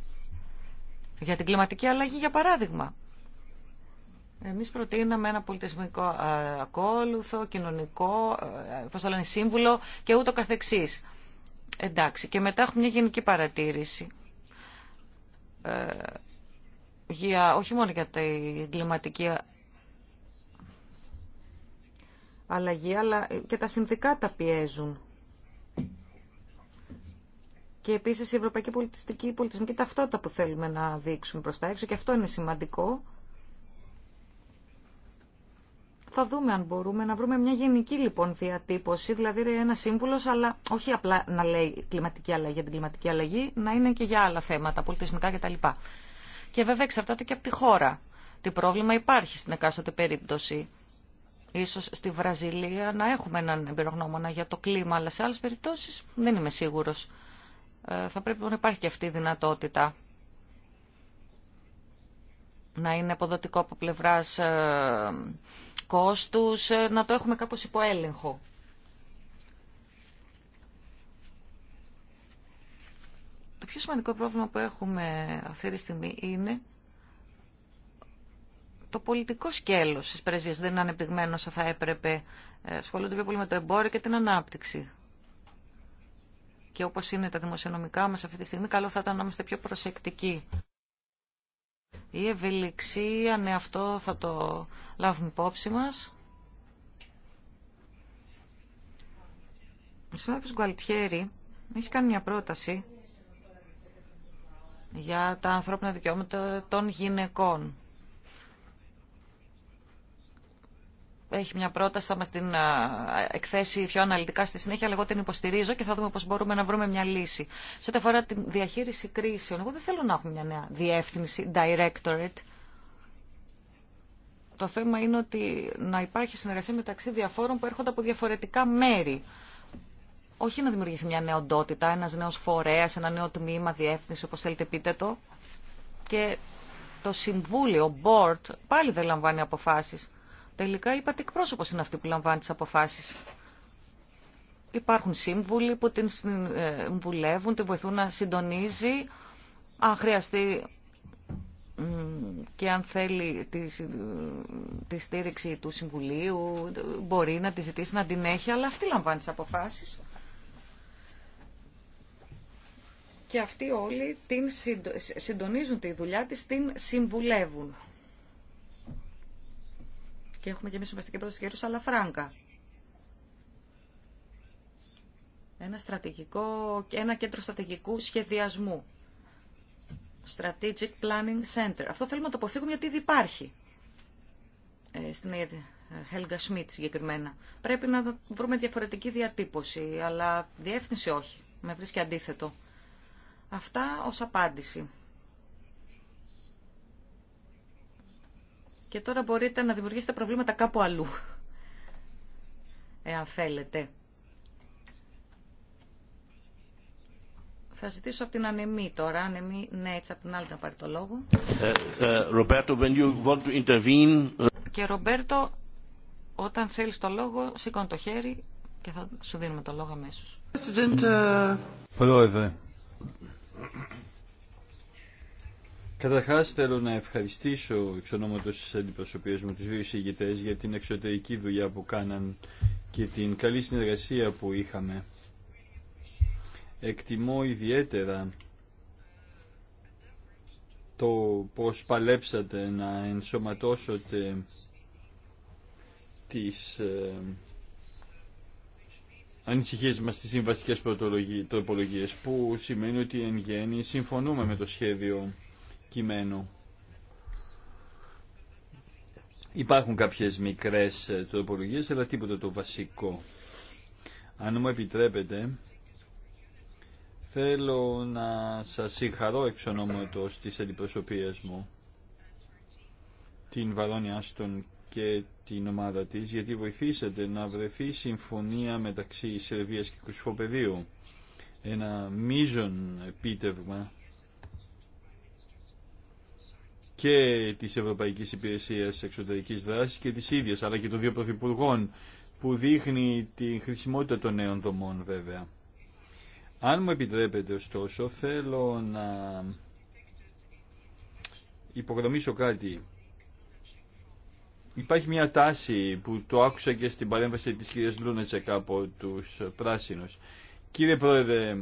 Για την κλιματική αλλαγή, για παράδειγμα. Εμείς προτείναμε ένα πολιτισμικό ε, ακόλουθο, κοινωνικό, α, ε, πώς σύμβουλο και ούτω καθεξής. Εντάξει, και μετά έχουμε μια γενική παρατήρηση. Ε, για, όχι μόνο για την κλιματική αλλαγή, αλλά ε, και τα τα πιέζουν. Και επίσης η ευρωπαϊκή πολιτιστική η πολιτισμική ταυτότητα που θέλουμε να δείξουμε προς τα έξω και αυτό είναι σημαντικό. Θα δούμε αν μπορούμε να βρούμε μια γενική λοιπόν διατύπωση, δηλαδή ένα σύμβουλο, αλλά όχι απλά να λέει κλιματική αλλαγή για την κλιματική αλλαγή, να είναι και για άλλα θέματα, πολιτισμικά κτλ. Και βέβαια εξαρτάται και από τη χώρα. Τι πρόβλημα υπάρχει στην εκάστοτε περίπτωση. Ίσως στη Βραζιλία να έχουμε έναν εμπειρογνώμονα για το κλίμα, αλλά σε άλλες περιπτώσεις δεν είμαι σίγουρος. Ε, θα πρέπει λοιπόν να υπάρχει και αυτή η δυνατότητα να είναι αποδοτικό από πλευράς ε, κόστους, ε, να το έχουμε κάπως υπό Το πιο σημαντικό πρόβλημα που έχουμε αυτή τη στιγμή είναι το πολιτικό σκέλος της πρέσβειας δεν είναι ανεπτυγμένο όσο θα έπρεπε. Ε, ασχολούνται πιο πολύ με το εμπόριο και την ανάπτυξη. Και όπως είναι τα δημοσιονομικά μας αυτή τη στιγμή, καλό θα ήταν να είμαστε πιο προσεκτικοί. Η ευελιξία, ναι, αυτό θα το λάβουμε υπόψη μας. Ο συνάδελφος Γκουαλτιέρη έχει κάνει μια πρόταση για τα ανθρώπινα δικαιώματα των γυναικών. έχει μια πρόταση, θα μα την εκθέσει πιο αναλυτικά στη συνέχεια, αλλά εγώ την υποστηρίζω και θα δούμε πώ μπορούμε να βρούμε μια λύση. Σε ό,τι αφορά τη διαχείριση κρίσεων, εγώ δεν θέλω να έχουμε μια νέα διεύθυνση, directorate. Το θέμα είναι ότι να υπάρχει συνεργασία μεταξύ διαφόρων που έρχονται από διαφορετικά μέρη. Όχι να δημιουργηθεί μια νέα οντότητα, ένας νέος φορέας, ένα νέο τμήμα, διεύθυνση, όπω θέλετε πείτε το. Και το Συμβούλιο, Board, πάλι δεν λαμβάνει αποφάσεις. Τελικά είπατε εκπρόσωπο είναι αυτή που λαμβάνει τις αποφάσεις. Υπάρχουν σύμβουλοι που την συμβουλεύουν, ε, την βοηθούν να συντονίζει. Αν χρειαστεί και αν θέλει τη, στήριξη του Συμβουλίου, μπορεί να τη ζητήσει να την έχει, αλλά αυτή λαμβάνει τις αποφάσεις. Και αυτοί όλοι την συντονίζουν τη δουλειά της, την συμβουλεύουν. Και έχουμε και μια συμβαστική πρόταση του κ. Σαλαφράγκα. Ένα, στρατηγικό, ένα κέντρο στρατηγικού σχεδιασμού. Strategic Planning Center. Αυτό θέλουμε να το αποφύγουμε γιατί ήδη υπάρχει. Ε, στην Helga Schmidt συγκεκριμένα. Πρέπει να βρούμε διαφορετική διατύπωση, αλλά διεύθυνση όχι. Με βρίσκει αντίθετο. Αυτά ως απάντηση. και τώρα μπορείτε να δημιουργήσετε προβλήματα κάπου αλλού, εάν θέλετε. Θα ζητήσω από την Ανεμή τώρα. Ανεμή ναι, έτσι, από την άλλη να πάρει το λόγο. Ρομπέρτο, ε, ε, when you want to intervene... Ε. Και Ρομπέρτο, όταν θέλεις το λόγο, σήκω το χέρι και θα σου δίνουμε το λόγο αμέσως. Πρόεδρε, Καταρχά θέλω να ευχαριστήσω εξ ονόματο τη αντιπροσωπεία μου τους δύο εισηγητές για την εξωτερική δουλειά που κάναν και την καλή συνεργασία που είχαμε. Εκτιμώ ιδιαίτερα το πώς παλέψατε να ενσωματώσετε τις ανησυχίε ανησυχίες μας στις συμβαστικές τροπολογίες που σημαίνει ότι εν γέννη συμφωνούμε με το σχέδιο Υπάρχουν κάποιες μικρές ε, τροπολογίες, αλλά τίποτα το βασικό. Αν μου επιτρέπετε, θέλω να σας συγχαρώ εξ ονόματος της αντιπροσωπείας μου, την Βαρόνια Άστον και την ομάδα της, γιατί βοηθήσατε να βρεθεί συμφωνία μεταξύ Σερβίας και Κουσφοπεδίου. Ένα μείζον επίτευγμα και της Ευρωπαϊκής Υπηρεσίας Εξωτερικής Δράσης και της ίδιας, αλλά και των δύο πρωθυπουργών, που δείχνει τη χρησιμότητα των νέων δομών βέβαια. Αν μου επιτρέπετε ωστόσο, θέλω να υπογραμμίσω κάτι. Υπάρχει μια τάση που το άκουσα και στην παρέμβαση της κυρίας Λούνετσεκ από τους πράσινους. Κύριε Πρόεδρε,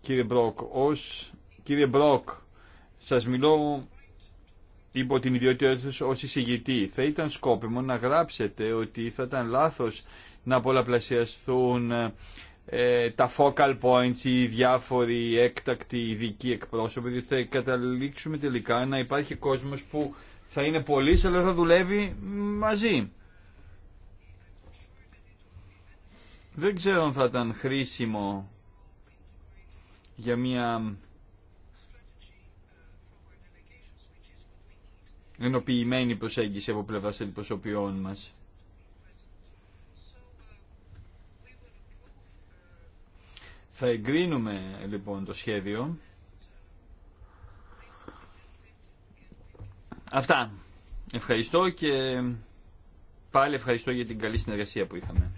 κύριε Μπρόκ, ως κύριε Μπρόκ, σας μιλώ υπό την ιδιότητα του ως εισηγητή. Θα ήταν σκόπιμο να γράψετε ότι θα ήταν λάθος να πολλαπλασιαστούν ε, τα focal points ή διάφοροι έκτακτοι ειδικοί εκπρόσωποι, διότι θα καταλήξουμε τελικά να υπάρχει κόσμος που θα είναι πολλοί, αλλά θα δουλεύει μαζί. Δεν ξέρω αν θα ήταν χρήσιμο για μια ενοποιημένη προσέγγιση από πλευράς προσωπιών μας. Θα εγκρίνουμε λοιπόν το σχέδιο. Αυτά. Ευχαριστώ και πάλι ευχαριστώ για την καλή συνεργασία που είχαμε.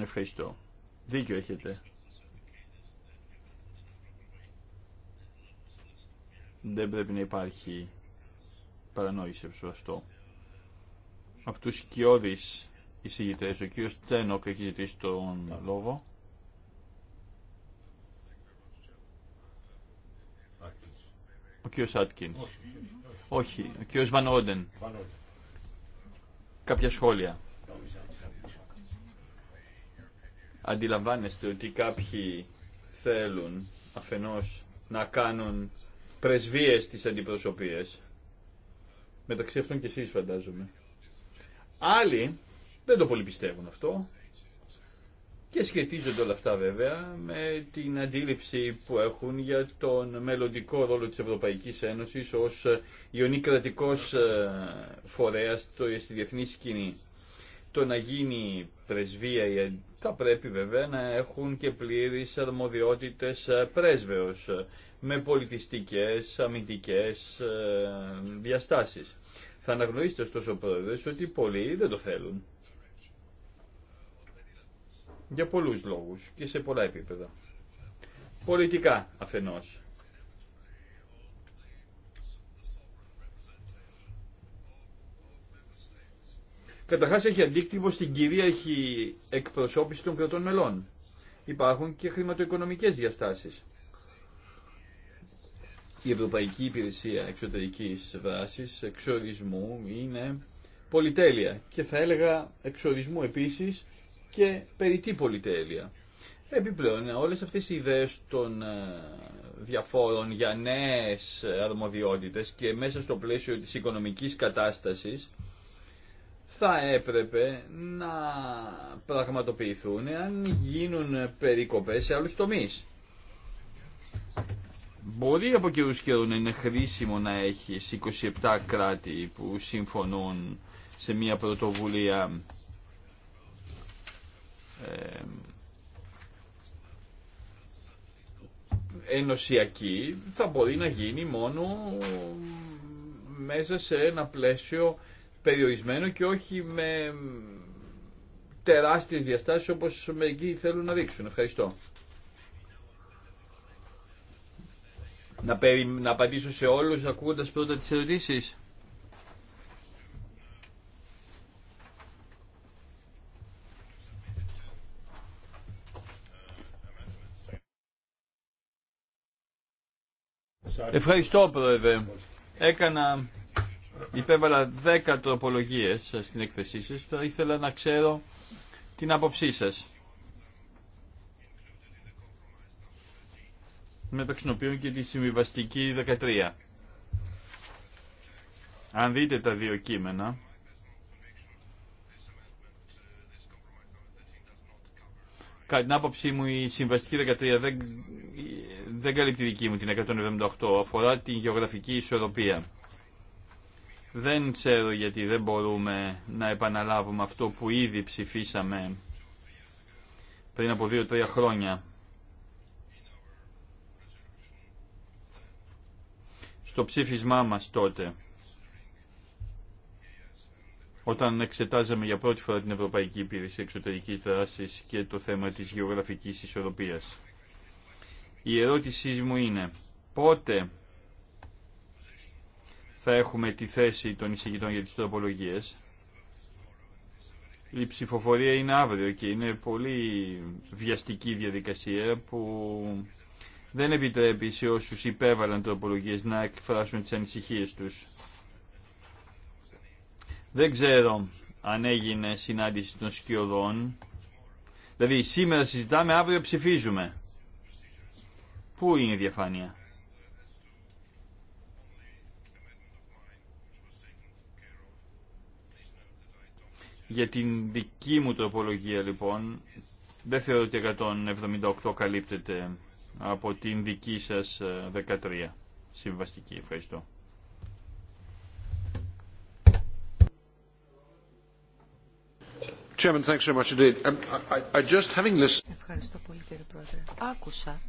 Ευχαριστώ. Δίκιο έχετε. Δεν πρέπει να υπάρχει σε αυτό. Από τους σκιώδεις εισηγητές, ο κύριο Τένοκ έχει ζητήσει τον λόγο. Ο κύριο Άτκιν. Όχι, ο κύριο Βαν Όντεν. Κάποια σχόλια. Αντιλαμβάνεστε ότι κάποιοι θέλουν αφενός να κάνουν πρεσβείες της αντιπροσωπείας. Μεταξύ αυτών και εσείς φαντάζομαι. Άλλοι δεν το πολύ πιστεύουν αυτό και σχετίζονται όλα αυτά βέβαια με την αντίληψη που έχουν για τον μελλοντικό ρόλο της Ευρωπαϊκής Ένωσης ως ιονή κρατικός ε, φορέας στη διεθνή σκηνή. Το να γίνει πρεσβεία ε, θα πρέπει βέβαια να έχουν και πλήρεις αρμοδιότητες ε, πρέσβεως με πολιτιστικές, αμυντικές ε, διαστάσεις. Θα αναγνωρίσετε ωστόσο πρόεδρες ότι πολλοί δεν το θέλουν. Για πολλούς λόγους και σε πολλά επίπεδα. Πολιτικά αφενός. Καταρχάς έχει αντίκτυπο στην έχει εκπροσώπηση των κρατών μελών. Υπάρχουν και χρηματοοικονομικές διαστάσεις η Ευρωπαϊκή Υπηρεσία εξωτερική Βράση, εξορισμού, είναι πολυτέλεια και θα έλεγα εξορισμού επίσης και περιττή πολυτέλεια. Επιπλέον, όλες αυτές οι ιδέες των ε, διαφόρων για νέες αρμοδιότητες και μέσα στο πλαίσιο της οικονομικής κατάστασης θα έπρεπε να πραγματοποιηθούν αν γίνουν περικοπές σε άλλους τομείς μπορεί από καιρού καιρού να είναι χρήσιμο να έχει 27 κράτη που συμφωνούν σε μια πρωτοβουλία ε, ενωσιακή θα μπορεί να γίνει μόνο μέσα σε ένα πλαίσιο περιορισμένο και όχι με τεράστιες διαστάσεις όπως μερικοί θέλουν να δείξουν. Ευχαριστώ. Να, περι... να απαντήσω σε όλους ακούγοντας πρώτα τις ερωτήσεις. Ευχαριστώ πρόεδρε. Έκανα, υπέβαλα 10 τροπολογίες στην εκθεσή σας. Θα ήθελα να ξέρω την άποψή σας. μεταξύ των οποίων και τη συμβιβαστική 13. Αν δείτε τα δύο κείμενα, κατά την άποψή μου η συμβαστική 13 δεν, δεν καλύπτει δική μου την 178, αφορά την γεωγραφική ισορροπία. Δεν ξέρω γιατί δεν μπορούμε να επαναλάβουμε αυτό που ήδη ψηφίσαμε πριν από δύο-τρία χρόνια στο ψήφισμά μας τότε, όταν εξετάζαμε για πρώτη φορά την Ευρωπαϊκή Υπηρεσία εξωτερική δράση και το θέμα της γεωγραφικής ισορροπίας. Η ερώτησή μου είναι πότε θα έχουμε τη θέση των εισηγητών για τις τροπολογίες. Η ψηφοφορία είναι αύριο και είναι πολύ βιαστική διαδικασία που δεν επιτρέπει σε όσους υπέβαλαν τροπολογίες να εκφράσουν τις ανησυχίες τους. Δεν ξέρω αν έγινε συνάντηση των σκιωδών. Δηλαδή σήμερα συζητάμε, αύριο ψηφίζουμε. Πού είναι η διαφάνεια. Για την δική μου τροπολογία λοιπόν, δεν θεωρώ ότι 178 καλύπτεται από την δική σας 13 ε, συμβαστική. Ευχαριστώ. Ευχαριστώ πολύ κύριε Πρόεδρε. Άκουσα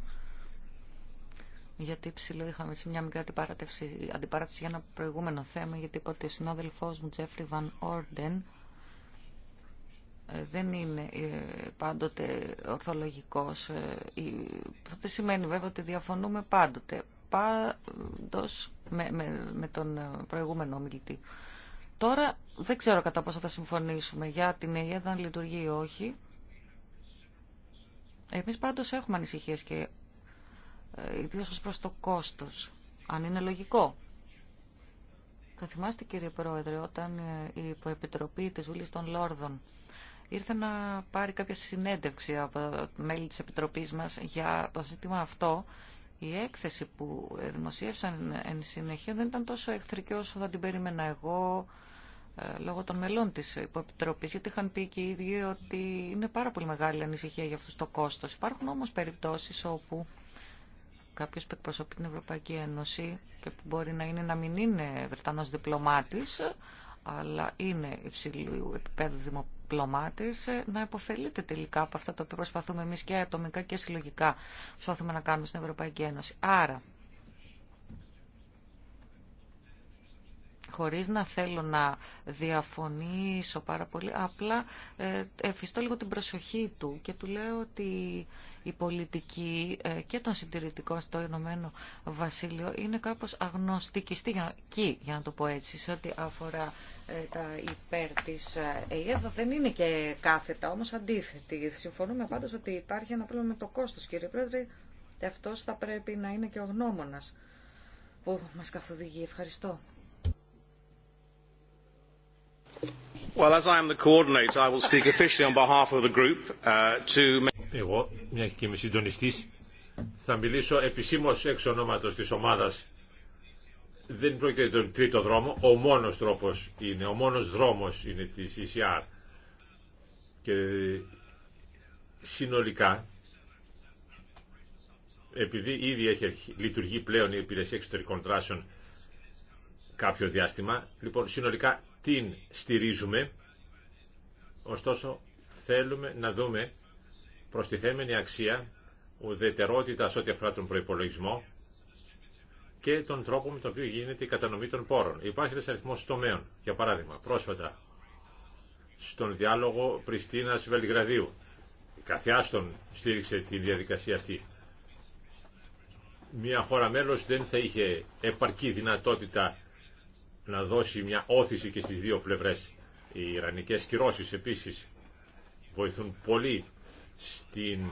γιατί ψηλό είχαμε σε μια μικρή αντιπαράτευση, αντιπαράτευση για ένα προηγούμενο θέμα γιατί είπα ότι ο συνάδελφός μου Τζέφρι Βαν Όρντεν δεν είναι ε, πάντοτε ορθολογικός. Ε, αυτό δεν σημαίνει βέβαια ότι διαφωνούμε πάντοτε. Πάντως με, με, με τον ε, προηγούμενο ομιλητή. Τώρα δεν ξέρω κατά πόσο θα συμφωνήσουμε για την ΕΕ, αν λειτουργεί ή όχι. Εμείς πάντως έχουμε ανησυχίες και ιδίως ως προς το κόστος, αν είναι λογικό. Θα θυμάστε κύριε Πρόεδρε, όταν η υποεπιτροπή της Βουλής των Λόρδων ήρθε να πάρει κάποια συνέντευξη από μέλη της Επιτροπής μας για το ζήτημα αυτό. Η έκθεση που δημοσίευσαν εν συνεχεία δεν ήταν τόσο εχθρική όσο θα την περίμενα εγώ ε, λόγω των μελών της υποεπιτροπής, γιατί είχαν πει και οι ίδιοι ότι είναι πάρα πολύ μεγάλη ανησυχία για αυτούς το κόστος. Υπάρχουν όμως περιπτώσεις όπου κάποιος που εκπροσωπεί την Ευρωπαϊκή Ένωση και που μπορεί να είναι να μην είναι Βρετανός διπλωμάτης, αλλά είναι υψηλού επίπεδου δημοπλωμάτη, ε, να υποφελείται τελικά από αυτά τα οποία προσπαθούμε εμεί και ατομικά και συλλογικά να κάνουμε στην Ευρωπαϊκή Ένωση. Άρα, χωρίς να θέλω να διαφωνήσω πάρα πολύ, απλά ε, εφιστώ λίγο την προσοχή του και του λέω ότι η πολιτική ε, και των συντηρητικό στο Ηνωμένο Βασίλειο είναι κάπως αγνωστικιστή, για να το πω έτσι, σε ό,τι αφορά ε, τα υπέρ της ΕΕ. Δεν είναι και κάθετα, όμως αντίθετη. Συμφωνούμε πάντως ότι υπάρχει ένα πρόβλημα με το κόστος, κύριε Πρόεδρε, και αυτός θα πρέπει να είναι και ο γνώμονας που μας καθοδηγεί. Ευχαριστώ. Εγώ, μια και είμαι συντονιστή, θα μιλήσω επισήμω εξ ονόματο τη ομάδα. Δεν πρόκειται για τον τρίτο δρόμο. Ο μόνο τρόπο είναι, ο μόνο δρόμο είναι τη ECR. Και συνολικά, επειδή ήδη έχει λειτουργεί πλέον η υπηρεσία εξωτερικών δράσεων κάποιο διάστημα, λοιπόν συνολικά την στηρίζουμε, ωστόσο θέλουμε να δούμε προστιθέμενη αξία ουδετερότητα ό,τι αφορά τον προπολογισμό και τον τρόπο με τον οποίο γίνεται η κατανομή των πόρων. Υπάρχει ένα αριθμό τομέων, για παράδειγμα, πρόσφατα στον διάλογο Πριστίνας Βελιγραδίου. Καθιάστον στήριξε τη διαδικασία αυτή. Μια χώρα μέλος δεν θα είχε επαρκή δυνατότητα να δώσει μια όθηση και στις δύο πλευρές. Οι Ιρανικές κυρώσεις επίσης βοηθούν πολύ στην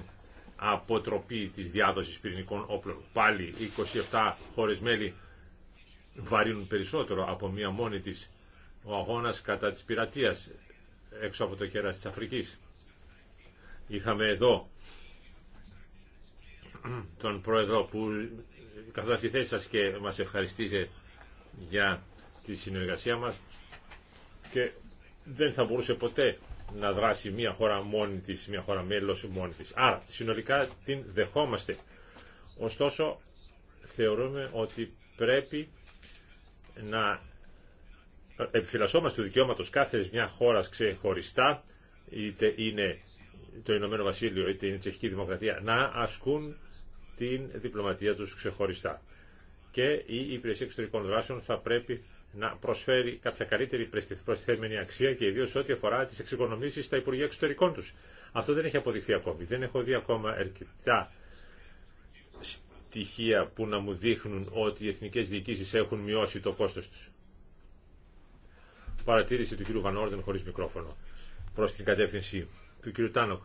αποτροπή της διάδοσης πυρηνικών όπλων. Πάλι 27 χώρες μέλη βαρύνουν περισσότερο από μία μόνη της ο αγώνας κατά της πειρατείας έξω από το κέρας της Αφρικής. Είχαμε εδώ τον πρόεδρο που καθόταν στη θέση σας και μας ευχαριστήσε για τη συνεργασία μας και δεν θα μπορούσε ποτέ να δράσει μια χώρα μόνη της, μια χώρα μέλος μόνη της. Άρα, συνολικά την δεχόμαστε. Ωστόσο, θεωρούμε ότι πρέπει να επιφυλασσόμαστε του δικαιώματος κάθε μια χωρα ξεχωριστά, είτε είναι το Ηνωμένο Βασίλειο, είτε είναι η Τσεχική Δημοκρατία, να ασκούν την διπλωματία τους ξεχωριστά. Και η Υπηρεσία Εξωτερικών Δράσεων θα πρέπει να προσφέρει κάποια καλύτερη προστιθέμενη αξία και ιδίω ό,τι αφορά τι εξοικονομήσει στα Υπουργεία Εξωτερικών του. Αυτό δεν έχει αποδειχθεί ακόμη. Δεν έχω δει ακόμα αρκετά στοιχεία που να μου δείχνουν ότι οι εθνικέ διοικήσει έχουν μειώσει το κόστο του. Παρατήρηση του κ. Βανόρδεν χωρί μικρόφωνο προ την κατεύθυνση του κ. Τάνοκ.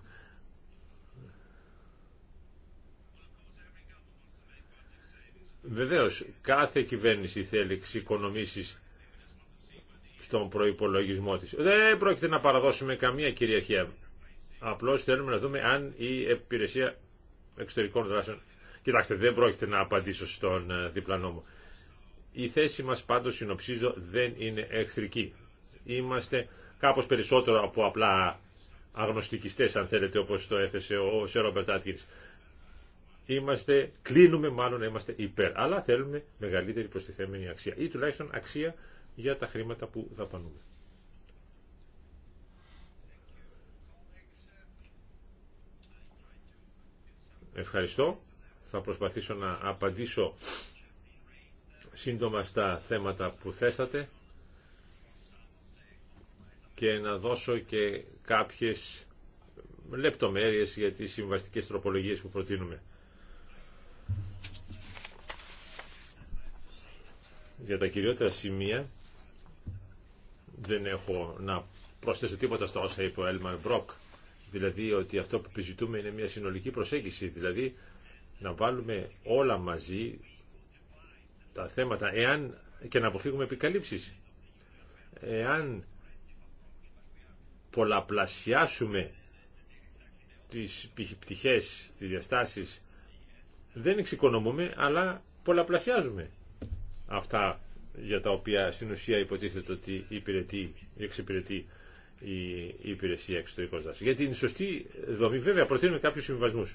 Βεβαίω, κάθε κυβέρνηση θέλει εξοικονομήσει στον προϋπολογισμό της. Δεν πρόκειται να παραδώσουμε καμία κυριαρχία. Απλώς θέλουμε να δούμε αν η υπηρεσία εξωτερικών δράσεων... Κοιτάξτε, δεν πρόκειται να απαντήσω στον ε, διπλανό μου. Η θέση μας πάντως, συνοψίζω, δεν είναι εχθρική. Είμαστε κάπως περισσότερο από απλά αγνωστικιστές, αν θέλετε, όπως το έθεσε ο Σερόμπερτ Μπερτάτκινς. Είμαστε, κλείνουμε μάλλον να είμαστε υπέρ, αλλά θέλουμε μεγαλύτερη προστιθέμενη αξία ή τουλάχιστον αξία για τα χρήματα που δαπανούμε. Ευχαριστώ. Θα προσπαθήσω να απαντήσω σύντομα στα θέματα που θέσατε και να δώσω και κάποιες λεπτομέρειες για τις συμβαστικές τροπολογίες που προτείνουμε. Για τα κυριότερα σημεία δεν έχω να προσθέσω τίποτα στα όσα είπε ο Έλμαρ Μπροκ. Δηλαδή ότι αυτό που επιζητούμε είναι μια συνολική προσέγγιση. Δηλαδή να βάλουμε όλα μαζί τα θέματα εάν και να αποφύγουμε επικαλύψεις. Εάν πολλαπλασιάσουμε τις πτυχές, τις διαστάσεις, δεν εξοικονομούμε, αλλά πολλαπλασιάζουμε αυτά για τα οποία στην ουσία υποτίθεται ότι υπηρετεί, εξυπηρετεί η υπηρεσία εξωτερικών δάση. Για την σωστή δομή βέβαια προτείνουμε κάποιου συμβιβασμού.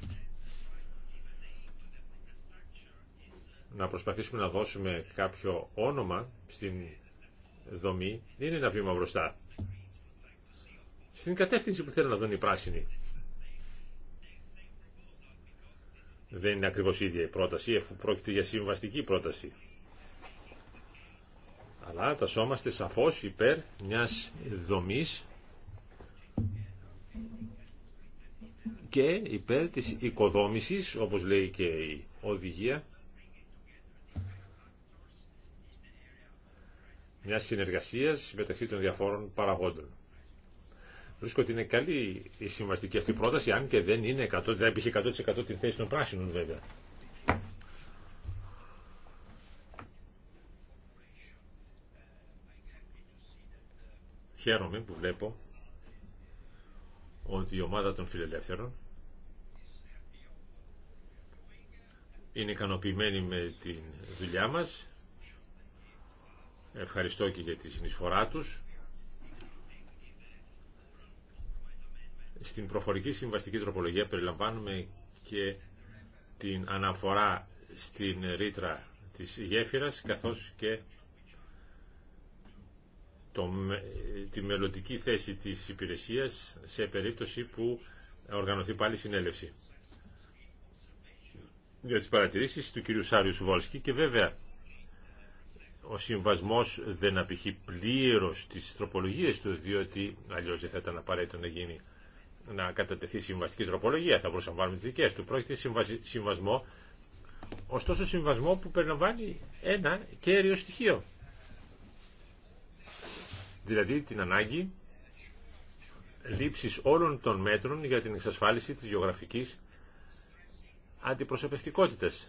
Να προσπαθήσουμε να δώσουμε κάποιο όνομα στην δομή είναι ένα βήμα μπροστά. Στην κατεύθυνση που θέλουν να δουν οι πράσινοι. Δεν είναι ακριβώς η ίδια η πρόταση, εφού πρόκειται για συμβαστική πρόταση. Αλλά σώμαστε σαφώς υπέρ μιας δομής και υπέρ της οικοδόμησης, όπως λέει και η οδηγία, μιας συνεργασίας μεταξύ των διαφόρων παραγόντων. Βρίσκω ότι είναι καλή η συμβαστική αυτή πρόταση, αν και δεν, είναι 100, δεν υπήρχε 100% την θέση των πράσινων βέβαια. χαίρομαι που βλέπω ότι η ομάδα των φιλελεύθερων είναι ικανοποιημένη με τη δουλειά μας. Ευχαριστώ και για τη συνεισφορά τους. Στην προφορική συμβαστική τροπολογία περιλαμβάνουμε και την αναφορά στην ρήτρα της γέφυρας καθώς και τη μελλοντική θέση της υπηρεσίας σε περίπτωση που οργανωθεί πάλι συνέλευση. Για τις παρατηρήσεις του κυρίου Σάριου Σουβόλσκη και βέβαια ο συμβασμός δεν απηχεί πλήρως τις τροπολογίες του διότι αλλιώς δεν θα ήταν απαραίτητο να γίνει να κατατεθεί συμβαστική τροπολογία, θα μπορούσαμε να βάλουμε τις δικές του. Πρόκειται συμβασμό, ωστόσο συμβασμό που περιλαμβάνει ένα κέριο στοιχείο δηλαδή την ανάγκη λήψης όλων των μέτρων για την εξασφάλιση της γεωγραφικής αντιπροσωπευτικότητας.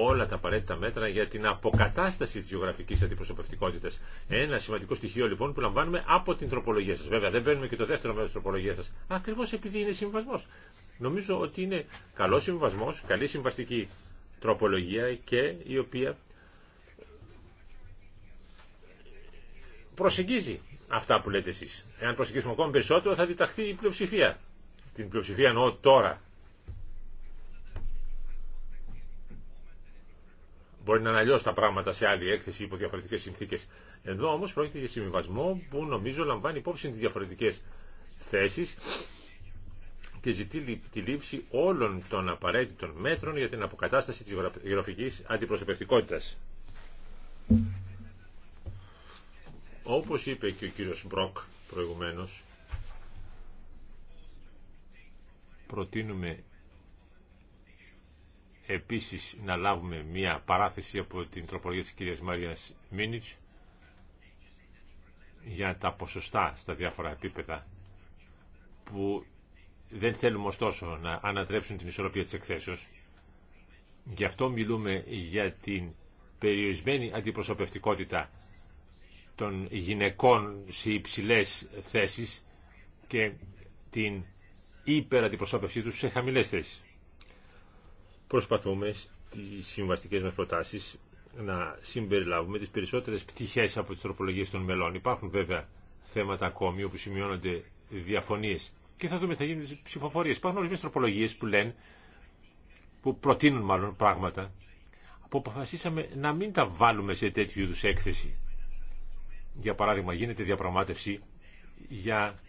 όλα τα απαραίτητα μέτρα για την αποκατάσταση της γεωγραφικής αντιπροσωπευτικότητας. Ένα σημαντικό στοιχείο λοιπόν που λαμβάνουμε από την τροπολογία σας. Βέβαια δεν παίρνουμε και το δεύτερο μέρος της τροπολογίας σας. Ακριβώς επειδή είναι συμβασμός. Νομίζω ότι είναι καλός συμβασμός, καλή συμβαστική τροπολογία και η οποία προσεγγίζει αυτά που λέτε εσείς. Εάν προσεγγίσουμε ακόμη περισσότερο θα διταχθεί η πλειοψηφία. Την πλειοψηφία εννοώ τώρα. Μπορεί να είναι τα πράγματα σε άλλη έκθεση υπό διαφορετικέ συνθήκε. Εδώ όμω πρόκειται για συμβιβασμό που νομίζω λαμβάνει υπόψη τι διαφορετικέ θέσει και ζητεί τη λήψη όλων των απαραίτητων μέτρων για την αποκατάσταση της γραφικής αντιπροσωπευτικότητα. Όπως είπε και ο κύριος Μπροκ προηγουμένως, προτείνουμε επίσης να λάβουμε μία παράθεση από την τροπολογία της κυρίας Μάριας Μίνιτς για τα ποσοστά στα διάφορα επίπεδα που δεν θέλουμε ωστόσο να ανατρέψουν την ισορροπία της εκθέσεως. Γι' αυτό μιλούμε για την περιορισμένη αντιπροσωπευτικότητα των γυναικών σε υψηλές θέσεις και την υπεραντιπροσώπευσή τους σε χαμηλές θέσεις. Προσπαθούμε στις συμβαστικές μας προτάσεις να συμπεριλάβουμε τις περισσότερες πτυχές από τις τροπολογίες των μελών. Υπάρχουν βέβαια θέματα ακόμη όπου σημειώνονται διαφωνίες και θα δούμε τι θα γίνουν ψηφοφορίες. Υπάρχουν ορισμένες τροπολογίες που λένε, που προτείνουν μάλλον πράγματα που αποφασίσαμε να μην τα βάλουμε σε τέτοιου είδους έκθεση για παράδειγμα, γίνεται διαπραγμάτευση για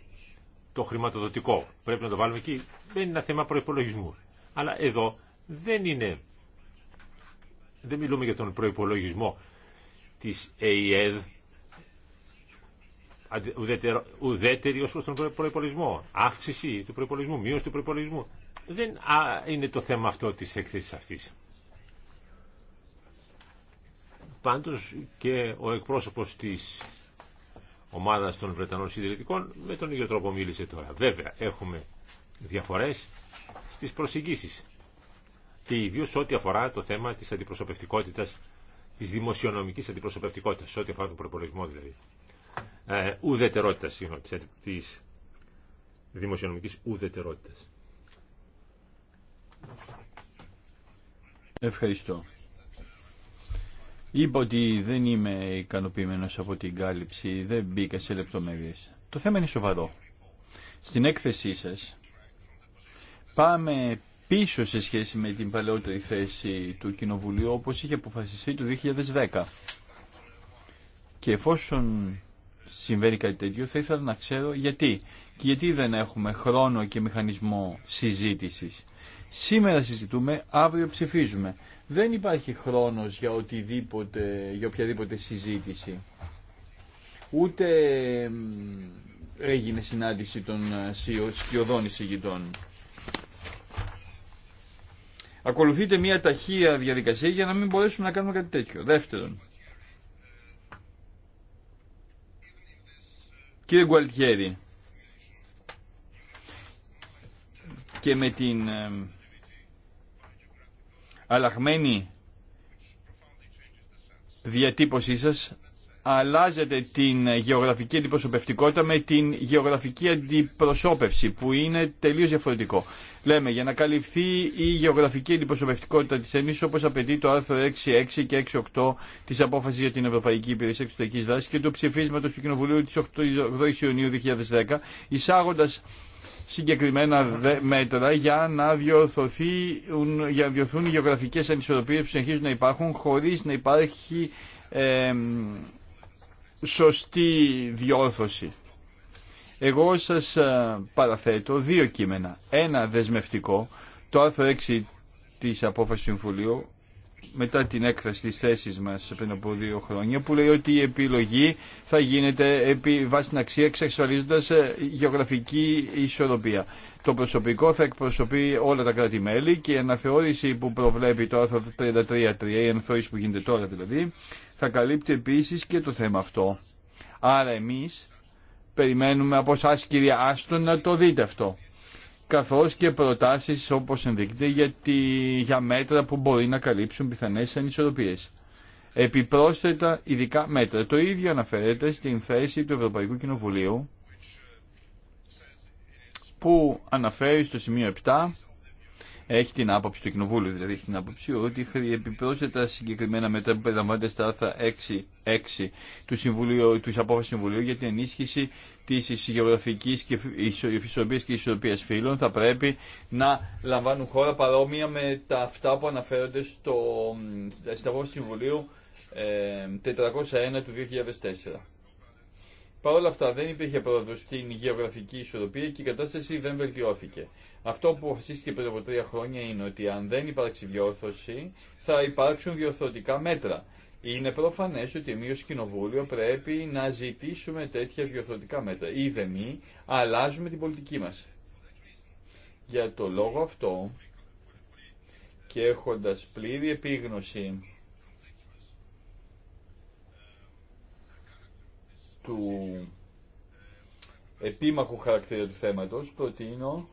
το χρηματοδοτικό. Πρέπει να το βάλουμε εκεί. Δεν είναι ένα θέμα προπολογισμού. Αλλά εδώ δεν είναι. Δεν μιλούμε για τον προπολογισμό της ΕΙΕΔ ουδέτερη ως προς τον προϋπολογισμό, αύξηση του προϋπολογισμού, μείωση του προϋπολογισμού. Δεν είναι το θέμα αυτό της έκθεσης αυτής. Πάντως και ο εκπρόσωπος της ομάδας των Βρετανών Συντηρητικών με τον ίδιο τρόπο μίλησε τώρα. Βέβαια έχουμε διαφορές στις προσεγγίσεις και ιδίω ό,τι αφορά το θέμα της αντιπροσωπευτικότητας, της δημοσιονομικής αντιπροσωπευτικότητας, ό,τι αφορά τον προπολογισμό δηλαδή. Ε, ουδετερότητας, συγγνώμη, της δημοσιονομικής ουδετερότητας. Ευχαριστώ. Είπα ότι δεν είμαι ικανοποιημένο από την κάλυψη, δεν μπήκα σε λεπτομέρειες. Το θέμα είναι σοβαρό. Στην έκθεσή σα πάμε πίσω σε σχέση με την παλαιότερη θέση του Κοινοβουλίου όπως είχε αποφασιστεί το 2010. Και εφόσον συμβαίνει κάτι τέτοιο θα ήθελα να ξέρω γιατί. Και γιατί δεν έχουμε χρόνο και μηχανισμό συζήτησης. Σήμερα συζητούμε, αύριο ψηφίζουμε. Δεν υπάρχει χρόνος για, οτιδήποτε, για οποιαδήποτε συζήτηση. Ούτε έγινε συνάντηση των ε, σκιωδών εισηγητών. Ακολουθείτε μια ταχεία διαδικασία για να μην μπορέσουμε να κάνουμε κάτι τέτοιο. Δεύτερον, κύριε Γκουαλτιέρη, και με την ε, αλλαγμένη διατύπωσή σας αλλάζετε την γεωγραφική αντιπροσωπευτικότητα με την γεωγραφική αντιπροσώπευση που είναι τελείως διαφορετικό. Λέμε για να καλυφθεί η γεωγραφική αντιπροσωπευτικότητα της ΕΝΗΣ όπως απαιτεί το άρθρο 6.6 και 6.8 της απόφασης για την Ευρωπαϊκή Υπηρεσία Εξωτερικής Δράσης και του ψηφίσματος του Κοινοβουλίου της 8 Ιουνίου 2010 εισάγοντας συγκεκριμένα μέτρα για να, διορθωθούν, για να διορθούν οι γεωγραφικές ανισορροπίες που συνεχίζουν να υπάρχουν χωρίς να υπάρχει σωστή διόρθωση. Εγώ σας ε, παραθέτω δύο κείμενα. Ένα δεσμευτικό, το άρθρο 6 της απόφασης Συμβουλίου μετά την έκφραση της θέσης μας πριν από δύο χρόνια που λέει ότι η επιλογή θα γίνεται επί βάση την αξία εξασφαλίζοντας ε, γεωγραφική ισορροπία. Το προσωπικό θα εκπροσωπεί όλα τα κράτη-μέλη και η αναθεώρηση που προβλέπει το άρθρο 33.3, η αναθεώρηση που γίνεται τώρα δηλαδή, θα καλύπτει επίσης και το θέμα αυτό. Άρα εμείς περιμένουμε από εσά κυρία Άστον να το δείτε αυτό καθώς και προτάσεις όπως ενδικτεί, για, για μέτρα που μπορεί να καλύψουν πιθανές ανισορροπίες. Επιπρόσθετα ειδικά μέτρα. Το ίδιο αναφέρεται στην θέση του Ευρωπαϊκού Κοινοβουλίου που αναφέρει στο σημείο 7 έχει την άποψη του Κοινοβούλιο, δηλαδή έχει την άποψη ότι επιπρόσθετα συγκεκριμένα μετά που περιλαμβάνεται στα άρθρα 6-6 του, Συμβουλίου, του Συμβουλίου για την ενίσχυση της γεωγραφικής και ισορροπίας και ισορροπίας φύλων θα πρέπει να λαμβάνουν χώρα παρόμοια με τα αυτά που αναφέρονται στο, στην απόφαση Συμβουλίου 401 ε, του 2004. Παρ' όλα αυτά δεν υπήρχε πρόοδο στην γεωγραφική ισορροπία και η κατάσταση δεν βελτιώθηκε. Αυτό που αποφασίστηκε πριν από τρία χρόνια είναι ότι αν δεν υπάρξει διόρθωση θα υπάρξουν διορθωτικά μέτρα. Είναι προφανέ ότι εμεί ω Κοινοβούλιο πρέπει να ζητήσουμε τέτοια διορθωτικά μέτρα. Είδε μη, αλλάζουμε την πολιτική μα. Για το λόγο αυτό και έχοντας πλήρη επίγνωση του επίμαχου χαρακτήρα του θέματος, προτείνω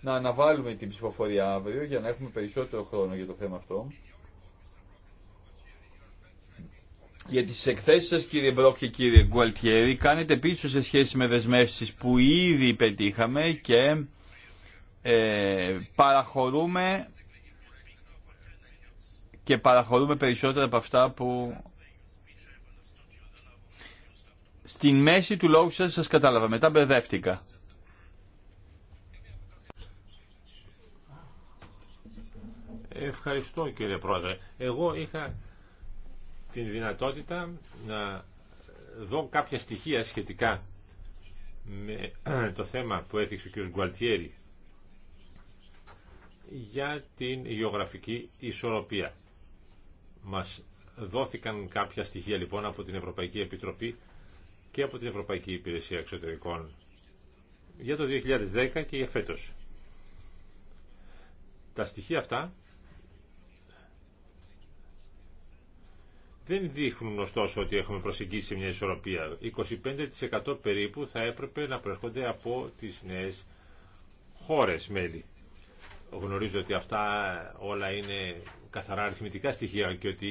να αναβάλουμε την ψηφοφορία αύριο για να έχουμε περισσότερο χρόνο για το θέμα αυτό. Για τις εκθέσεις σας κύριε Μπρόκ και κύριε Γκουαλτιέρη κάνετε πίσω σε σχέση με δεσμεύσεις που ήδη πετύχαμε και ε, παραχωρούμε και παραχωρούμε περισσότερα από αυτά που στην μέση του λόγου σας σας κατάλαβα, μετά μπερδεύτηκα. Ευχαριστώ κύριε Πρόεδρε. Εγώ είχα την δυνατότητα να δω κάποια στοιχεία σχετικά με το θέμα που έθιξε ο κ. Γκουαλτιέρη για την γεωγραφική ισορροπία. Μας δόθηκαν κάποια στοιχεία λοιπόν από την Ευρωπαϊκή Επιτροπή και από την Ευρωπαϊκή Υπηρεσία Εξωτερικών για το 2010 και για φέτος. Τα στοιχεία αυτά δεν δείχνουν ωστόσο ότι έχουμε προσεγγίσει μια ισορροπία. 25% περίπου θα έπρεπε να προέρχονται από τις νέες χώρες μέλη. Γνωρίζω ότι αυτά όλα είναι καθαρά αριθμητικά στοιχεία και ότι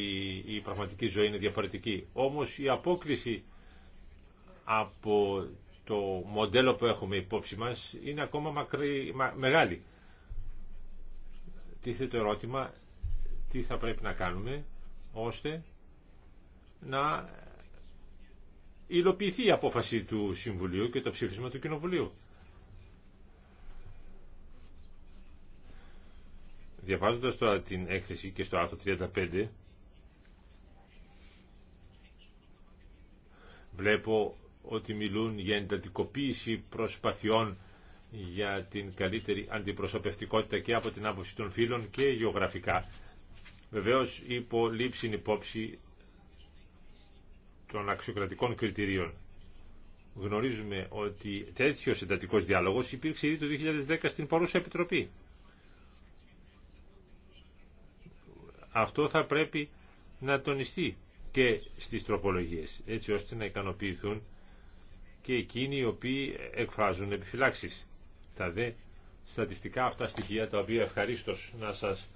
η πραγματική ζωή είναι διαφορετική. Όμως η απόκληση από το μοντέλο που έχουμε υπόψη μας είναι ακόμα μακρύ, μα, μεγάλη. Τίθεται το ερώτημα τι θα πρέπει να κάνουμε ώστε να υλοποιηθεί η απόφαση του Συμβουλίου και το ψήφισμα του Κοινοβουλίου. Διαβάζοντας τώρα την έκθεση και στο άρθρο 35 βλέπω ότι μιλούν για εντατικοποίηση προσπαθειών για την καλύτερη αντιπροσωπευτικότητα και από την άποψη των φίλων και γεωγραφικά. Βεβαίως υπό λήψη υπόψη των αξιοκρατικών κριτηρίων. Γνωρίζουμε ότι τέτοιο εντατικό διάλογος υπήρξε ήδη το 2010 στην παρούσα Επιτροπή. Αυτό θα πρέπει να τονιστεί και στις τροπολογίες, έτσι ώστε να ικανοποιηθούν και εκείνοι οι οποίοι εκφράζουν επιφυλάξεις. Τα δε στατιστικά αυτά στοιχεία τα οποία ευχαρίστω να σας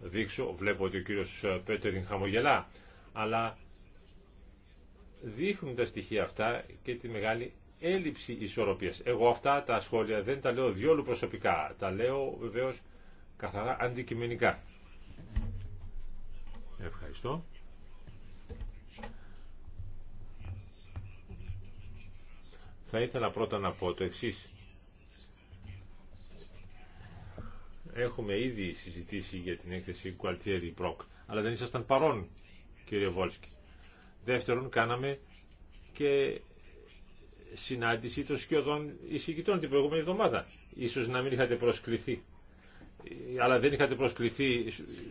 δείξω, βλέπω ότι ο κύριος ε, Πέτεριν χαμογελά, αλλά δείχνουν τα στοιχεία αυτά και τη μεγάλη έλλειψη ισορροπίας. Εγώ αυτά τα σχόλια δεν τα λέω διόλου προσωπικά, τα λέω βεβαίως καθαρά αντικειμενικά. Ευχαριστώ. Θα ήθελα πρώτα να πω το εξής. Έχουμε ήδη συζητήσει για την έκθεση Gualtieri πρόκ, αλλά δεν ήσασταν παρόν, κύριε Βόλσκι. Δεύτερον, κάναμε και συνάντηση των σκιωδών εισηγητών την προηγούμενη εβδομάδα. Ίσως να μην είχατε προσκληθεί. Ε, αλλά δεν είχατε προσκληθεί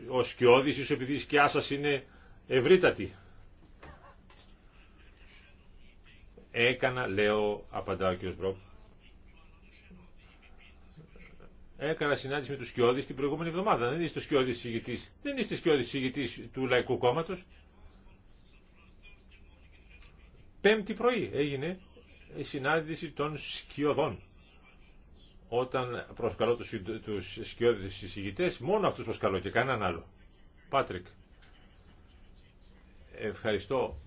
ως σκιώδης, ίσως επειδή η σκιά σας είναι ευρύτατη. Έκανα, λέω, απαντά ο κ. έκανα συνάντηση με του Σκιώδη την προηγούμενη εβδομάδα. Δεν είστε Σκιώδη ηγητή. Δεν είστε Σκιώδη ηγητή του Λαϊκού Κόμματο. Πέμπτη πρωί έγινε η συνάντηση των Σκιωδών. Όταν προσκαλώ τους Σκιώδη ηγητέ, μόνο αυτούς προσκαλώ και κανέναν άλλο. Πάτρικ. Ευχαριστώ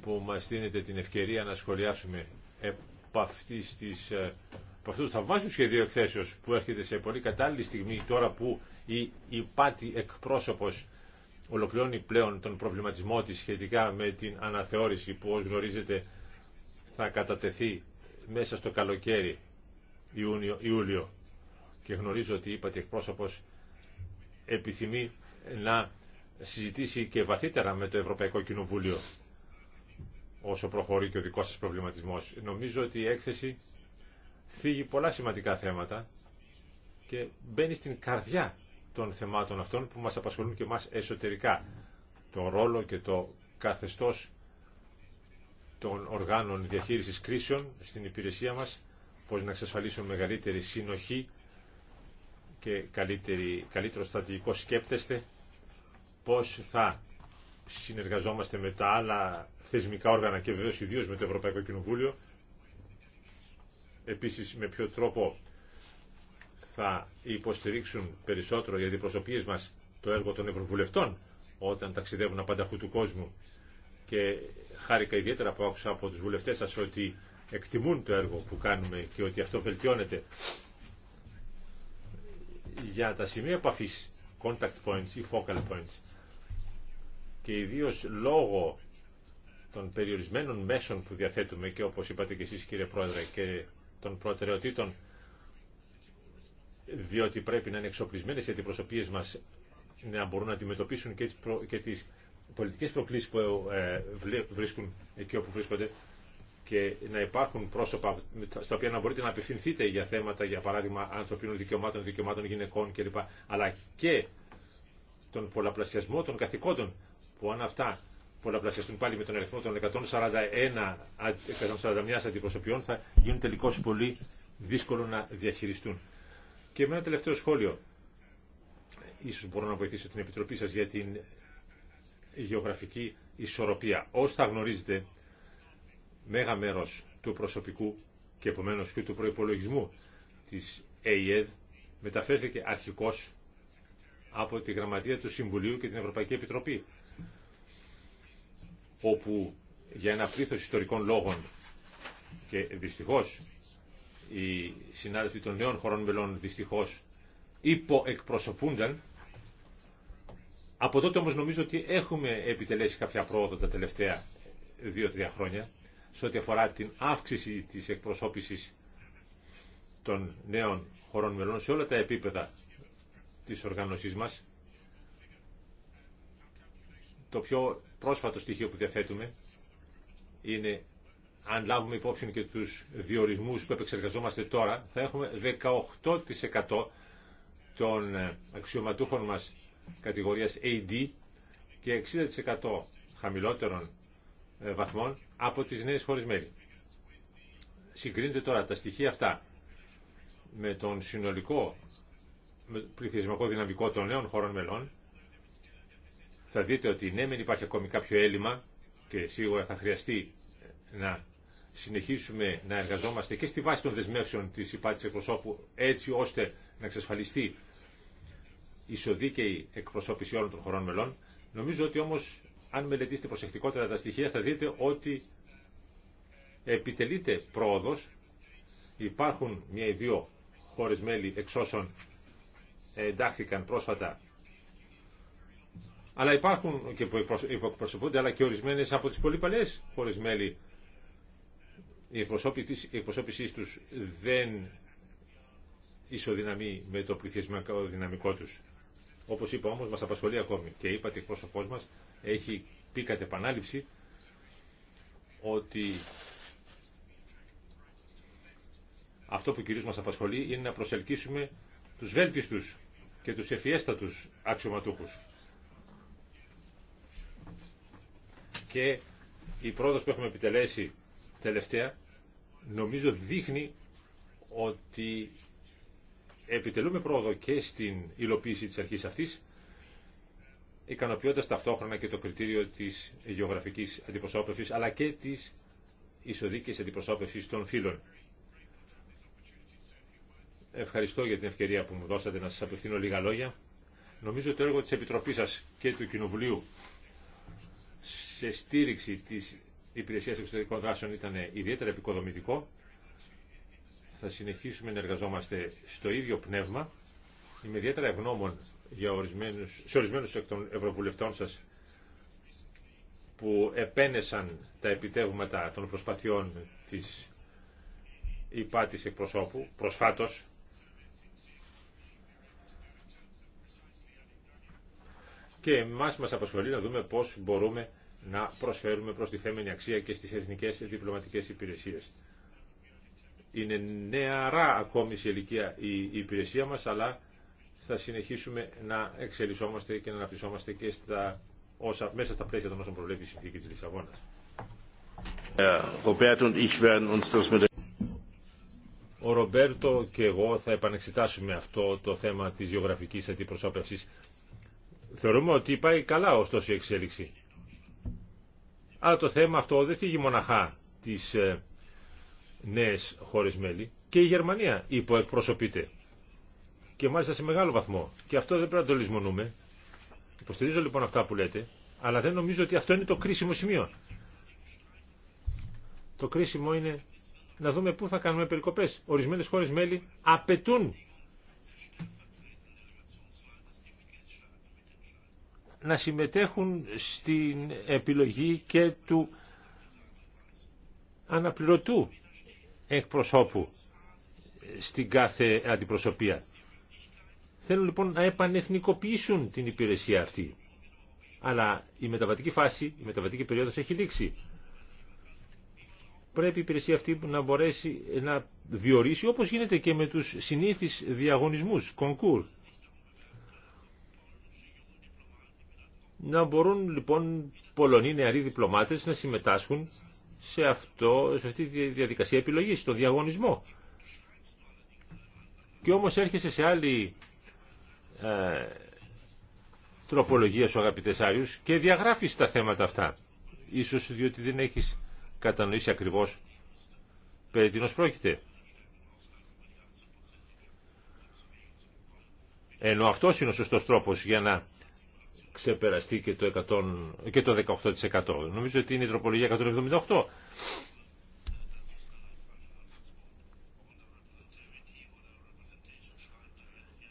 που μας δίνετε την ευκαιρία να σχολιάσουμε από ε, αυτού του θαυμάσιου σχεδίου εκθέσεως που έρχεται σε πολύ κατάλληλη στιγμή τώρα που η πάτη εκπρόσωπος ολοκληρώνει πλέον τον προβληματισμό της σχετικά με την αναθεώρηση που ως γνωρίζετε θα κατατεθεί μέσα στο καλοκαίρι Ιούνιο, Ιούλιο και γνωρίζω ότι η Πάτη εκπρόσωπος επιθυμεί να συζητήσει και βαθύτερα με το Ευρωπαϊκό Κοινοβούλιο όσο προχωρεί και ο δικός σας προβληματισμός. Νομίζω ότι η έκθεση θίγει πολλά σημαντικά θέματα και μπαίνει στην καρδιά των θεμάτων αυτών που μας απασχολούν και μας εσωτερικά. Το ρόλο και το καθεστώς των οργάνων διαχείρισης κρίσεων στην υπηρεσία μας, πώς να εξασφαλίσουμε μεγαλύτερη συνοχή και καλύτερο στρατηγικό σκέπτεστε, πώς θα συνεργαζόμαστε με τα άλλα θεσμικά όργανα και βεβαίως ιδίως με το Ευρωπαϊκό Κοινοβούλιο. Επίσης με ποιο τρόπο θα υποστηρίξουν περισσότερο οι αντιπροσωπείες μας το έργο των Ευρωβουλευτών όταν ταξιδεύουν απανταχού του κόσμου. Και χάρηκα ιδιαίτερα που άκουσα από τους βουλευτές σας ότι εκτιμούν το έργο που κάνουμε και ότι αυτό βελτιώνεται. Για τα σημεία επαφής, contact points ή focal points, και ιδίως λόγω των περιορισμένων μέσων που διαθέτουμε και όπως είπατε και εσείς κύριε Πρόεδρε και των προτεραιοτήτων διότι πρέπει να είναι εξοπλισμένες οι αντιπροσωπείες μας να μπορούν να αντιμετωπίσουν και τις, προ... και τις πολιτικές προκλήσεις που ε, ε, βρίσκουν εκεί όπου βρίσκονται και να υπάρχουν πρόσωπα στα οποία να μπορείτε να απευθυνθείτε για θέματα, για παράδειγμα, ανθρωπίνων δικαιωμάτων, δικαιωμάτων γυναικών κλπ. Αλλά και τον πολλαπλασιασμό των καθηκόντων που αν αυτά πολλαπλασιαστούν πάλι με τον αριθμό των 141, 141 αντιπροσωπιών θα γίνουν τελικώς πολύ δύσκολο να διαχειριστούν. Και με ένα τελευταίο σχόλιο, ίσως μπορώ να βοηθήσω την Επιτροπή σας για την γεωγραφική ισορροπία. όστα θα γνωρίζετε, μέγα μέρος του προσωπικού και επομένως και του προϋπολογισμού της ΕΙΕΔ μεταφέρθηκε αρχικώς από τη Γραμματεία του Συμβουλίου και την Ευρωπαϊκή Επιτροπή όπου για ένα πλήθος ιστορικών λόγων και δυστυχώς οι συνάδελφοι των νέων χωρών μελών δυστυχώς υποεκπροσωπούνταν από τότε όμως νομίζω ότι έχουμε επιτελέσει κάποια πρόοδο τα τελευταία δύο-τρία χρόνια σε ό,τι αφορά την αύξηση της εκπροσώπησης των νέων χωρών μελών σε όλα τα επίπεδα της οργάνωσής μας. Το πιο πρόσφατο στοιχείο που διαθέτουμε είναι αν λάβουμε υπόψη και τους διορισμούς που επεξεργαζόμαστε τώρα, θα έχουμε 18% των αξιωματούχων μας κατηγορίας AD και 60% χαμηλότερων ε, βαθμών από τις νέες χώρες μέλη. Συγκρίνεται τώρα τα στοιχεία αυτά με τον συνολικό πληθυσμικό δυναμικό των νέων χωρών μελών θα δείτε ότι ναι, δεν υπάρχει ακόμη κάποιο έλλειμμα και σίγουρα θα χρειαστεί ε, να συνεχίσουμε να εργαζόμαστε και στη βάση των δεσμεύσεων της υπάτησης εκπροσώπου έτσι ώστε να εξασφαλιστεί ισοδίκαιη εκπροσώπηση όλων των χωρών μελών. Νομίζω ότι όμως αν μελετήσετε προσεκτικότερα τα στοιχεία θα δείτε ότι επιτελείται πρόοδος, υπάρχουν μια ή δύο χώρες μέλη εξ όσων εντάχθηκαν πρόσφατα αλλά υπάρχουν και που εκπροσωπούνται, αλλά και ορισμένες από τις πολύ παλιές χώρες μέλη. Η εκπροσώπησή τους δεν ισοδυναμεί με το πληθυσμιακό δυναμικό τους. Όπως είπα όμως, μας απασχολεί ακόμη και είπατε εκπρόσωπός μας έχει πει κατ' επανάληψη ότι αυτό που κυρίως μας απασχολεί είναι να προσελκύσουμε τους βέλτιστους και τους εφιέστατους αξιωματούχους. και η πρόταση που έχουμε επιτελέσει τελευταία νομίζω δείχνει ότι επιτελούμε πρόοδο και στην υλοποίηση της αρχής αυτής ικανοποιώντας ταυτόχρονα και το κριτήριο της γεωγραφικής αντιπροσώπευσης αλλά και της ισοδίκης αντιπροσώπευσης των φίλων. Ευχαριστώ για την ευκαιρία που μου δώσατε να σας απευθύνω λίγα λόγια. Νομίζω το έργο της Επιτροπής σας και του Κοινοβουλίου σε στήριξη της Υπηρεσίας Εξωτερικών Δράσεων ήταν ιδιαίτερα επικοδομητικό. Θα συνεχίσουμε να εργαζόμαστε στο ίδιο πνεύμα. Είμαι ιδιαίτερα ευγνώμων για ορισμένους, σε ορισμένους εκ των ευρωβουλευτών σας που επένεσαν τα επιτεύγματα των προσπαθειών της υπάτης εκπροσώπου προσφάτως και εμά μας απασχολεί να δούμε πώς μπορούμε να προσφέρουμε προς τη θέμενη αξία και στις εθνικές διπλωματικές υπηρεσίες. Είναι νεαρά ακόμη σε ηλικία η υπηρεσία μα, αλλά θα συνεχίσουμε να εξελισσόμαστε και να αναπτυσσόμαστε και στα, όσα, μέσα στα πλαίσια των όσων προβλέπει η συνθήκη τη Λισαβόνα. Ο Ρομπέρτο και εγώ θα επανεξετάσουμε αυτό το θέμα της γεωγραφικής αντιπροσώπευσης Θεωρούμε ότι πάει καλά ωστόσο η εξέλιξη. Αλλά το θέμα αυτό δεν φύγει μοναχά τις ε, νέες χώρες μέλη. Και η Γερμανία υποεκπροσωπείται. Και μάλιστα σε μεγάλο βαθμό. Και αυτό δεν πρέπει να το λησμονούμε. Υποστηρίζω λοιπόν αυτά που λέτε. Αλλά δεν νομίζω ότι αυτό είναι το κρίσιμο σημείο. Το κρίσιμο είναι να δούμε πού θα κάνουμε περικοπές. Ορισμένες χώρες μέλη απαιτούν να συμμετέχουν στην επιλογή και του αναπληρωτού εκπροσώπου στην κάθε αντιπροσωπεία. Θέλουν λοιπόν να επανεθνικοποιήσουν την υπηρεσία αυτή. Αλλά η μεταβατική φάση, η μεταβατική περίοδος έχει λήξει. Πρέπει η υπηρεσία αυτή να μπορέσει να διορίσει όπως γίνεται και με τους συνήθεις διαγωνισμούς, κονκούρ. Να μπορούν λοιπόν Πολωνοί νεαροί διπλωμάτες να συμμετάσχουν σε, αυτό, σε αυτή τη διαδικασία επιλογής, στον διαγωνισμό. Και όμως έρχεσαι σε άλλη ε, τροπολογία σου αγαπητές Άριους και διαγράφεις τα θέματα αυτά. Ίσως διότι δεν έχεις κατανοήσει ακριβώς περί τίνος πρόκειται. Ενώ αυτός είναι ο σωστός τρόπος για να ξεπεραστεί και το, 100, και το 18%. Νομίζω ότι είναι η τροπολογία 178.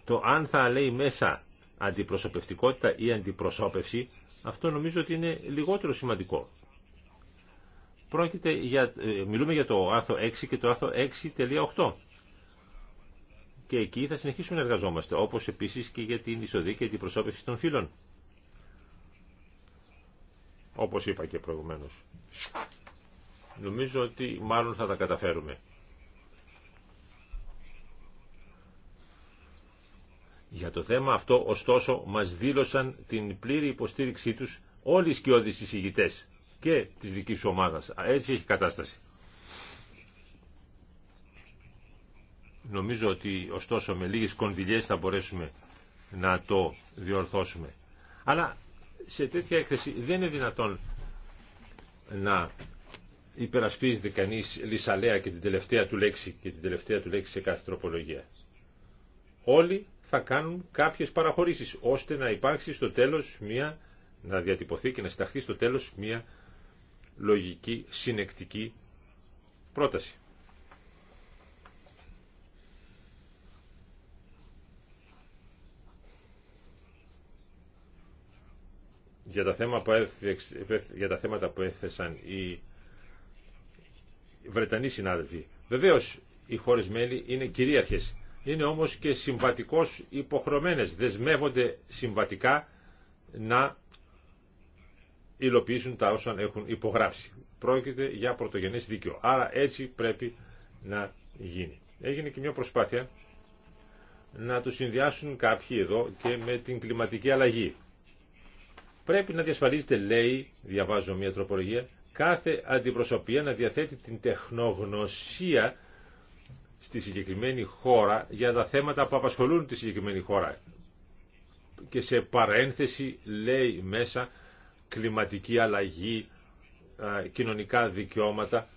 Το αν θα λέει μέσα αντιπροσωπευτικότητα ή αντιπροσώπευση, αυτό νομίζω ότι είναι λιγότερο σημαντικό. Πρόκειται για, ε, μιλούμε για το άρθρο 6 και το άρθρο 6.8 και εκεί θα συνεχίσουμε να εργαζόμαστε, όπως επίσης και για την ισοδίκη και την προσώπευση των φύλων όπως είπα και προηγουμένως. Νομίζω ότι μάλλον θα τα καταφέρουμε. Για το θέμα αυτό, ωστόσο, μας δήλωσαν την πλήρη υποστήριξή τους όλοι οι σκιώδεις εισηγητές και της δικής σου ομάδας. Έτσι έχει κατάσταση. Νομίζω ότι, ωστόσο, με λίγες κονδυλιές θα μπορέσουμε να το διορθώσουμε. Αλλά σε τέτοια έκθεση δεν είναι δυνατόν να υπερασπίζεται κανείς λησαλέα και την τελευταία του λέξη και την τελευταία του λέξη σε κάθε τροπολογία. Όλοι θα κάνουν κάποιες παραχωρήσεις ώστε να υπάρξει στο τέλος μια, να διατυπωθεί και να συνταχθεί στο τέλος μια λογική συνεκτική πρόταση. για τα, θέματα που για τα θέματα που έθεσαν οι Βρετανοί συνάδελφοι. Βεβαίως οι χώρες μέλη είναι κυρίαρχε, είναι όμως και συμβατικώ υποχρεωμένε. δεσμεύονται συμβατικά να υλοποιήσουν τα όσα έχουν υπογράψει. Πρόκειται για πρωτογενέ δίκαιο. Άρα έτσι πρέπει να γίνει. Έγινε και μια προσπάθεια να το συνδυάσουν κάποιοι εδώ και με την κλιματική αλλαγή. Πρέπει να διασφαλίζεται, λέει, διαβάζω μια τροπολογία, κάθε αντιπροσωπεία να διαθέτει την τεχνογνωσία στη συγκεκριμένη χώρα για τα θέματα που απασχολούν τη συγκεκριμένη χώρα. Και σε παρένθεση λέει μέσα κλιματική αλλαγή, κοινωνικά δικαιώματα,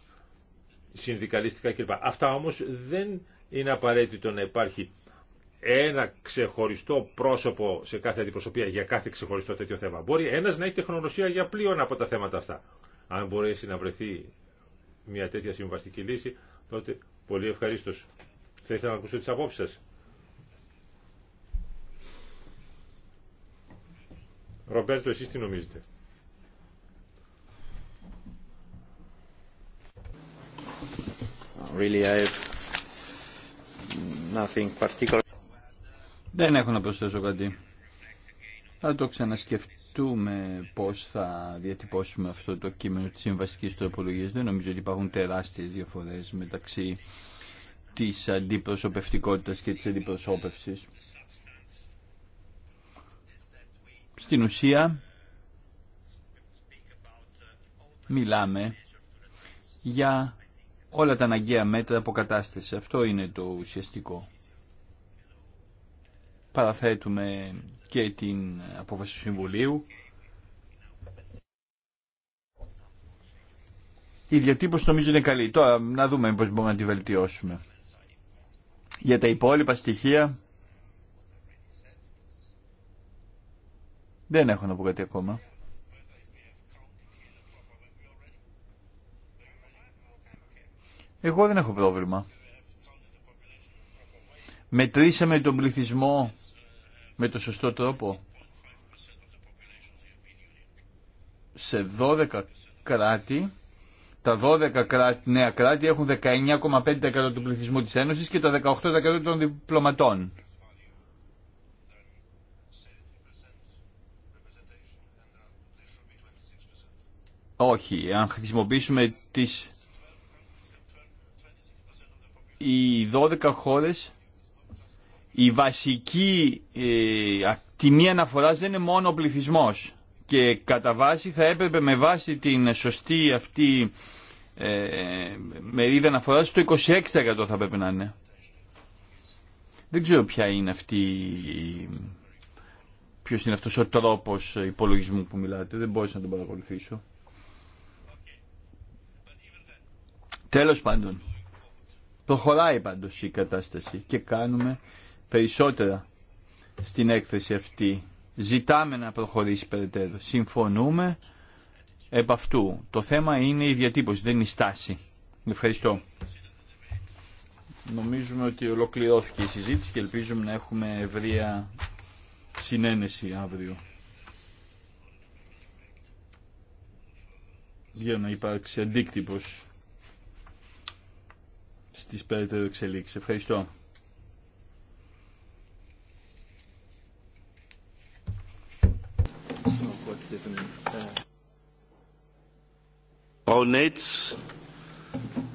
συνδικαλιστικά κλπ. Αυτά όμως δεν είναι απαραίτητο να υπάρχει ένα ξεχωριστό πρόσωπο σε κάθε αντιπροσωπεία για κάθε ξεχωριστό τέτοιο θέμα. Μπορεί ένα να έχει τεχνογνωσία για πλοίο από τα θέματα αυτά. Αν μπορέσει να βρεθεί μια τέτοια συμβαστική λύση, τότε πολύ ευχαρίστω. Θα ήθελα να ακούσω τι απόψει σα. Ρομπέρτο, εσείς τι νομίζετε. Really, I have nothing particular. Δεν έχω να προσθέσω κάτι. Θα το ξανασκεφτούμε πώς θα διατυπώσουμε αυτό το κείμενο της συμβαστικής τροπολογίας. Δεν νομίζω ότι υπάρχουν τεράστιες διαφορές μεταξύ της αντιπροσωπευτικότητας και της αντιπροσώπευσης. Στην ουσία μιλάμε για όλα τα αναγκαία μέτρα αποκατάσταση. Αυτό είναι το ουσιαστικό παραθέτουμε και την απόφαση του Συμβουλίου. Η διατύπωση νομίζω είναι καλή. Τώρα να δούμε πώς μπορούμε να τη βελτιώσουμε. Για τα υπόλοιπα στοιχεία δεν έχω να πω κάτι ακόμα. Εγώ δεν έχω πρόβλημα. Μετρήσαμε τον πληθυσμό με το σωστό τρόπο. Σε 12 κράτη, τα 12 κράτη, νέα κράτη έχουν 19,5% του πληθυσμού της Ένωσης και τα 18% των διπλωματών. Όχι, αν χρησιμοποιήσουμε τις... Οι 12 χώρες η βασική ε, τιμή αναφοράς δεν είναι μόνο ο πληθυσμός και κατά βάση θα έπρεπε με βάση την σωστή αυτή ε, μερίδα αναφοράς το 26% θα πρέπει να είναι. Δεν ξέρω ποια είναι αυτή ποιος είναι αυτός ο τρόπος υπολογισμού που μιλάτε. Δεν μπορείς να τον παρακολουθήσω. Τέλος πάντων. Προχωράει πάντως η κατάσταση και κάνουμε περισσότερα στην έκθεση αυτή. Ζητάμε να προχωρήσει περαιτέρω. Συμφωνούμε επ' αυτού. Το θέμα είναι η διατύπωση, δεν η στάση. Ευχαριστώ. Νομίζουμε ότι ολοκληρώθηκε η συζήτηση και ελπίζουμε να έχουμε ευρεία συνένεση αύριο. Για να υπάρξει αντίκτυπος στις περαιτέρω εξελίξεις. Ευχαριστώ. diesem uh, Frau Nates,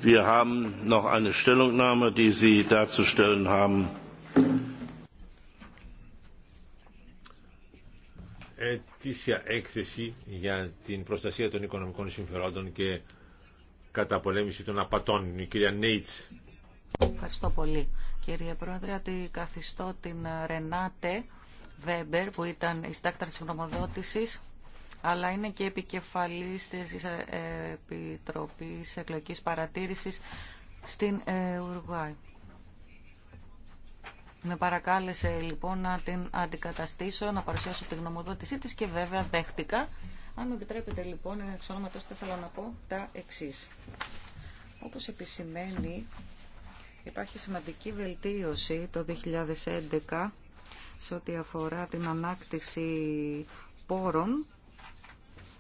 wir haben noch eine Stellungnahme, die Sie darzustellen haben. Ετήσια έκθεση για την προστασία των οικονομικών συμφερόντων και καταπολέμηση των απατών. Η κυρία Νέιτς. Ευχαριστώ πολύ. Κύριε Πρόεδρε, αντικαθιστώ την Ρενάτε Βέμπερ που ήταν η στάκταρ της γνωμοδότησης αλλά είναι και επικεφαλής της Επιτροπής Εκλογικής Παρατήρησης στην ε, Ουρουάη. Με παρακάλεσε λοιπόν να την αντικαταστήσω, να παρουσιάσω τη γνωμοδότησή της και βέβαια δέχτηκα. Αν μου επιτρέπετε λοιπόν, εξ ονόματος θα ήθελα να πω τα εξής. Όπως επισημαίνει, υπάρχει σημαντική βελτίωση το 2011 σε ό,τι αφορά την ανάκτηση πόρων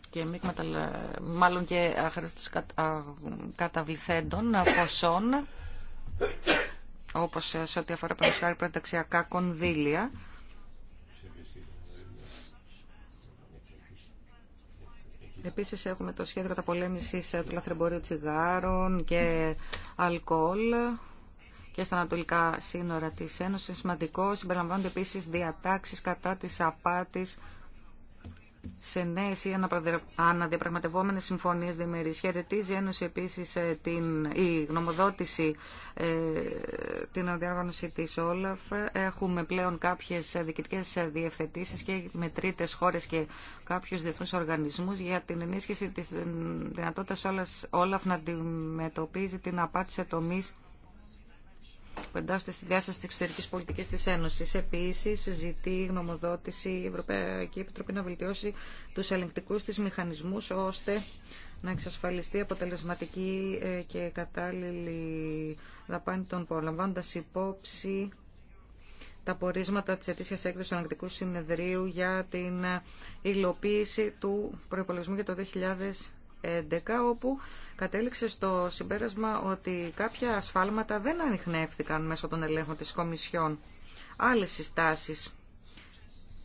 και μη μάλλον και αχρήστους καταβληθέντων ποσών, όπως σε ό,τι αφορά προ πρωταξιακά κονδύλια. Επίσης έχουμε το σχέδιο πολέμησης του λαθρεμπορίου τσιγάρων και αλκοόλ και στα ανατολικά σύνορα της Ένωσης. Σημαντικό συμπεριλαμβάνονται επίσης διατάξεις κατά της απάτης σε νέε ή αναδιαπραγματευόμενε συμφωνίε διμερεί. Χαιρετίζει η Ένωση επίση ε, η γνωμοδότηση, ε, την αναδιάργανωση τη Όλαφ. Έχουμε πλέον κάποιε διοικητικέ διευθετήσει και με τρίτε χώρε και κάποιου διεθνού οργανισμού για την ενίσχυση τη δυνατότητα Όλαφ να αντιμετωπίζει την απάτη σε τομεί που εντάσσεται στη διάσταση της εξωτερικής πολιτικής της Ένωσης. Επίσης, ζητεί γνωμοδότηση η Ευρωπαϊκή Επιτροπή να βελτιώσει τους ελεγκτικούς της μηχανισμούς, ώστε να εξασφαλιστεί αποτελεσματική ε, και κατάλληλη δαπάνη των προλαμβάνοντα υπόψη τα πορίσματα της ετήσιας έκδοσης του Ανακτικού Συνεδρίου για την υλοποίηση του προϋπολογισμού για το όπου κατέληξε στο συμπέρασμα ότι κάποια ασφάλματα δεν ανοιχνεύτηκαν μέσω των ελέγχων της Κομισιόν. Άλλες συστάσεις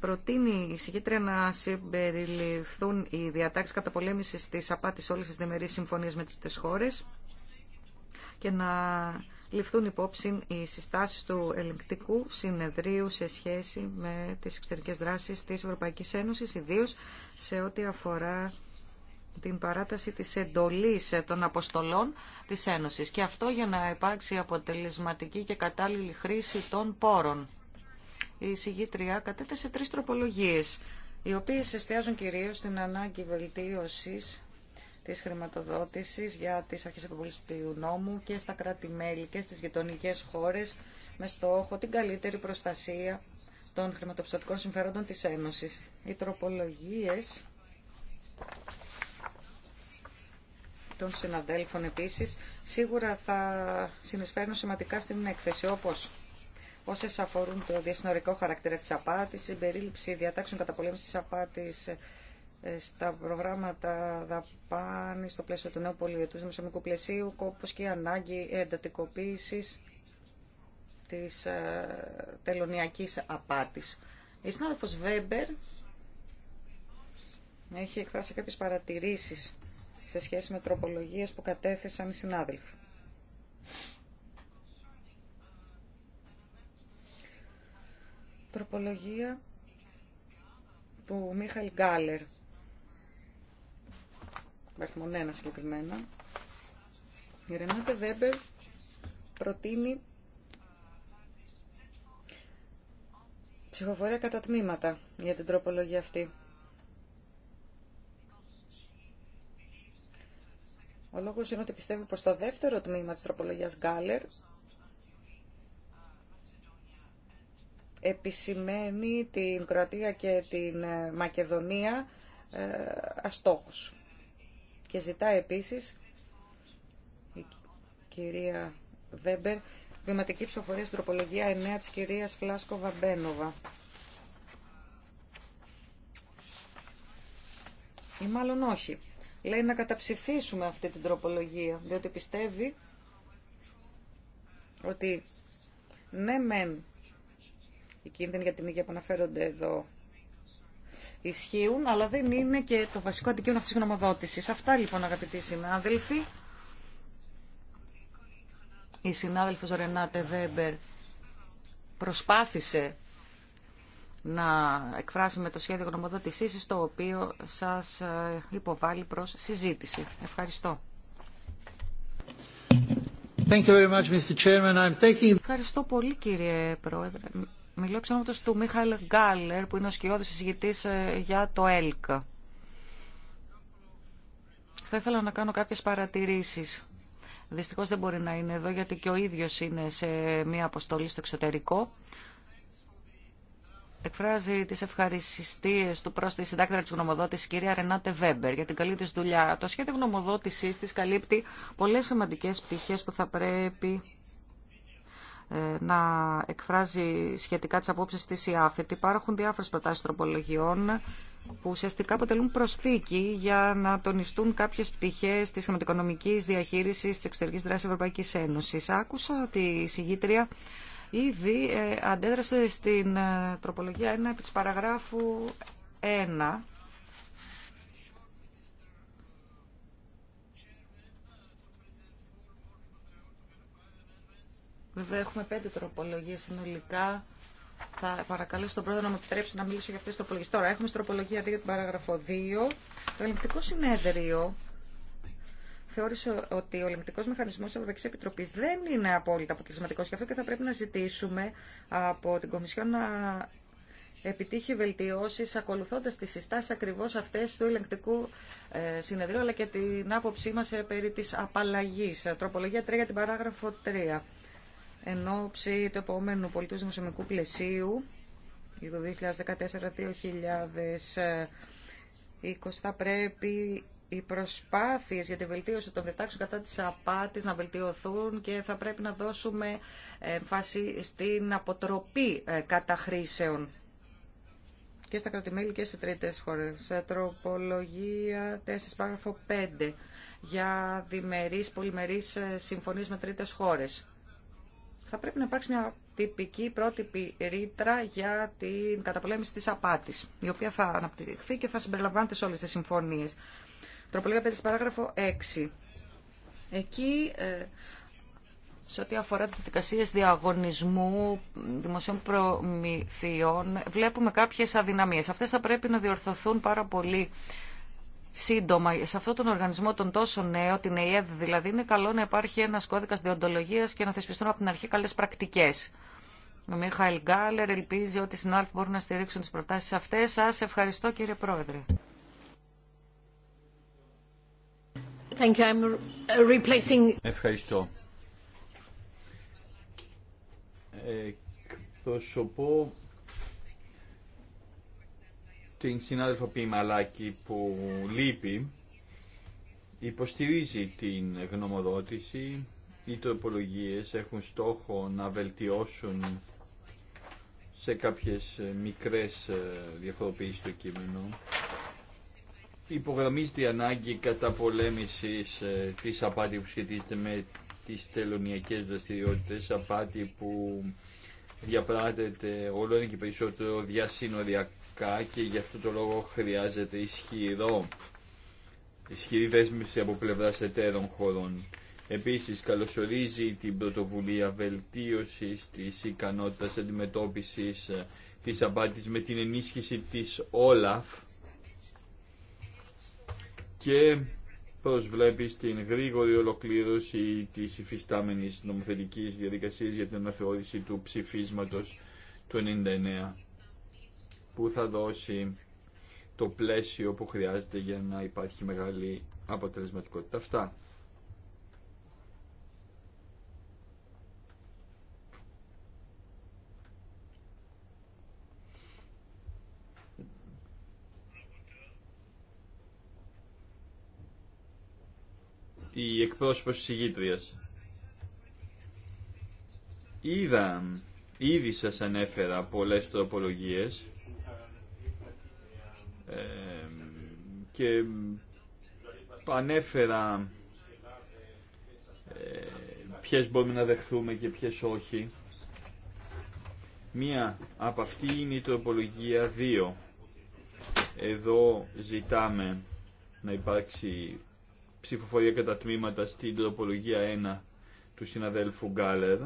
προτείνει η συγκήτρια να συμπεριληφθούν οι διατάξεις καταπολέμησης της απάτης όλες τις δημερείς συμφωνίες με τις χώρες και να ληφθούν υπόψη οι συστάσεις του ελεγκτικού συνεδρίου σε σχέση με τις εξωτερικές δράσεις της Ευρωπαϊκής Ένωσης, ιδίως σε ό,τι αφορά την παράταση της εντολής των αποστολών της Ένωσης. Και αυτό για να υπάρξει αποτελεσματική και κατάλληλη χρήση των πόρων. Η συγγήτρια κατέθεσε τρεις τροπολογίες, οι οποίες εστιάζουν κυρίως στην ανάγκη βελτίωσης της χρηματοδότησης για τις αρχές νόμου και στα κράτη-μέλη και στις γειτονικές χώρες με στόχο την καλύτερη προστασία των χρηματοπιστωτικών συμφέροντων της Ένωσης. Οι τροπολογίες των συναδέλφων επίσης, σίγουρα θα συνεισφέρουν σημαντικά στην έκθεση, όπως όσε αφορούν το διασυνορικό χαρακτήρα της απάτης, συμπερίληψη διατάξεων καταπολέμησης της απάτης ε, στα προγράμματα δαπάνη στο πλαίσιο του νέου πολιετού δημοσιομικού πλαισίου, όπως και η ανάγκη εντατικοποίησης της ε, τελωνιακής απάτης. Η συνάδελφος Βέμπερ έχει εκφράσει κάποιες παρατηρήσεις σε σχέση με τροπολογίες που κατέθεσαν οι συνάδελφοι. Τροπολογία του Μίχαλ Γκάλερ, αριθμόν συγκεκριμένα. Η Ρενάτε Βέμπερ προτείνει ψηφοφορία κατά τμήματα για την τροπολογία αυτή. Ο λόγος είναι ότι πιστεύει πως το δεύτερο τμήμα της τροπολογίας Γκάλερ επισημαίνει την Κροατία και την ε, Μακεδονία ε, αστόχους. Και ζητά επίσης η κυρία Βέμπερ βηματική ψηφοφορία στην τροπολογία 9 της κυρίας Φλάσκο Βαμπένοβα. Ή μάλλον όχι λέει να καταψηφίσουμε αυτή την τροπολογία, διότι πιστεύει ότι ναι μεν οι κίνδυνοι για την υγεία που αναφέρονται εδώ ισχύουν, αλλά δεν είναι και το βασικό αντικείμενο αυτής της γνωμοδότησης. Αυτά λοιπόν αγαπητοί συνάδελφοι. Η συνάδελφος Ρενάτε Βέμπερ προσπάθησε να εκφράσει με το σχέδιο γνωμοδότησής το οποίο σας ε, υποβάλλει προς συζήτηση. Ευχαριστώ. Thank you very much, Mr. Chairman. I'm taking... Ευχαριστώ πολύ κύριε Πρόεδρε. Μιλώ εξ του Μίχαλ Γκάλερ που είναι ο σκιώδης συζητήτη ε, για το ΕΛΚ. Θα ήθελα να κάνω κάποιες παρατηρήσεις. Δυστυχώς δεν μπορεί να είναι εδώ γιατί και ο ίδιος είναι σε μια αποστολή στο εξωτερικό εκφράζει τις ευχαριστίες του προς τη συντάκτρα της γνωμοδότησης κυρία Ρενάτε Βέμπερ για την καλή της δουλειά. Το σχέδιο γνωμοδότησής της καλύπτει πολλές σημαντικές πτυχές που θα πρέπει ε, να εκφράζει σχετικά τις απόψεις της ΙΑΦΕΤ. Υπάρχουν διάφορες προτάσεις τροπολογιών που ουσιαστικά αποτελούν προσθήκη για να τονιστούν κάποιες πτυχές της χρηματοοικονομικής διαχείρισης της εξωτερικής δράσης Ευρωπαϊκής Ένωσης. Άκουσα ότι η συγγήτρια ήδη ε, αντέδρασε στην ε, τροπολογία 1 επί της παραγράφου 1 Βέβαια έχουμε πέντε τροπολογίες συνολικά. Θα παρακαλέσω τον πρόεδρο να μου επιτρέψει να μιλήσω για αυτές τις τροπολογίες. Τώρα έχουμε στην τροπολογία 2 την παράγραφο 2. Το ελληνικό συνέδριο θεώρησε ότι ο ελεγκτικό μηχανισμό τη Ευρωπαϊκή Επιτροπή δεν είναι απόλυτα αποτελεσματικό και αυτό και θα πρέπει να ζητήσουμε από την Κομισιόν να επιτύχει βελτιώσει ακολουθώντα τι συστάσει ακριβώ αυτέ του ελεγκτικού ε, συνεδρίου αλλά και την άποψή μα ε, περί τη απαλλαγή. Τροπολογία 3 για την παράγραφο 3. Εν ώψη του επόμενου πολιτού δημοσιονομικού πλαισίου το 2014-2020 ε, θα πρέπει οι προσπάθειες για τη βελτίωση των διατάξεων κατά της απάτης να βελτιωθούν και θα πρέπει να δώσουμε έμφαση στην αποτροπή ε, καταχρήσεων και στα κρατημέλη και σε τρίτες χώρες. Ε, τροπολογία 4 παράγραφο 5 για διμερείς, πολυμερείς ε, συμφωνίες με τρίτες χώρες. Θα πρέπει να υπάρξει μια τυπική πρότυπη ρήτρα για την καταπολέμηση της απάτης, η οποία θα αναπτυχθεί και θα συμπεριλαμβάνεται σε όλες τις συμφωνίες. Τροπολογία 5, παράγραφο 6. Εκεί ε, σε ό,τι αφορά τις δικασίες διαγωνισμού δημοσίων προμηθειών βλέπουμε κάποιες αδυναμίες. Αυτές θα πρέπει να διορθωθούν πάρα πολύ σύντομα. Σε αυτόν τον οργανισμό τον τόσο νέο, την ΕΕΔ δηλαδή, είναι καλό να υπάρχει ένας κώδικας διοντολογίας και να θεσπιστούν από την αρχή καλές πρακτικές. Ο Μιχαήλ Γκάλερ ελπίζει ότι οι συνάδελφοι μπορούν να στηρίξουν τις προτάσεις αυτές. Σας ευχαριστώ κύριε Πρόεδρε. Uh, Ευχαριστώ. Εκπροσωπώ την συνάδελφο Πιμαλάκη που λείπει υποστηρίζει την γνωμοδότηση. Οι τροπολογίες έχουν στόχο να βελτιώσουν σε κάποιες μικρές ε, διαφοροποιήσεις το κείμενο υπογραμμίζεται η ανάγκη καταπολέμησης ε, της απάτη που σχετίζεται με τις τελωνιακές δραστηριότητες, απάτη που διαπράτεται όλο ένα και περισσότερο διασυνοριακά και γι' αυτό το λόγο χρειάζεται ισχυρό, ισχυρή δέσμευση από πλευράς εταίρων χωρών. Επίσης καλωσορίζει την πρωτοβουλία βελτίωσης της ικανότητας αντιμετώπισης ε, της απάτης με την ενίσχυση της ΟΛΑΦ και προσβλέπει στην γρήγορη ολοκλήρωση της υφιστάμενης νομοθετικής διαδικασίας για την αναθεώρηση του ψηφίσματος του 99 που θα δώσει το πλαίσιο που χρειάζεται για να υπάρχει μεγάλη αποτελεσματικότητα. Αυτά. η εκπρόσωπος της ηγήτριας. Είδα, ήδη σας ανέφερα πολλές τροπολογίες και ανέφερα ε, ποιες μπορούμε να δεχθούμε και ποιες όχι. Μία από αυτή είναι η τροπολογία 2. Εδώ ζητάμε να υπάρξει ψηφοφορία κατά τμήματα στην τροπολογία 1 του συναδέλφου Γκάλερ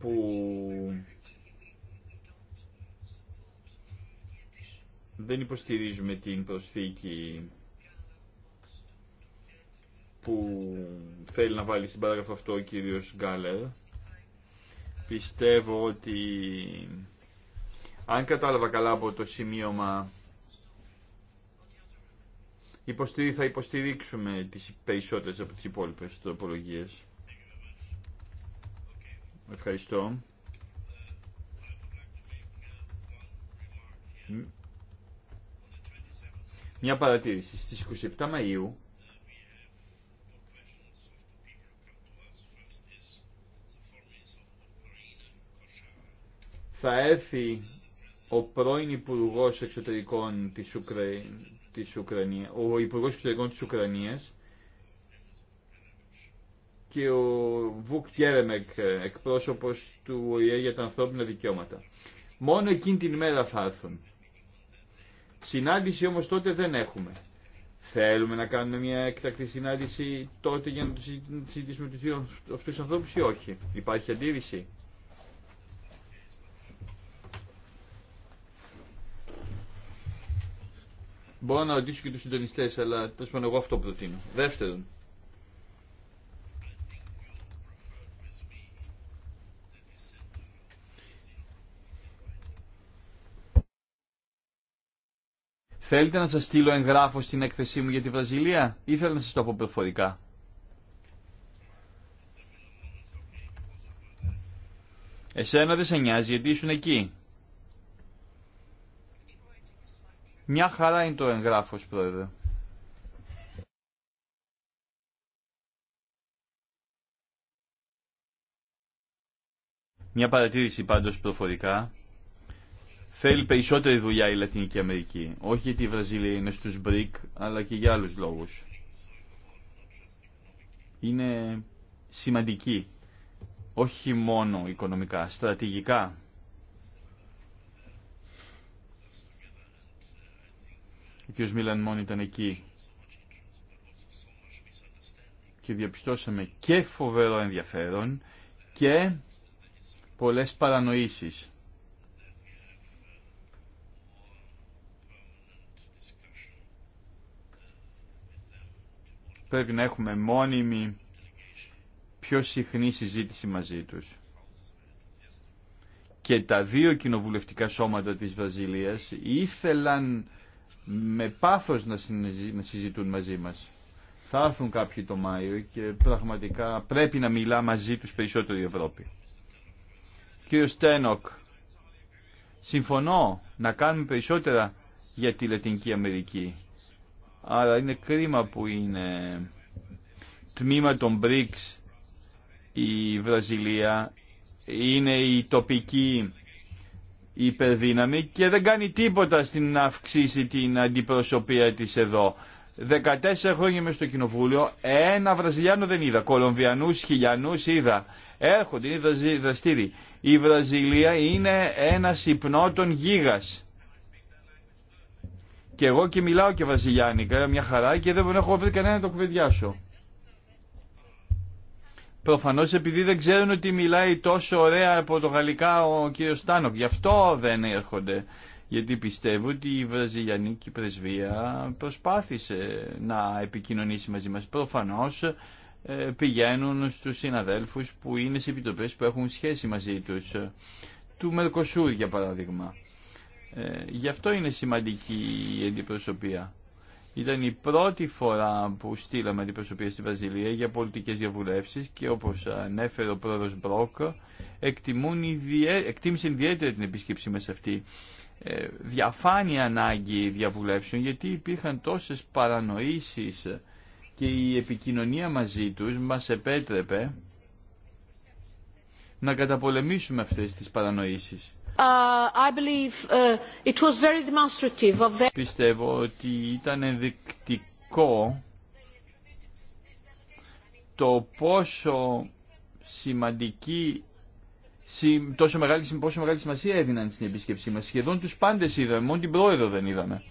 που δεν υποστηρίζουμε την προσθήκη που θέλει να βάλει στην παράγραφο αυτό ο κύριος Γκάλερ. Πιστεύω ότι αν κατάλαβα καλά από το σημείωμα θα υποστηρίξουμε τις περισσότερες από τις υπόλοιπες τροπολογίες. Ευχαριστώ. Μια παρατήρηση. Στις 27 Μαΐου θα έρθει ο πρώην Υπουργό Εξωτερικών της Ουκραϊ της Ουκρανίας, ο Υπουργός Εξωτερικών της Ουκρανίας και ο Βουκ Κέρεμεκ, εκπρόσωπος του ΟΗΕ για τα ανθρώπινα δικαιώματα. Μόνο εκείνη την μέρα θα έρθουν. Συνάντηση όμως τότε δεν έχουμε. Θέλουμε να κάνουμε μια εκτακτή συνάντηση τότε για να συζητήσουμε τους δύο αυτούς ανθρώπους ή όχι. Υπάρχει αντίρρηση. Μπορώ να ρωτήσω και του συντονιστέ, αλλά τέλο πάντων εγώ αυτό προτείνω. Δεύτερον, Θέλετε να σας στείλω εγγράφο στην έκθεσή μου για τη Βραζιλία ή θέλω να σας το πω προφορικά. Εσένα δεν σε νοιάζει γιατί ήσουν εκεί. Μια χαρά είναι το εγγράφος, πρόεδρε. Μια παρατήρηση πάντως προφορικά. Θέλει περισσότερη δουλειά η Λατινική Αμερική. Όχι γιατί η Βραζιλία είναι στους BRIC, αλλά και για άλλους λόγους. Είναι σημαντική. Όχι μόνο οικονομικά, στρατηγικά Ο κ. Μίλαν Μόν ήταν εκεί και διαπιστώσαμε και φοβερό ενδιαφέρον και πολλές παρανοήσεις. Πρέπει να έχουμε μόνιμη, πιο συχνή συζήτηση μαζί τους. Και τα δύο κοινοβουλευτικά σώματα της Βραζιλίας ήθελαν με πάθος να συζητούν μαζί μας. Θα έρθουν κάποιοι το Μάιο και πραγματικά πρέπει να μιλά μαζί τους περισσότερο η Ευρώπη. Κύριο Στένοκ, συμφωνώ να κάνουμε περισσότερα για τη Λατινική Αμερική. Άρα είναι κρίμα που είναι τμήμα των BRICS η Βραζιλία, είναι η τοπική υπερδύναμη και δεν κάνει τίποτα στην αυξήση αυξήσει την αντιπροσωπεία της εδώ. 14 χρόνια είμαι στο κοινοβούλιο, ένα Βραζιλιάνο δεν είδα, Κολομβιανούς, Χιλιανούς είδα, έρχονται, είναι δραστήριοι. Η Βραζιλία είναι ένας υπνότων γίγας. Και εγώ και μιλάω και βραζιλιάνικα, μια χαρά και δεν έχω βρει κανένα να το κουβεντιάσω. Προφανώς επειδή δεν ξέρουν ότι μιλάει τόσο ωραία από το γαλλικά ο κύριος Τάνοκ. Γι' αυτό δεν έρχονται. Γιατί πιστεύω ότι η βραζιλιανική πρεσβεία προσπάθησε να επικοινωνήσει μαζί μας. Προφανώς ε, πηγαίνουν στους συναδέλφου που είναι σε επιτροπέ που έχουν σχέση μαζί τους. Του Μερκοσούρ για παράδειγμα. Ε, γι' αυτό είναι σημαντική η αντιπροσωπεία. Ήταν η πρώτη φορά που στείλαμε αντιπροσωπεία στη Βραζιλία για πολιτικέ διαβουλεύσει και όπω ανέφερε ο πρόεδρο Μπρόκ, εκτίμησε ιδιαίτερα την επίσκεψή μα αυτή. Ε, διαφάνει ανάγκη διαβουλεύσεων γιατί υπήρχαν τόσε παρανοήσεις και η επικοινωνία μαζί τους μας επέτρεπε να καταπολεμήσουμε αυτές τις παρανοήσεις. Πιστεύω ότι ήταν ενδεικτικό το πόσο σημαντική τόσο μεγάλη, πόσο μεγάλη σημασία έδιναν στην επίσκεψή μας. Σχεδόν τους πάντες είδαμε, μόνο την πρόεδρο δεν είδαμε.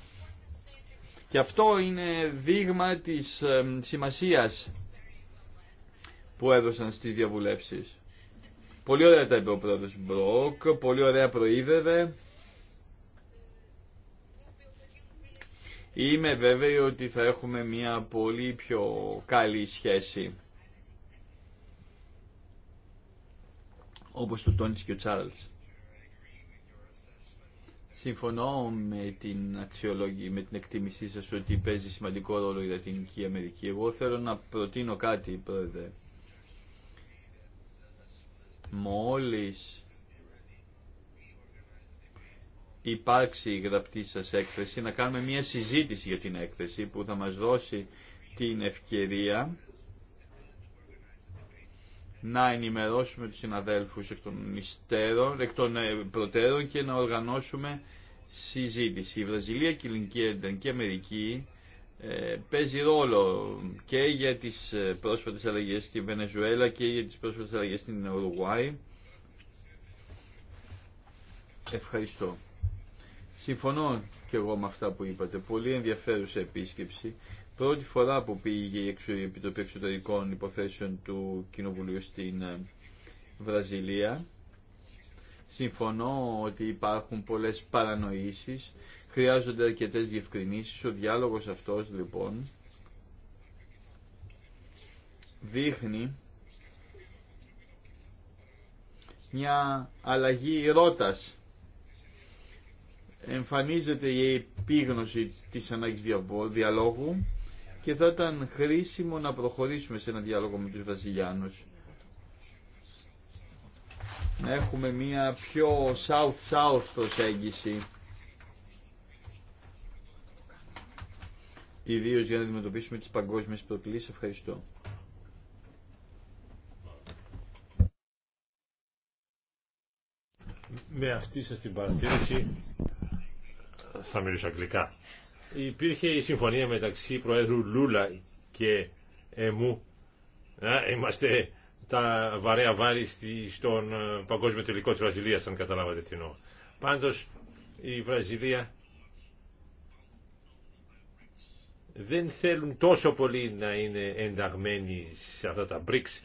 Και αυτό είναι δείγμα της σημασίας που έδωσαν στις διαβουλεύσεις. Πολύ ωραία τα είπε ο πρόεδρος Μπροκ, πολύ ωραία προείδευε. Είμαι βέβαιη ότι θα έχουμε μια πολύ πιο καλή σχέση. Όπως το τόνισε και ο Τσάρλς. Συμφωνώ με την αξιολόγη, με την εκτίμησή σας ότι παίζει σημαντικό ρόλο η Λατινική Αμερική. Εγώ θέλω να προτείνω κάτι, πρόεδρε μόλις υπάρξει η γραπτή σας έκθεση, να κάνουμε μια συζήτηση για την έκθεση που θα μας δώσει την ευκαιρία να ενημερώσουμε τους συναδέλφους εκ των, υστέρων, εκ των ε, προτέρων και να οργανώσουμε συζήτηση. Η Βραζιλία και η Ελληνική Αμερική παίζει ρόλο και για τις ε, πρόσφατες αλλαγές στη Βενεζουέλα και για τις πρόσφατες αλλαγές στην Ουρουγουάη. Ευχαριστώ. Συμφωνώ και εγώ με αυτά που είπατε. Πολύ ενδιαφέρουσα επίσκεψη. Πρώτη φορά που πήγε η Επιτροπή Εξωτερικών Υποθέσεων του Κοινοβουλίου στην ε, Βραζιλία. Συμφωνώ ότι υπάρχουν πολλές παρανοήσεις Χρειάζονται αρκετέ διευκρινήσει. Ο διάλογο αυτό λοιπόν δείχνει μια αλλαγή ρότας. Εμφανίζεται η επίγνωση της ανάγκης διαλόγου και θα ήταν χρήσιμο να προχωρήσουμε σε ένα διάλογο με τους Βασιλιανούς. Να έχουμε μια πιο south-south προσέγγιση ιδίω για να αντιμετωπίσουμε τι παγκόσμιε προκλήσεις. Ευχαριστώ. Με αυτή σα την παρατήρηση θα μιλήσω αγγλικά. Υπήρχε η συμφωνία μεταξύ Προέδρου Λούλα και εμού. Είμαστε τα βαρέα βάρη στον ε, παγκόσμιο τελικό της Βραζιλίας, αν καταλάβατε τι εννοώ. Πάντως η Βραζιλία δεν θέλουν τόσο πολύ να είναι ενταγμένοι σε αυτά τα BRICS.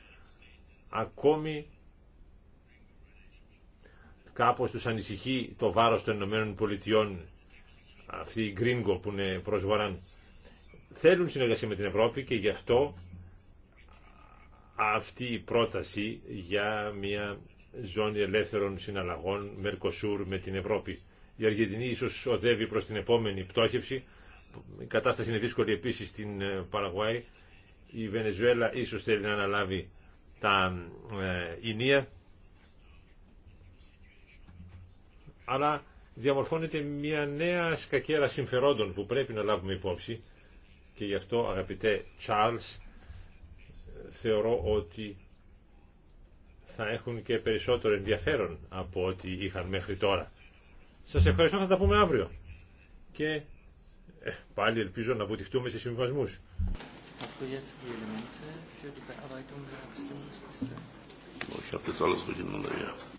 Ακόμη κάπως τους ανησυχεί το βάρος των Ηνωμένων Πολιτειών η οι γκρίνγκο που είναι προς βοράν. Θέλουν συνεργασία με την Ευρώπη και γι' αυτό αυτή η πρόταση για μια ζώνη ελεύθερων συναλλαγών Μερκοσούρ με την Ευρώπη. Η Αργεντινή ίσως οδεύει προς την επόμενη πτώχευση η κατάσταση είναι δύσκολη επίσης στην ε, Παραγουάη. Η Βενεζουέλα ίσως θέλει να αναλάβει τα Ινία. Ε, Αλλά διαμορφώνεται μια νέα σκακέρα συμφερόντων που πρέπει να λάβουμε υπόψη και γι' αυτό αγαπητέ Charles θεωρώ ότι θα έχουν και περισσότερο ενδιαφέρον από ό,τι είχαν μέχρι τώρα. Σας ευχαριστώ, θα τα πούμε αύριο. Και ε, πάλι ελπίζω να βουτυχτούμε σε συμβασμού. Όχι, habe das alles durcheinander, ja.